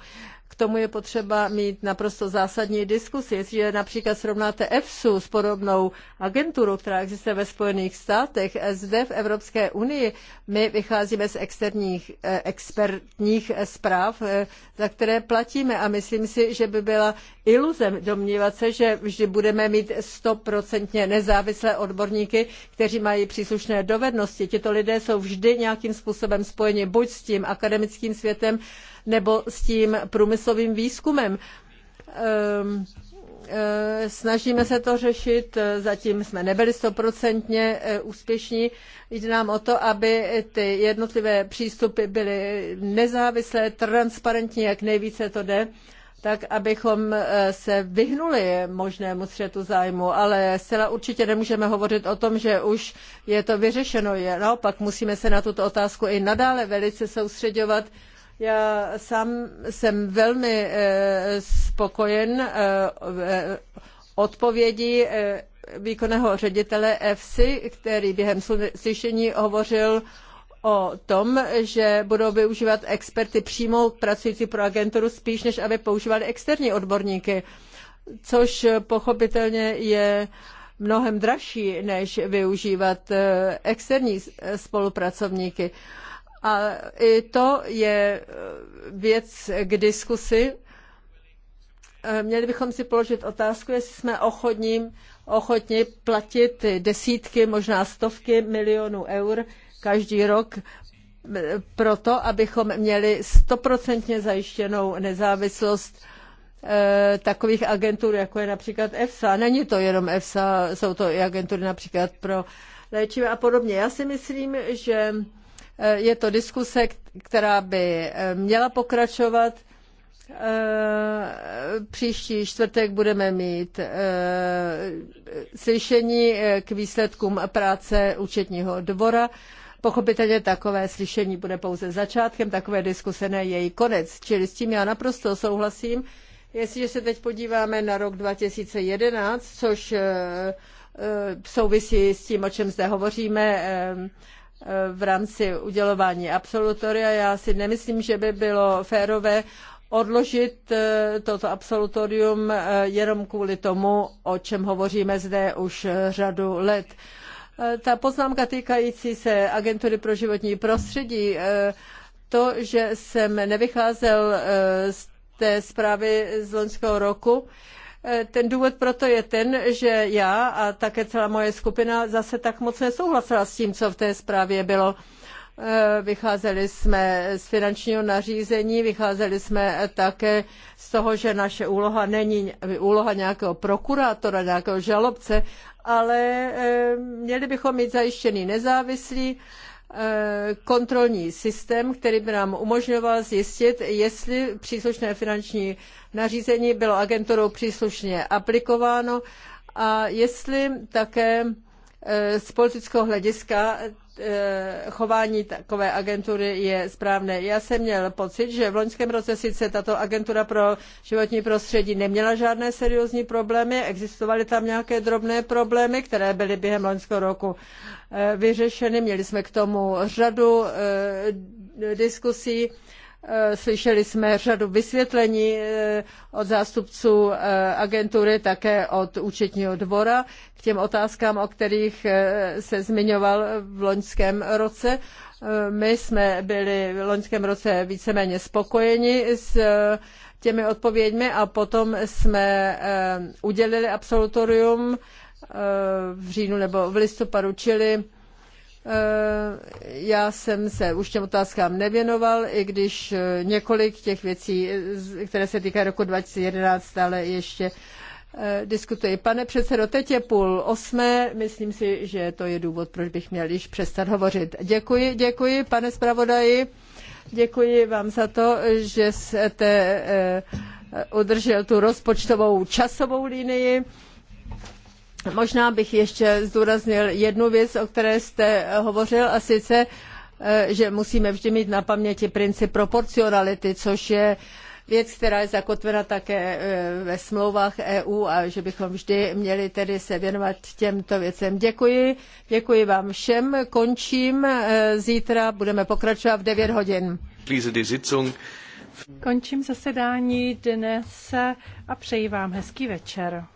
C: K tomu je potřeba mít naprosto zásadní diskusy. Jestliže například srovnáte EFSU s podobnou agenturou, která existuje ve Spojených státech, zde v Evropské unii my vycházíme z externích eh, expertních zpráv, eh, za které platíme a myslím si, že by byla iluzem domnívat se, že vždy budeme mít stoprocentně nezávislé odborníky, kteří mají příslušné dovednosti. Tito lidé jsou vždy nějakým způsobem spojeni buď s tím akademickým světem, nebo s tím průmyslovým výzkumem. Ehm, eh, snažíme se to řešit, eh, zatím jsme nebyli stoprocentně eh, úspěšní. Jde nám o to, aby ty jednotlivé přístupy byly nezávislé, transparentní, jak nejvíce to jde tak abychom se vyhnuli možnému střetu zájmu, ale zcela určitě nemůžeme hovořit o tom, že už je to vyřešeno. Je, naopak musíme se na tuto otázku i nadále velice soustředovat. Já sám jsem velmi eh, spokojen eh, eh, odpovědí výkonného ředitele EFSI, který během slyšení hovořil o tom, že budou využívat experty přímo pracující pro agenturu spíš, než aby používali externí odborníky, což pochopitelně je mnohem dražší, než využívat externí spolupracovníky. A i to je eh, věc k diskusi. Eh, měli bychom si položit otázku, jestli jsme ochotní, ochotni platit desítky, možná stovky milionů eur každý rok eh, proto, abychom měli stoprocentně zajištěnou nezávislost takových agentur, jako je například EFSA. Není to jenom EFSA, jsou to i agentury například pro léčiva a podobně. Já si myslím, že Eh, je to diskuse, která by eh, měla pokračovat. Eh, příští čtvrtek budeme mít slyšení k výsledkům práce účetního dvora. Pochopitelně takové slyšení bude pouze začátkem, takové diskuse ne její konec. Čili s tím já naprosto souhlasím. Jestliže se teď podíváme na rok 2011, což souvisí s tím, o čem zde hovoříme, v rámci udělování absolutoria. Já si nemyslím, že by bylo férové odložit eh, toto absolutorium eh, jenom kvůli tomu, o čem hovoříme zde už eh, řadu let. Ta poznámka týkající se agentury pro životní prostředí, to, že jsem nevycházel z té zprávy z loňského roku, Eh, ten důvod proto je ten, že já a také celá moje skupina zase tak moc nesouhlasila s tím, co v té zprávě bylo. Eh, vycházeli jsme z finančního nařízení, vycházeli jsme také z toho, že naše úloha není úloha nějakého prokurátora, nějakého žalobce, ale eh, měli bychom mít zajištěný nezávislý Eh, kontrolní systém, který by nám umožňoval zjistit, jestli příslušné finanční nařízení bylo agenturou příslušně aplikováno a jestli také eh, z politického hlediska Eh, chování takové agentury je správné. Já jsem měl pocit, že v loňském roce sice tato agentura pro životní prostředí neměla žádné seriózní problémy, existovaly tam nějaké drobné problémy, které byly během loňského roku eh, vyřešeny. Měli jsme k tomu řadu eh, diskusí Eh, slyšeli jsme řadu vysvětlení eh, od zástupců eh, agentury, také od účetního dvora k těm otázkám, o kterých se zmiňoval v loňském roce. My jsme byli v loňském roce víceméně spokojeni s těmi odpověďmi a potom jsme udělili absolutorium v říjnu nebo v listopadu, čili Eh, já jsem se už těm otázkám nevěnoval, i když eh, několik těch věcí, eh, které se týkají roku 2011, stále ještě diskutuji. Pane předsedo, teď je půl osmé, myslím si, že to je důvod, proč bych měl již přestat hovořit. Děkuji, děkuji, pane zpravodaji, děkuji vám za to, že jste udržel tu rozpočtovou časovou linii. Možná bych ještě zdůraznil jednu věc, o které jste hovořil, a sice, eh, že musíme vždy mít na paměti princip proporcionality, což je věc, která je zakotvena také eh, ve smlouvách EU a že bychom vždy měli tedy se věnovat těmto věcem. Děkuji, děkuji vám všem, končím,
A: eh, zítra budeme pokračovat v 9 hodin. Končím zasedání dnes a přeji vám hezký večer.